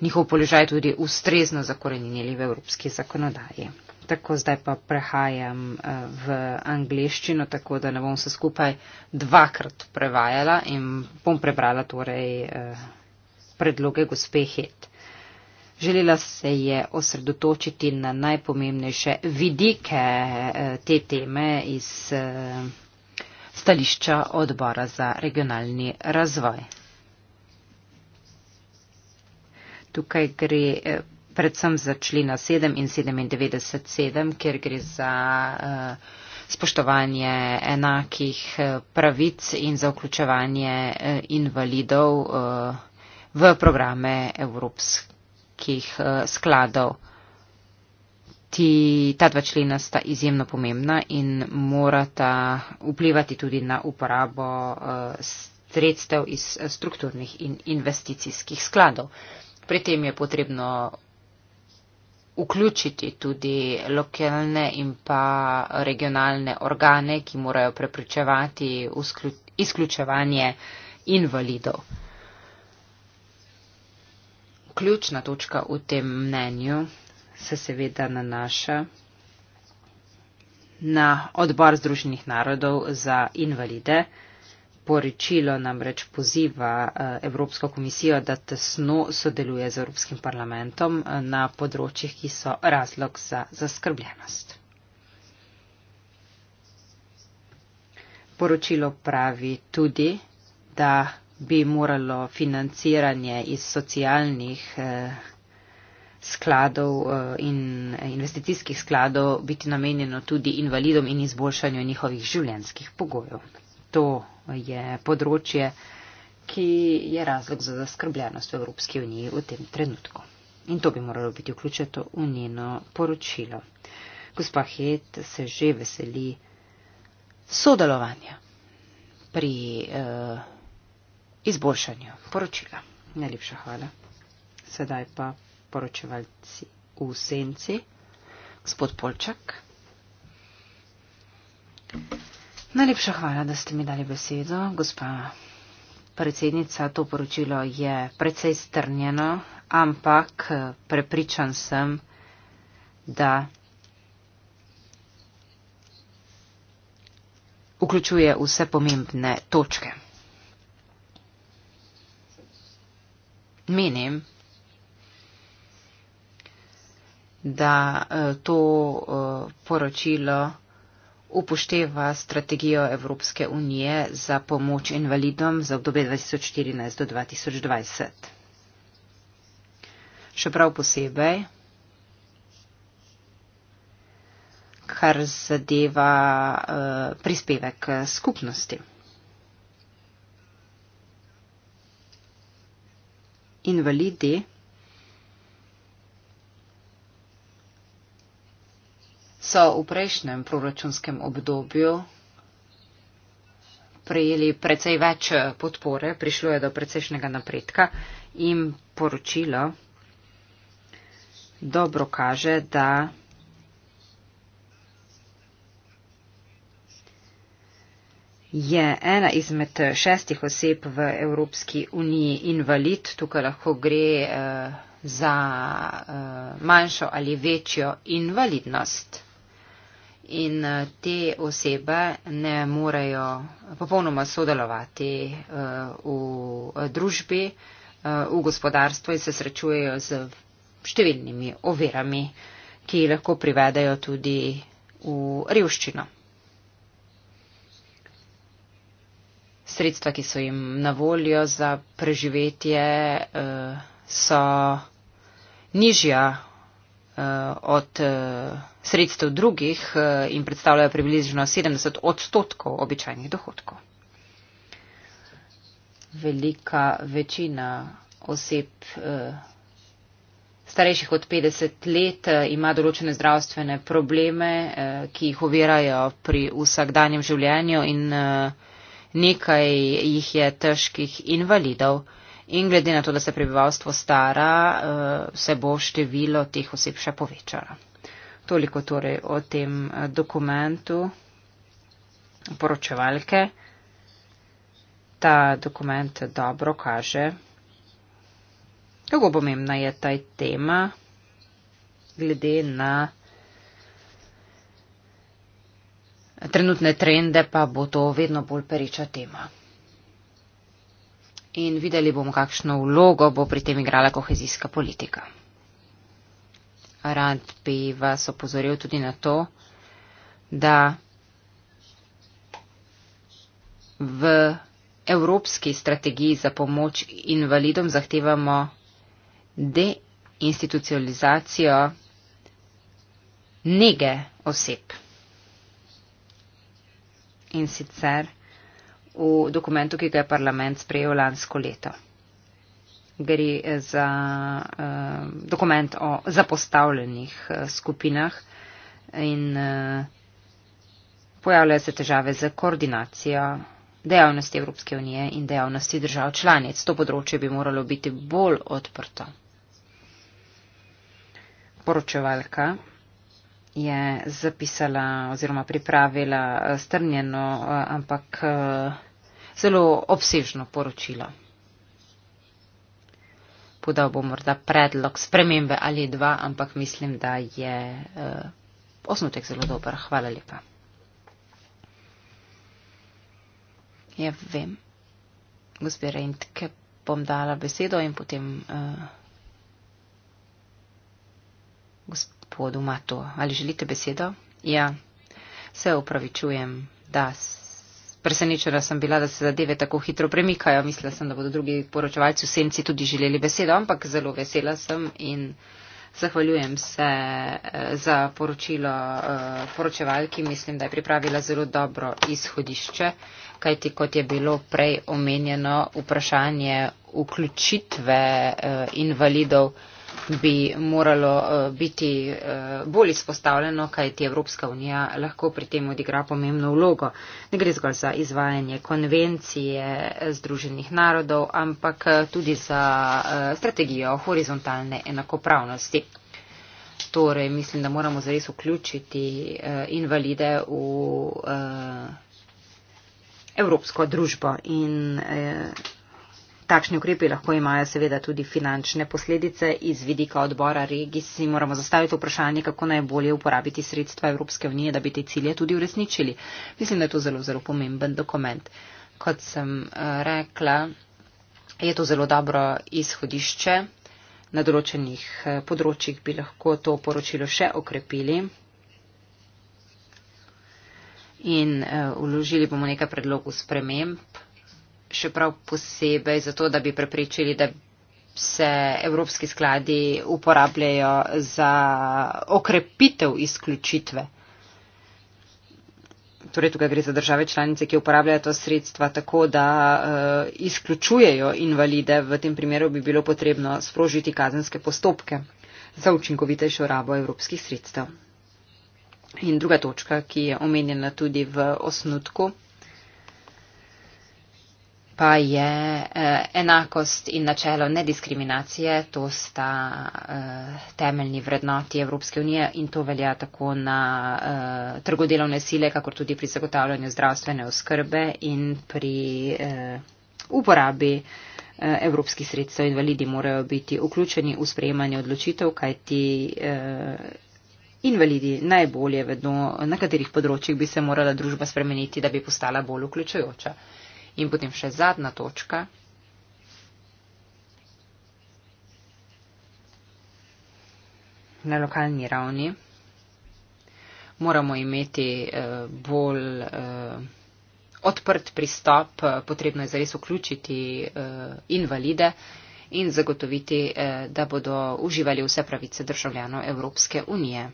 njihov položaj tudi ustrezno zakorenili v evropski zakonodaji. Tako zdaj pa prehajam v angliščino, tako da ne bom se skupaj dvakrat prevajala in bom prebrala torej predloge gospe Het. Želela se je osredotočiti na najpomembnejše vidike eh, te teme iz eh, stališča odbora za regionalni razvoj. Tukaj gre eh, predvsem za člena 7 in 97, kjer gre za spoštovanje enakih pravic in za vključevanje invalidov v programe evropskih eh, skladov. Ti, ta dva člena sta izjemno pomembna in morata vplivati tudi na uporabo eh, sredstev iz eh, strukturnih in investicijskih skladov. Pri tem je potrebno vključiti tudi lokalne in pa regionalne organe, ki morajo preprečevati izključevanje invalidov ključna točka v tem mnenju se seveda nanaša na odbor Združenih narodov za invalide. Poročilo namreč poziva eh, Evropsko komisijo, da tesno sodeluje z Evropskim parlamentom eh, na področjih, ki so razlog za zaskrbljenost. Poročilo pravi tudi, da bi moralo financiranje iz socialnih eh, skladov eh, in investicijskih skladov biti namenjeno tudi invalidom in izboljšanju njihovih življenjskih pogojev. To je področje, ki je razlog za zaskrbljenost v Evropski uniji v tem trenutku. In to bi moralo biti vključeno v njeno poročilo. Gospa Het se že veseli sodelovanja pri. Uh, izboljšanju poročila. Najlepša hvala. Sedaj pa poročevalci v senci. Gospod Polčak. Najlepša hvala, da ste mi dali besedo, gospa predsednica. To poročilo je precej strnjeno, ampak prepričan sem, da vključuje vse pomembne točke. menim, da eh, to eh, poročilo upošteva strategijo Evropske unije za pomoč invalidom za obdobje 2014 do 2020. Še prav posebej, kar zadeva eh, prispevek skupnosti. invalidi, so v prejšnjem proračunskem obdobju prejeli precej več podpore, prišlo je do precejšnjega napredka in poročilo dobro kaže, da je ena izmed šestih oseb v Evropski uniji invalid. Tukaj lahko gre uh, za uh, manjšo ali večjo invalidnost. In eh, te osebe ne morejo popolnoma sodelovati v družbi, v gospodarstvu in se srečujejo z številnimi ovirami, ki lahko privedajo tudi v revščino. sredstva, ki so jim na voljo za preživetje, eh, so nižja eh, od eh, sredstev drugih in predstavljajo približno 70 odstotkov običajnih dohodkov. Velika večina oseb starejših od 50 let ima določene zdravstvene probleme, ki jih ovirajo pri vsakdanjem življenju in nekaj jih je težkih invalidov in glede na to, da se prebivalstvo stara, eh, se bo število teh oseb še povečalo. Toliko torej o tem eh, dokumentu poročevalke. Ta dokument dobro kaže, kako pomembna je ta tema glede na trenutne trende, pa bo to vedno bolj pereča tema. In videli bomo, kakšno vlogo bo pri tem igrala kohezijska politika. Rad bi vas opozoril tudi na to, da v evropski strategiji za pomoč invalidom zahtevamo deinstitucionalizacijo nege oseb in sicer v dokumentu, ki ga je parlament sprejel lansko leto. Gre za eh, dokument o zapostavljenih eh, skupinah in eh, pojavljajo se težave z koordinacijo dejavnosti Evropske unije in dejavnosti držav članic. To področje bi moralo biti bolj odprto. Poročevalka je zapisala oziroma pripravila eh, strnjeno, eh, ampak eh, zelo obsežno poročilo. Podal bo morda predlog spremembe ali dva, ampak mislim, da je osnutek zelo dober. Hvala lepa. Ja, vem. Gospe Reintke, bom dala besedo in potem. Uh, gospe, gospodu Mato. Ali želite besedo? Ja, se upravičujem, da. Presenečena sem bila, da se zadeve tako hitro premikajo. Mislila sem, da bodo drugi poročevalci v senci tudi želeli besedo, ampak zelo vesela sem in zahvaljujem se eh, za poročilo eh, poročevalki. Mislim, da je pripravila zelo dobro izhodišče, kajti kot je bilo prej omenjeno, vprašanje vključitve eh, invalidov bi moralo eh, biti eh, bolj izpostavljeno, kaj ti Evropska unija lahko pri tem odigra pomembno vlogo. Ne gre zgolj za izvajanje konvencije Združenih narodov, ampak eh, tudi za strategijo horizontalne enakopravnosti. Torej, mislim, da moramo zares vključiti invalide v evropsko družbo in Takšni ukrepi lahko imajo seveda tudi finančne posledice. Iz vidika odbora regij si moramo zastaviti vprašanje, kako najbolje uporabiti sredstva Evropske unije, da bi te cilje tudi uresničili. Mislim, da je to zelo, zelo pomemben dokument. Kot sem eh, rekla, je to zelo dobro izhodišče. Na določenih eh, področjih bi lahko to poročilo še okrepili. In uh, vložili bomo nekaj predlogov sprememb še prav posebej zato, da bi preprečili, da se evropski skladi uporabljajo za okrepitev izključitve. Torej, tukaj gre za države članice, ki uporabljajo to sredstva tako, da uh, izključujejo invalide. V tem primeru bi bilo potrebno sprožiti kazenske postopke za učinkovitejšo rabo evropskih sredstev. In druga točka, ki je omenjena tudi v osnutku pa je eh, enakost in načelo nediskriminacije, to sta eh, temeljni vrednoti Evropske unije in to velja tako na eh, trgodelovne sile, kako tudi pri zagotavljanju zdravstvene oskrbe in pri uporabi evropskih sredstev. Invalidi morajo biti vključeni v sprejemanje odločitev, kaj ti. Invalidi najbolje vedo, na katerih področjih bi se morala družba spremeniti, da bi postala bolj vključujoča. In potem še zadnja točka. Na lokalni ravni moramo imeti eh, bolj eh, odprt pristop, eh, potrebno je zares vključiti eh, invalide in zagotoviti, eh, da bodo uživali vse pravice državljanov Evropske unije.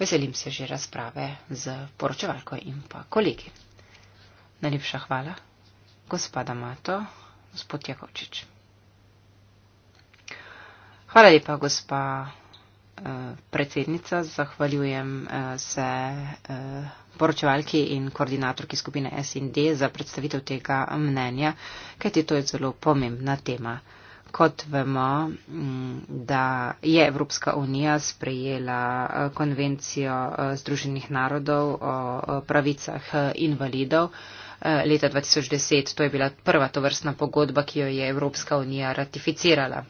Veselim se že razprave z poročevalko in pa kolegi. Najlepša hvala, gospoda Mato, gospod Jakovčič. Hvala lepa, gospa eh, predsednica. Zahvaljujem eh, se eh, poročevalki in koordinatorki skupine SND za predstavitev tega mnenja, kajti to je zelo pomembna tema. Kot vemo, mm, da je Evropska unija sprejela konvencijo Združenih narodov o pravicah invalidov, Eh, leta 2010. To je bila prva tovrstna pogodba, ki jo je Evropska unija ratificirala.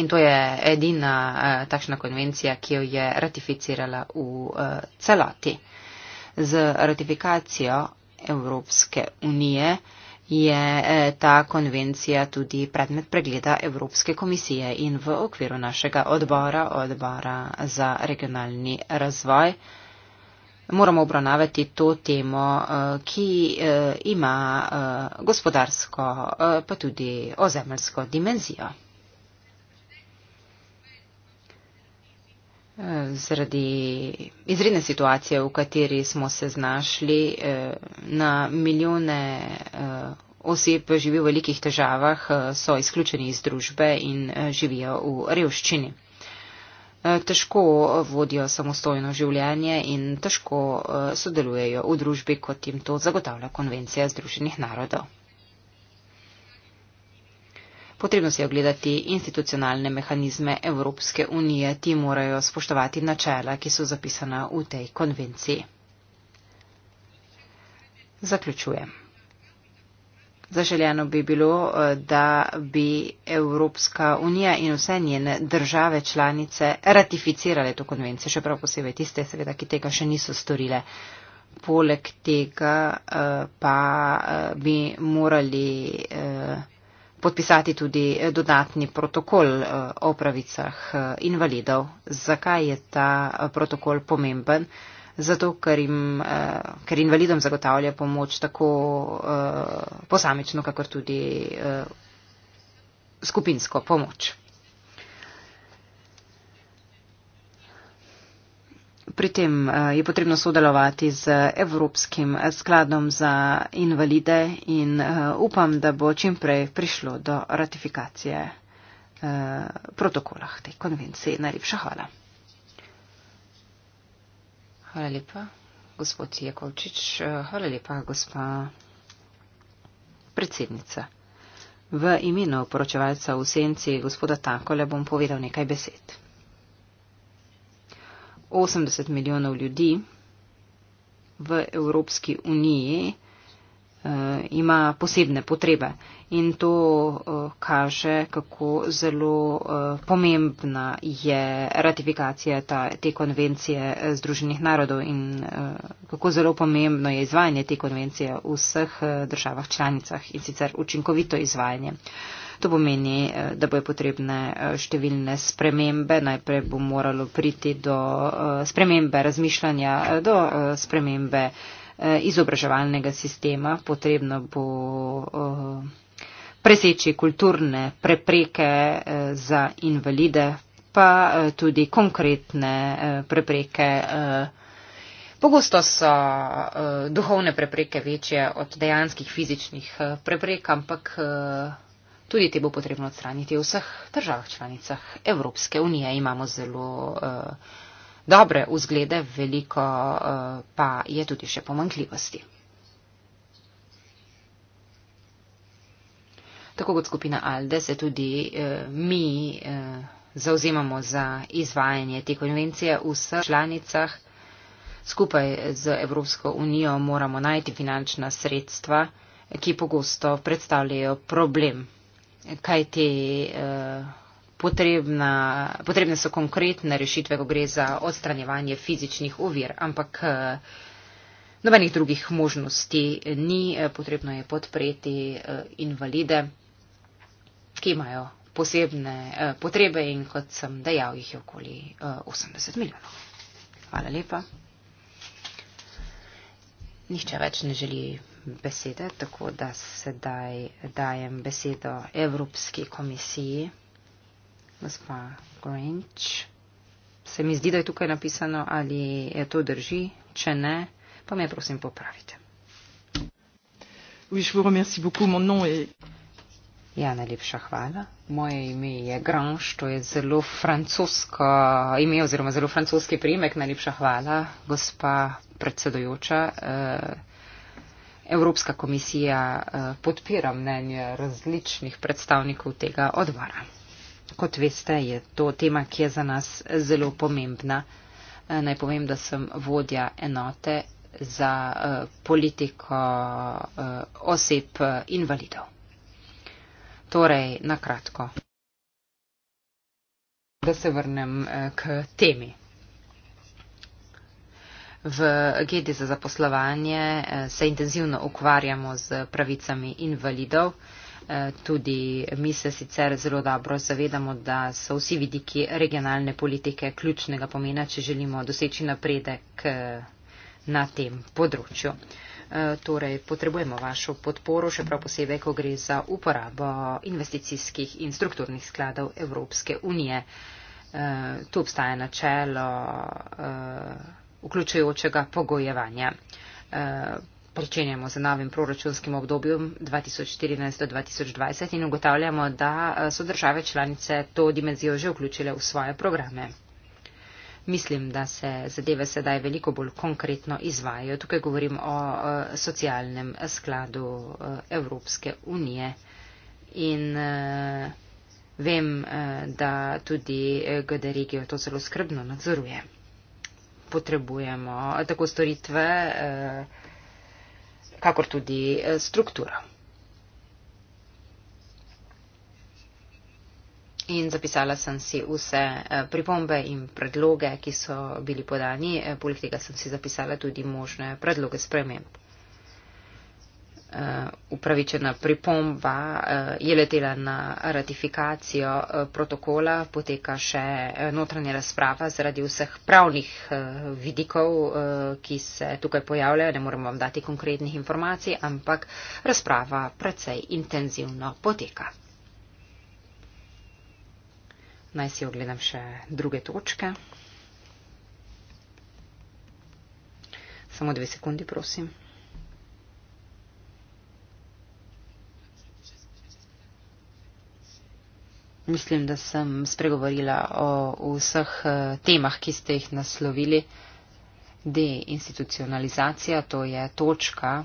In to je edina uh, takšna konvencija, ki jo je ratificirala v uh, celoti. Z ratifikacijo Evropske unije je ta konvencija tudi predmet pregleda Evropske komisije in v okviru našega odbora, odbora za regionalni razvoj, uh, moramo obravnavati to temo, eh, ki eh, ima eh, gospodarsko, pa tudi ozemelsko dimenzijo. Zaradi izredne situacije, v kateri smo se znašli, na milijone oseb živi v velikih težavah, so izključeni iz družbe in živijo v revščini. Eh, težko vodijo samostojno življenje in težko eh, sodelujejo v družbi, kot jim to zagotavlja konvencija Združenih narodov. Potrebno si je ogledati institucionalne mehanizme Evropske unije, ti morajo spoštovati načela, ki so zapisana v tej konvenciji. Zaključujem. Zaželjeno bi bilo, eh, da bi Evropska unija in vse njene države članice ratificirale to konvencijo, še prav posebej tiste, seveda, ki tega še niso storile. Poleg tega eh, pa eh, bi morali podpisati tudi dodatni protokol o pravicah invalidov. Zakaj je ta protokol pomemben? zato ker, jim, uh, ker invalidom zagotavlja pomoč tako uh, posamično, kakor tudi uh, skupinsko pomoč. Pri tem je potrebno sodelovati z Evropskim skladom za invalide in upam, da bo čimprej prišlo do ratifikacije protokola te konvencije. Najlepša hvala. Hvala lepa, gospod Jakovčič. Hvala lepa, gospa predsednica. V imenu poročevalca v senci gospoda Takole bom povedal nekaj besed. 80 milijonov ljudi v Evropski uniji Eh, ima posebne potrebe. In to eh, kaže, kako zelo eh, pomembna je ratifikacija ta, te konvencije Združenih narodov in kako zelo pomembno je izvajanje te konvencije v vseh državah članicah in sicer učinkovito izvajanje. To pomeni, da bojo potrebne številne spremembe. Najprej bo moralo priti do spremembe razmišljanja, do spremembe Eh, izobraževalnega sistema, potrebno bo eh, preseči kulturne prepreke eh, za invalide, pa tudi konkretne prepreke. Pogosto so duhovne prepreke večje od dejanskih fizičnih preprek, ampak tudi te bo potrebno odstraniti v vseh državah članicah Evropske unije. Imamo zelo uh, dobre vzglede, veliko eh, pa je tudi še pomankljivosti. Tako kot skupina Alde se tudi eh, mi eh, zauzemamo za izvajanje te konvencije v vseh članicah. Skupaj z Evropsko unijo moramo najti finančna sredstva, ki pogosto predstavljajo problem, kaj te eh, potrebna, potrebne so konkretne rešitve, ko gre za odstranjevanje fizičnih ovir, ampak eh, nobenih drugih možnosti ni. Eh, potrebno je podpreti eh, invalide, ki imajo posebne potrebe in kot sem dejal, jih je okoli 80 milijonov. Hvala lepa. Nihče več ne želi besede, tako da sedaj dajem besedo Evropski komisiji gospa Grinč. Se mi zdi, da je tukaj napisano, ali je to drži. Če ne, pa me prosim popravite. Oui, ja, najlepša hvala. Moje ime je Granš, to je zelo francosko ime oziroma zelo francoski primek. Najlepša hvala, gospa predsedojoča. Eh, Evropska komisija eh, podpira mnenje različnih predstavnikov tega odvara. Kot veste, je to tema, ki je za nas zelo pomembna. Eh, naj povem, da sem vodja enote za eh, politiko eh, oseb invalidov. Torej, na kratko. Da se vrnem k temi. V Gedi za zaposlovanje se intenzivno ukvarjamo z pravicami invalidov. Eh, tudi mi se sicer zelo dobro zavedamo, da so vsi vidiki regionalne politike ključnega pomena, če želimo doseči napredek eh, na tem področju. Eh, torej, potrebujemo vašo podporo, še prav posebej, ko gre za uporabo investicijskih in strukturnih skladov Evropske unije. Tu obstaja načelo vključujočega pogojevanja. Pričenjamo z novim proračunskim obdobjem 2014-2020 in ugotavljamo, da eh, so države članice to dimenzijo že vključile v svoje programe. Mislim, da se zadeve sedaj veliko bolj konkretno izvajo. Tukaj govorim o eh, socialnem eh, skladu Evropske unije. In vem, da tudi GD regijo to zelo skrbno nadzoruje. Potrebujemo tako storitve, kakor tudi eh, struktura. In zapisala sem si vse eh, pripombe in predloge, ki so bili podani, eh, poleg tega sem si zapisala tudi možne predloge sprememb. Eh, upravičena pripomba eh, je letela na ratifikacijo eh, protokola, poteka še notranja razprava zaradi vseh pravnih vidikov, ki se tukaj pojavljajo. Ne moremo vam dati konkretnih informacij, ampak razprava precej intenzivno poteka. Naj si ogledam še druge točke. Samo dve sekundi, prosim. Mislim, da sem spregovorila o vseh eh, temah, ki ste jih naslovili. Deinstitucionalizacija, to je točka,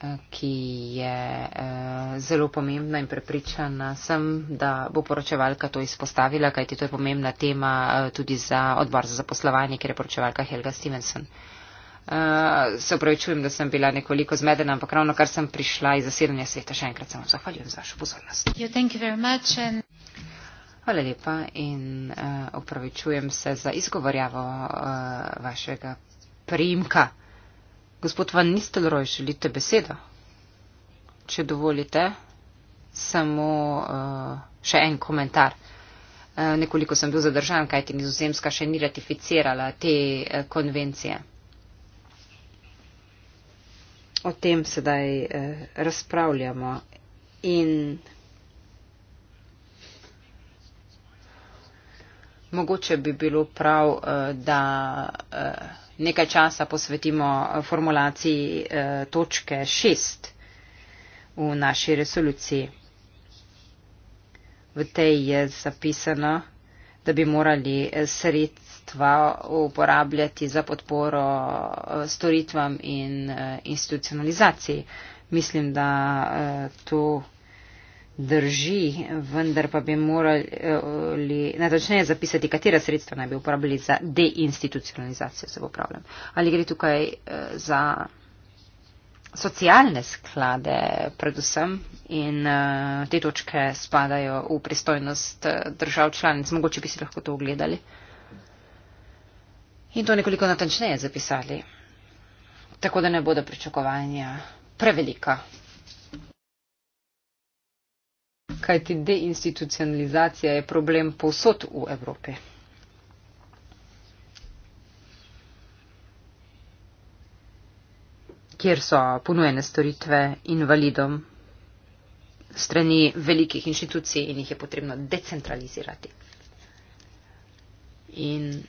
eh, ki je eh, zelo pomembna in prepričana sem, da bo poročevalka to izpostavila, kajti to je pomembna tema tudi za odbor za zaposlovanje, ker je poročevalka Helga Stevenson. Eh, se upravičujem, da sem bila nekoliko zmedena, ampak ravno kar sem prišla iz zasedanja sveta, še enkrat se vam zahvaljujem za vašo pozornost. Hvala lepa in uh, eh, upravičujem se za izgovorjavo uh, vašega prijimka. Gospod Van Nistelrooy, želite besedo? Če dovolite, samo uh, še en komentar. Nekoliko sem bil zadržan, kajti nizozemska še ni ratificirala te konvencije o tem sedaj eh, razpravljamo. In mogoče bi bilo prav, eh, da eh, nekaj časa posvetimo formulaciji točke 6 v naši resoluciji. V tej je zapisano, da bi morali sredstva sredstva uporabljati za podporo eh, storitvam in eh, institucionalizaciji. Mislim, da eh, to drži, vendar pa bi morali natočneje zapisati, katera sredstva naj bi uporabljali za deinstitucionalizacijo, se bo pravljam. Ali gre tukaj za socialne sklade predvsem in te točke spadajo v pristojnost držav članic. Mogoče bi si lahko to ogledali in to nekoliko natančneje zapisali, tako da ne bodo pričakovanja prevelika. Kaj ti deinstitucionalizacija je problem povsod v Evropi? kjer so ponujene storitve invalidom strani velikih inštitucij in jih je potrebno decentralizirati. In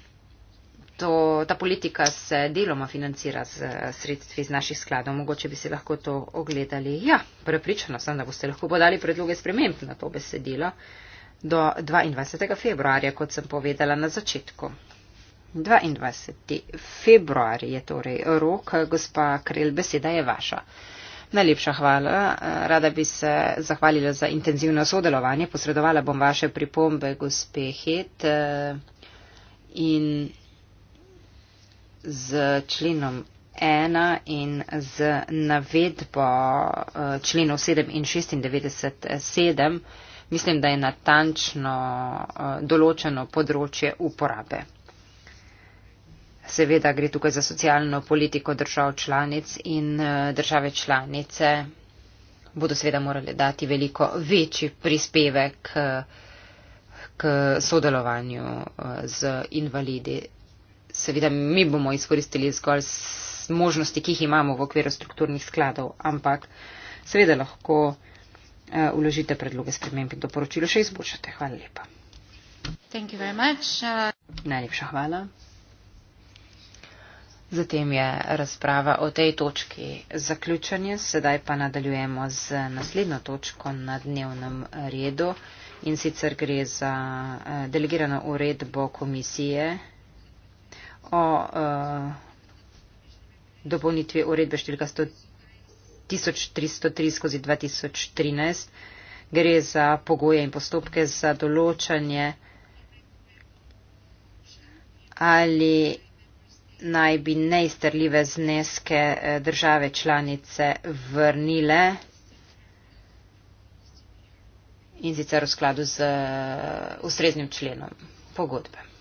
to, ta politika se deloma financira z eh, sredstvi iz naših skladov. Mogoče bi si lahko to ogledali. Ja, prepričana sem, da boste lahko podali predloge sprememb na to besedilo do 22. februarja, kot sem povedala na začetku. 22. februar je torej rok, eh, gospa Krel, beseda je vaša. Najlepša hvala. Eh, rada bi se zahvalila za intenzivno sodelovanje. Posredovala bom vaše pripombe, gospe Het. In z členom 1 in z navedbo eh, členov 7 in 967, mislim, da je natančno eh, določeno področje uporabe. Seveda gre tukaj za socialno politiko držav članic in eh, države članice bodo seveda morali dati veliko večji prispevek k sodelovanju z invalidi seveda mi bomo izkoristili zgolj možnosti, ki jih imamo v okviru strukturnih skladov, ampak seveda lahko uh, eh, uložite predloge sprememb in doporočilo še izboljšate. Hvala lepa. Uh... Najlepša hvala. Zatem je razprava o tej točki zaključenje, sedaj pa nadaljujemo z naslednjo točko na dnevnem redu in sicer gre za eh, delegirano uredbo komisije o uh, dopolnitvi uredbe številka 1303 skozi 2013. Gre za pogoje in postopke za določanje ali naj bi neizterljive zneske eh, države članice vrnile in sicer v skladu z eh, ustreznim členom pogodbe.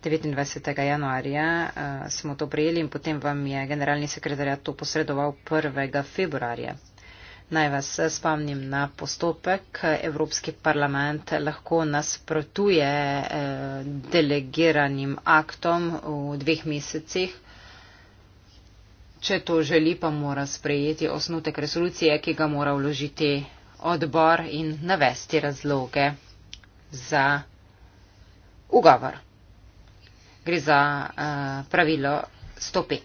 29. januarja uh, smo to prejeli in potem vam je generalni sekretarjat to posredoval 1. februarja. Naj vas eh, spomnim na postopek. Evropski parlament lahko nasprotuje eh, delegiranim aktom v dveh mesecih. Če to želi, pa mora sprejeti osnutek resolucije, ki ga mora vložiti odbor in navesti razloge za ugovor gre za uh, pravilo 105.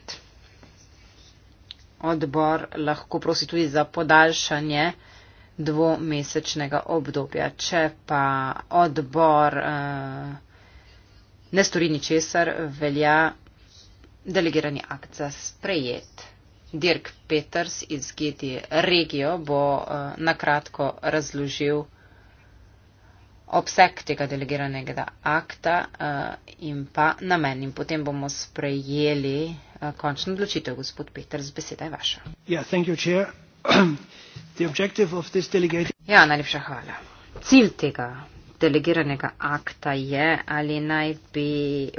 Odbor lahko prosi tudi za podaljšanje dvomesečnega obdobja. Če pa odbor uh, ne stori ničesar, velja delegirani akt za sprejet. Dirk Peters iz GT Regio bo uh, eh, nakratko razložil, obseg tega delegiranega akta uh, in pa namen. In potem bomo sprejeli uh, končno odločitev, gospod Peter, z beseda je vaša. Ja, yeah, ja, najlepša hvala. Cilj tega delegiranega akta je ali naj bi,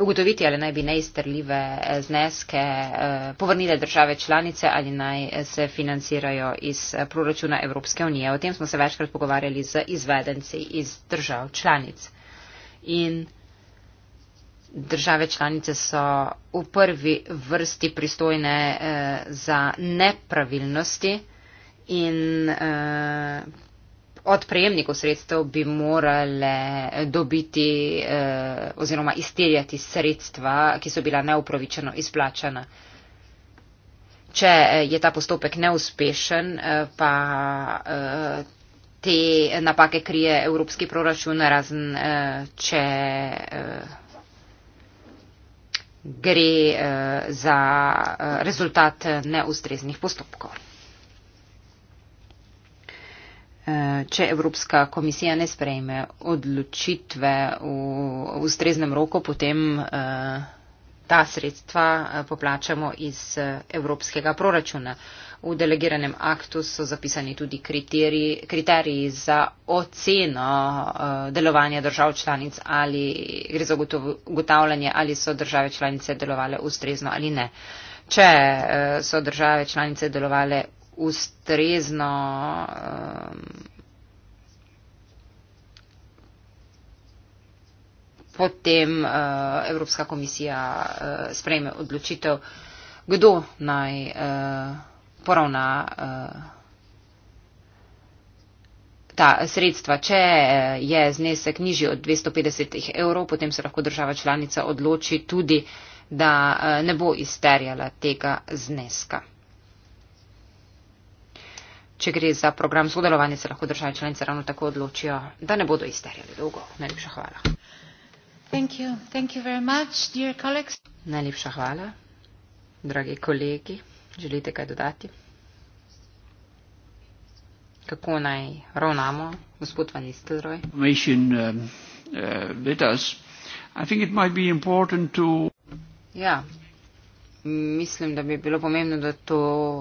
ugotoviti, ali naj bi neizterljive zneske eh, povrnile države članice ali naj se financirajo iz eh, proračuna Evropske unije. O tem smo se večkrat pogovarjali z izvedenci iz držav članic. In države članice so v prvi vrsti pristojne eh, za nepravilnosti in od prejemnikov sredstev bi morale dobiti eh, oziroma izterjati sredstva, ki so bila neupravičeno izplačana. Če eh, je ta postopek neuspešen, eh, pa eh, te napake krije evropski proračun, razen eh, če. Eh, gre uh, za uh, rezultat neustreznih postopkov če Evropska komisija ne sprejme odločitve v ustreznem roku, potem eh, ta sredstva eh, poplačamo iz eh, evropskega proračuna. V delegiranem aktu so zapisani tudi kriteriji, kriteriji za oceno delovanja držav članic ali gre za ugotavljanje, ali so države članice delovale ustrezno ali ne. Če so države članice delovale ustrezno eh, potem eh, Evropska komisija eh, sprejme odločitev, kdo naj poravna ta sredstva. Če je znesek nižji od 250 evrov, potem se lahko država članica odloči tudi, da ne bo izterjala tega zneska če gre za program sodelovanja, se lahko države članice ravno tako odločijo, da ne bodo izterjali dolgo. Najlepša hvala. Thank you. Thank you much, Najlepša hvala, dragi kolegi. Želite kaj dodati? Kako naj ravnamo, gospod Van Nistelrooy? Um, uh, uh, ja, mislim, da bi bilo pomembno, da to,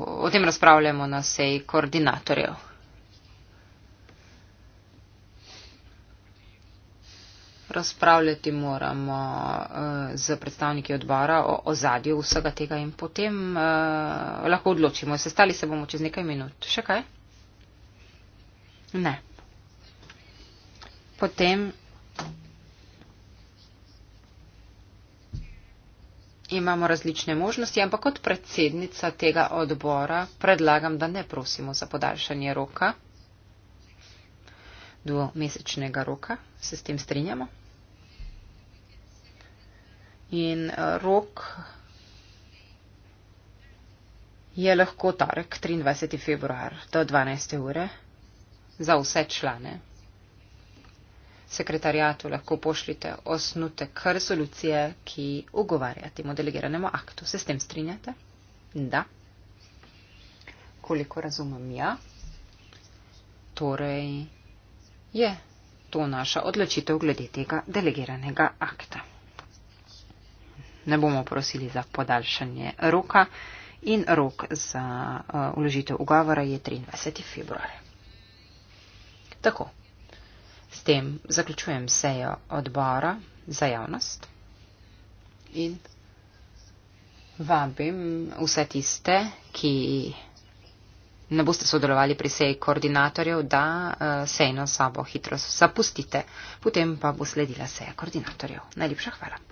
o tem razpravljamo na seji koordinatorjev. Razpravljati moramo uh, z predstavniki odbora o ozadju vsega tega in potem uh, lahko odločimo. Sestali se bomo čez nekaj minut. Še kaj? Ne. Potem. imamo različne možnosti, ampak kot predsednica tega odbora predlagam, da ne prosimo za podaljšanje roka, dvomesečnega roka, se s tem strinjamo. In eh, rok je lahko torek 23. februar do 12. ure za vse člane sekretarjatu lahko pošljite osnutek resolucije, ki ugovarja temu delegiranemu aktu. Se s tem strinjate? Da. Koliko razumem ja. Torej, je to naša odločitev glede tega delegiranega akta. Ne bomo prosili za podaljšanje roka in rok za uh, uložitev ugovora je 23. februar. Tako, S tem zaključujem sejo odbora za javnost in vabim vse tiste, ki ne boste sodelovali pri seji koordinatorjev, da eh, sejno sabo hitro zapustite, potem pa bo sledila seja koordinatorjev. Najlepša hvala.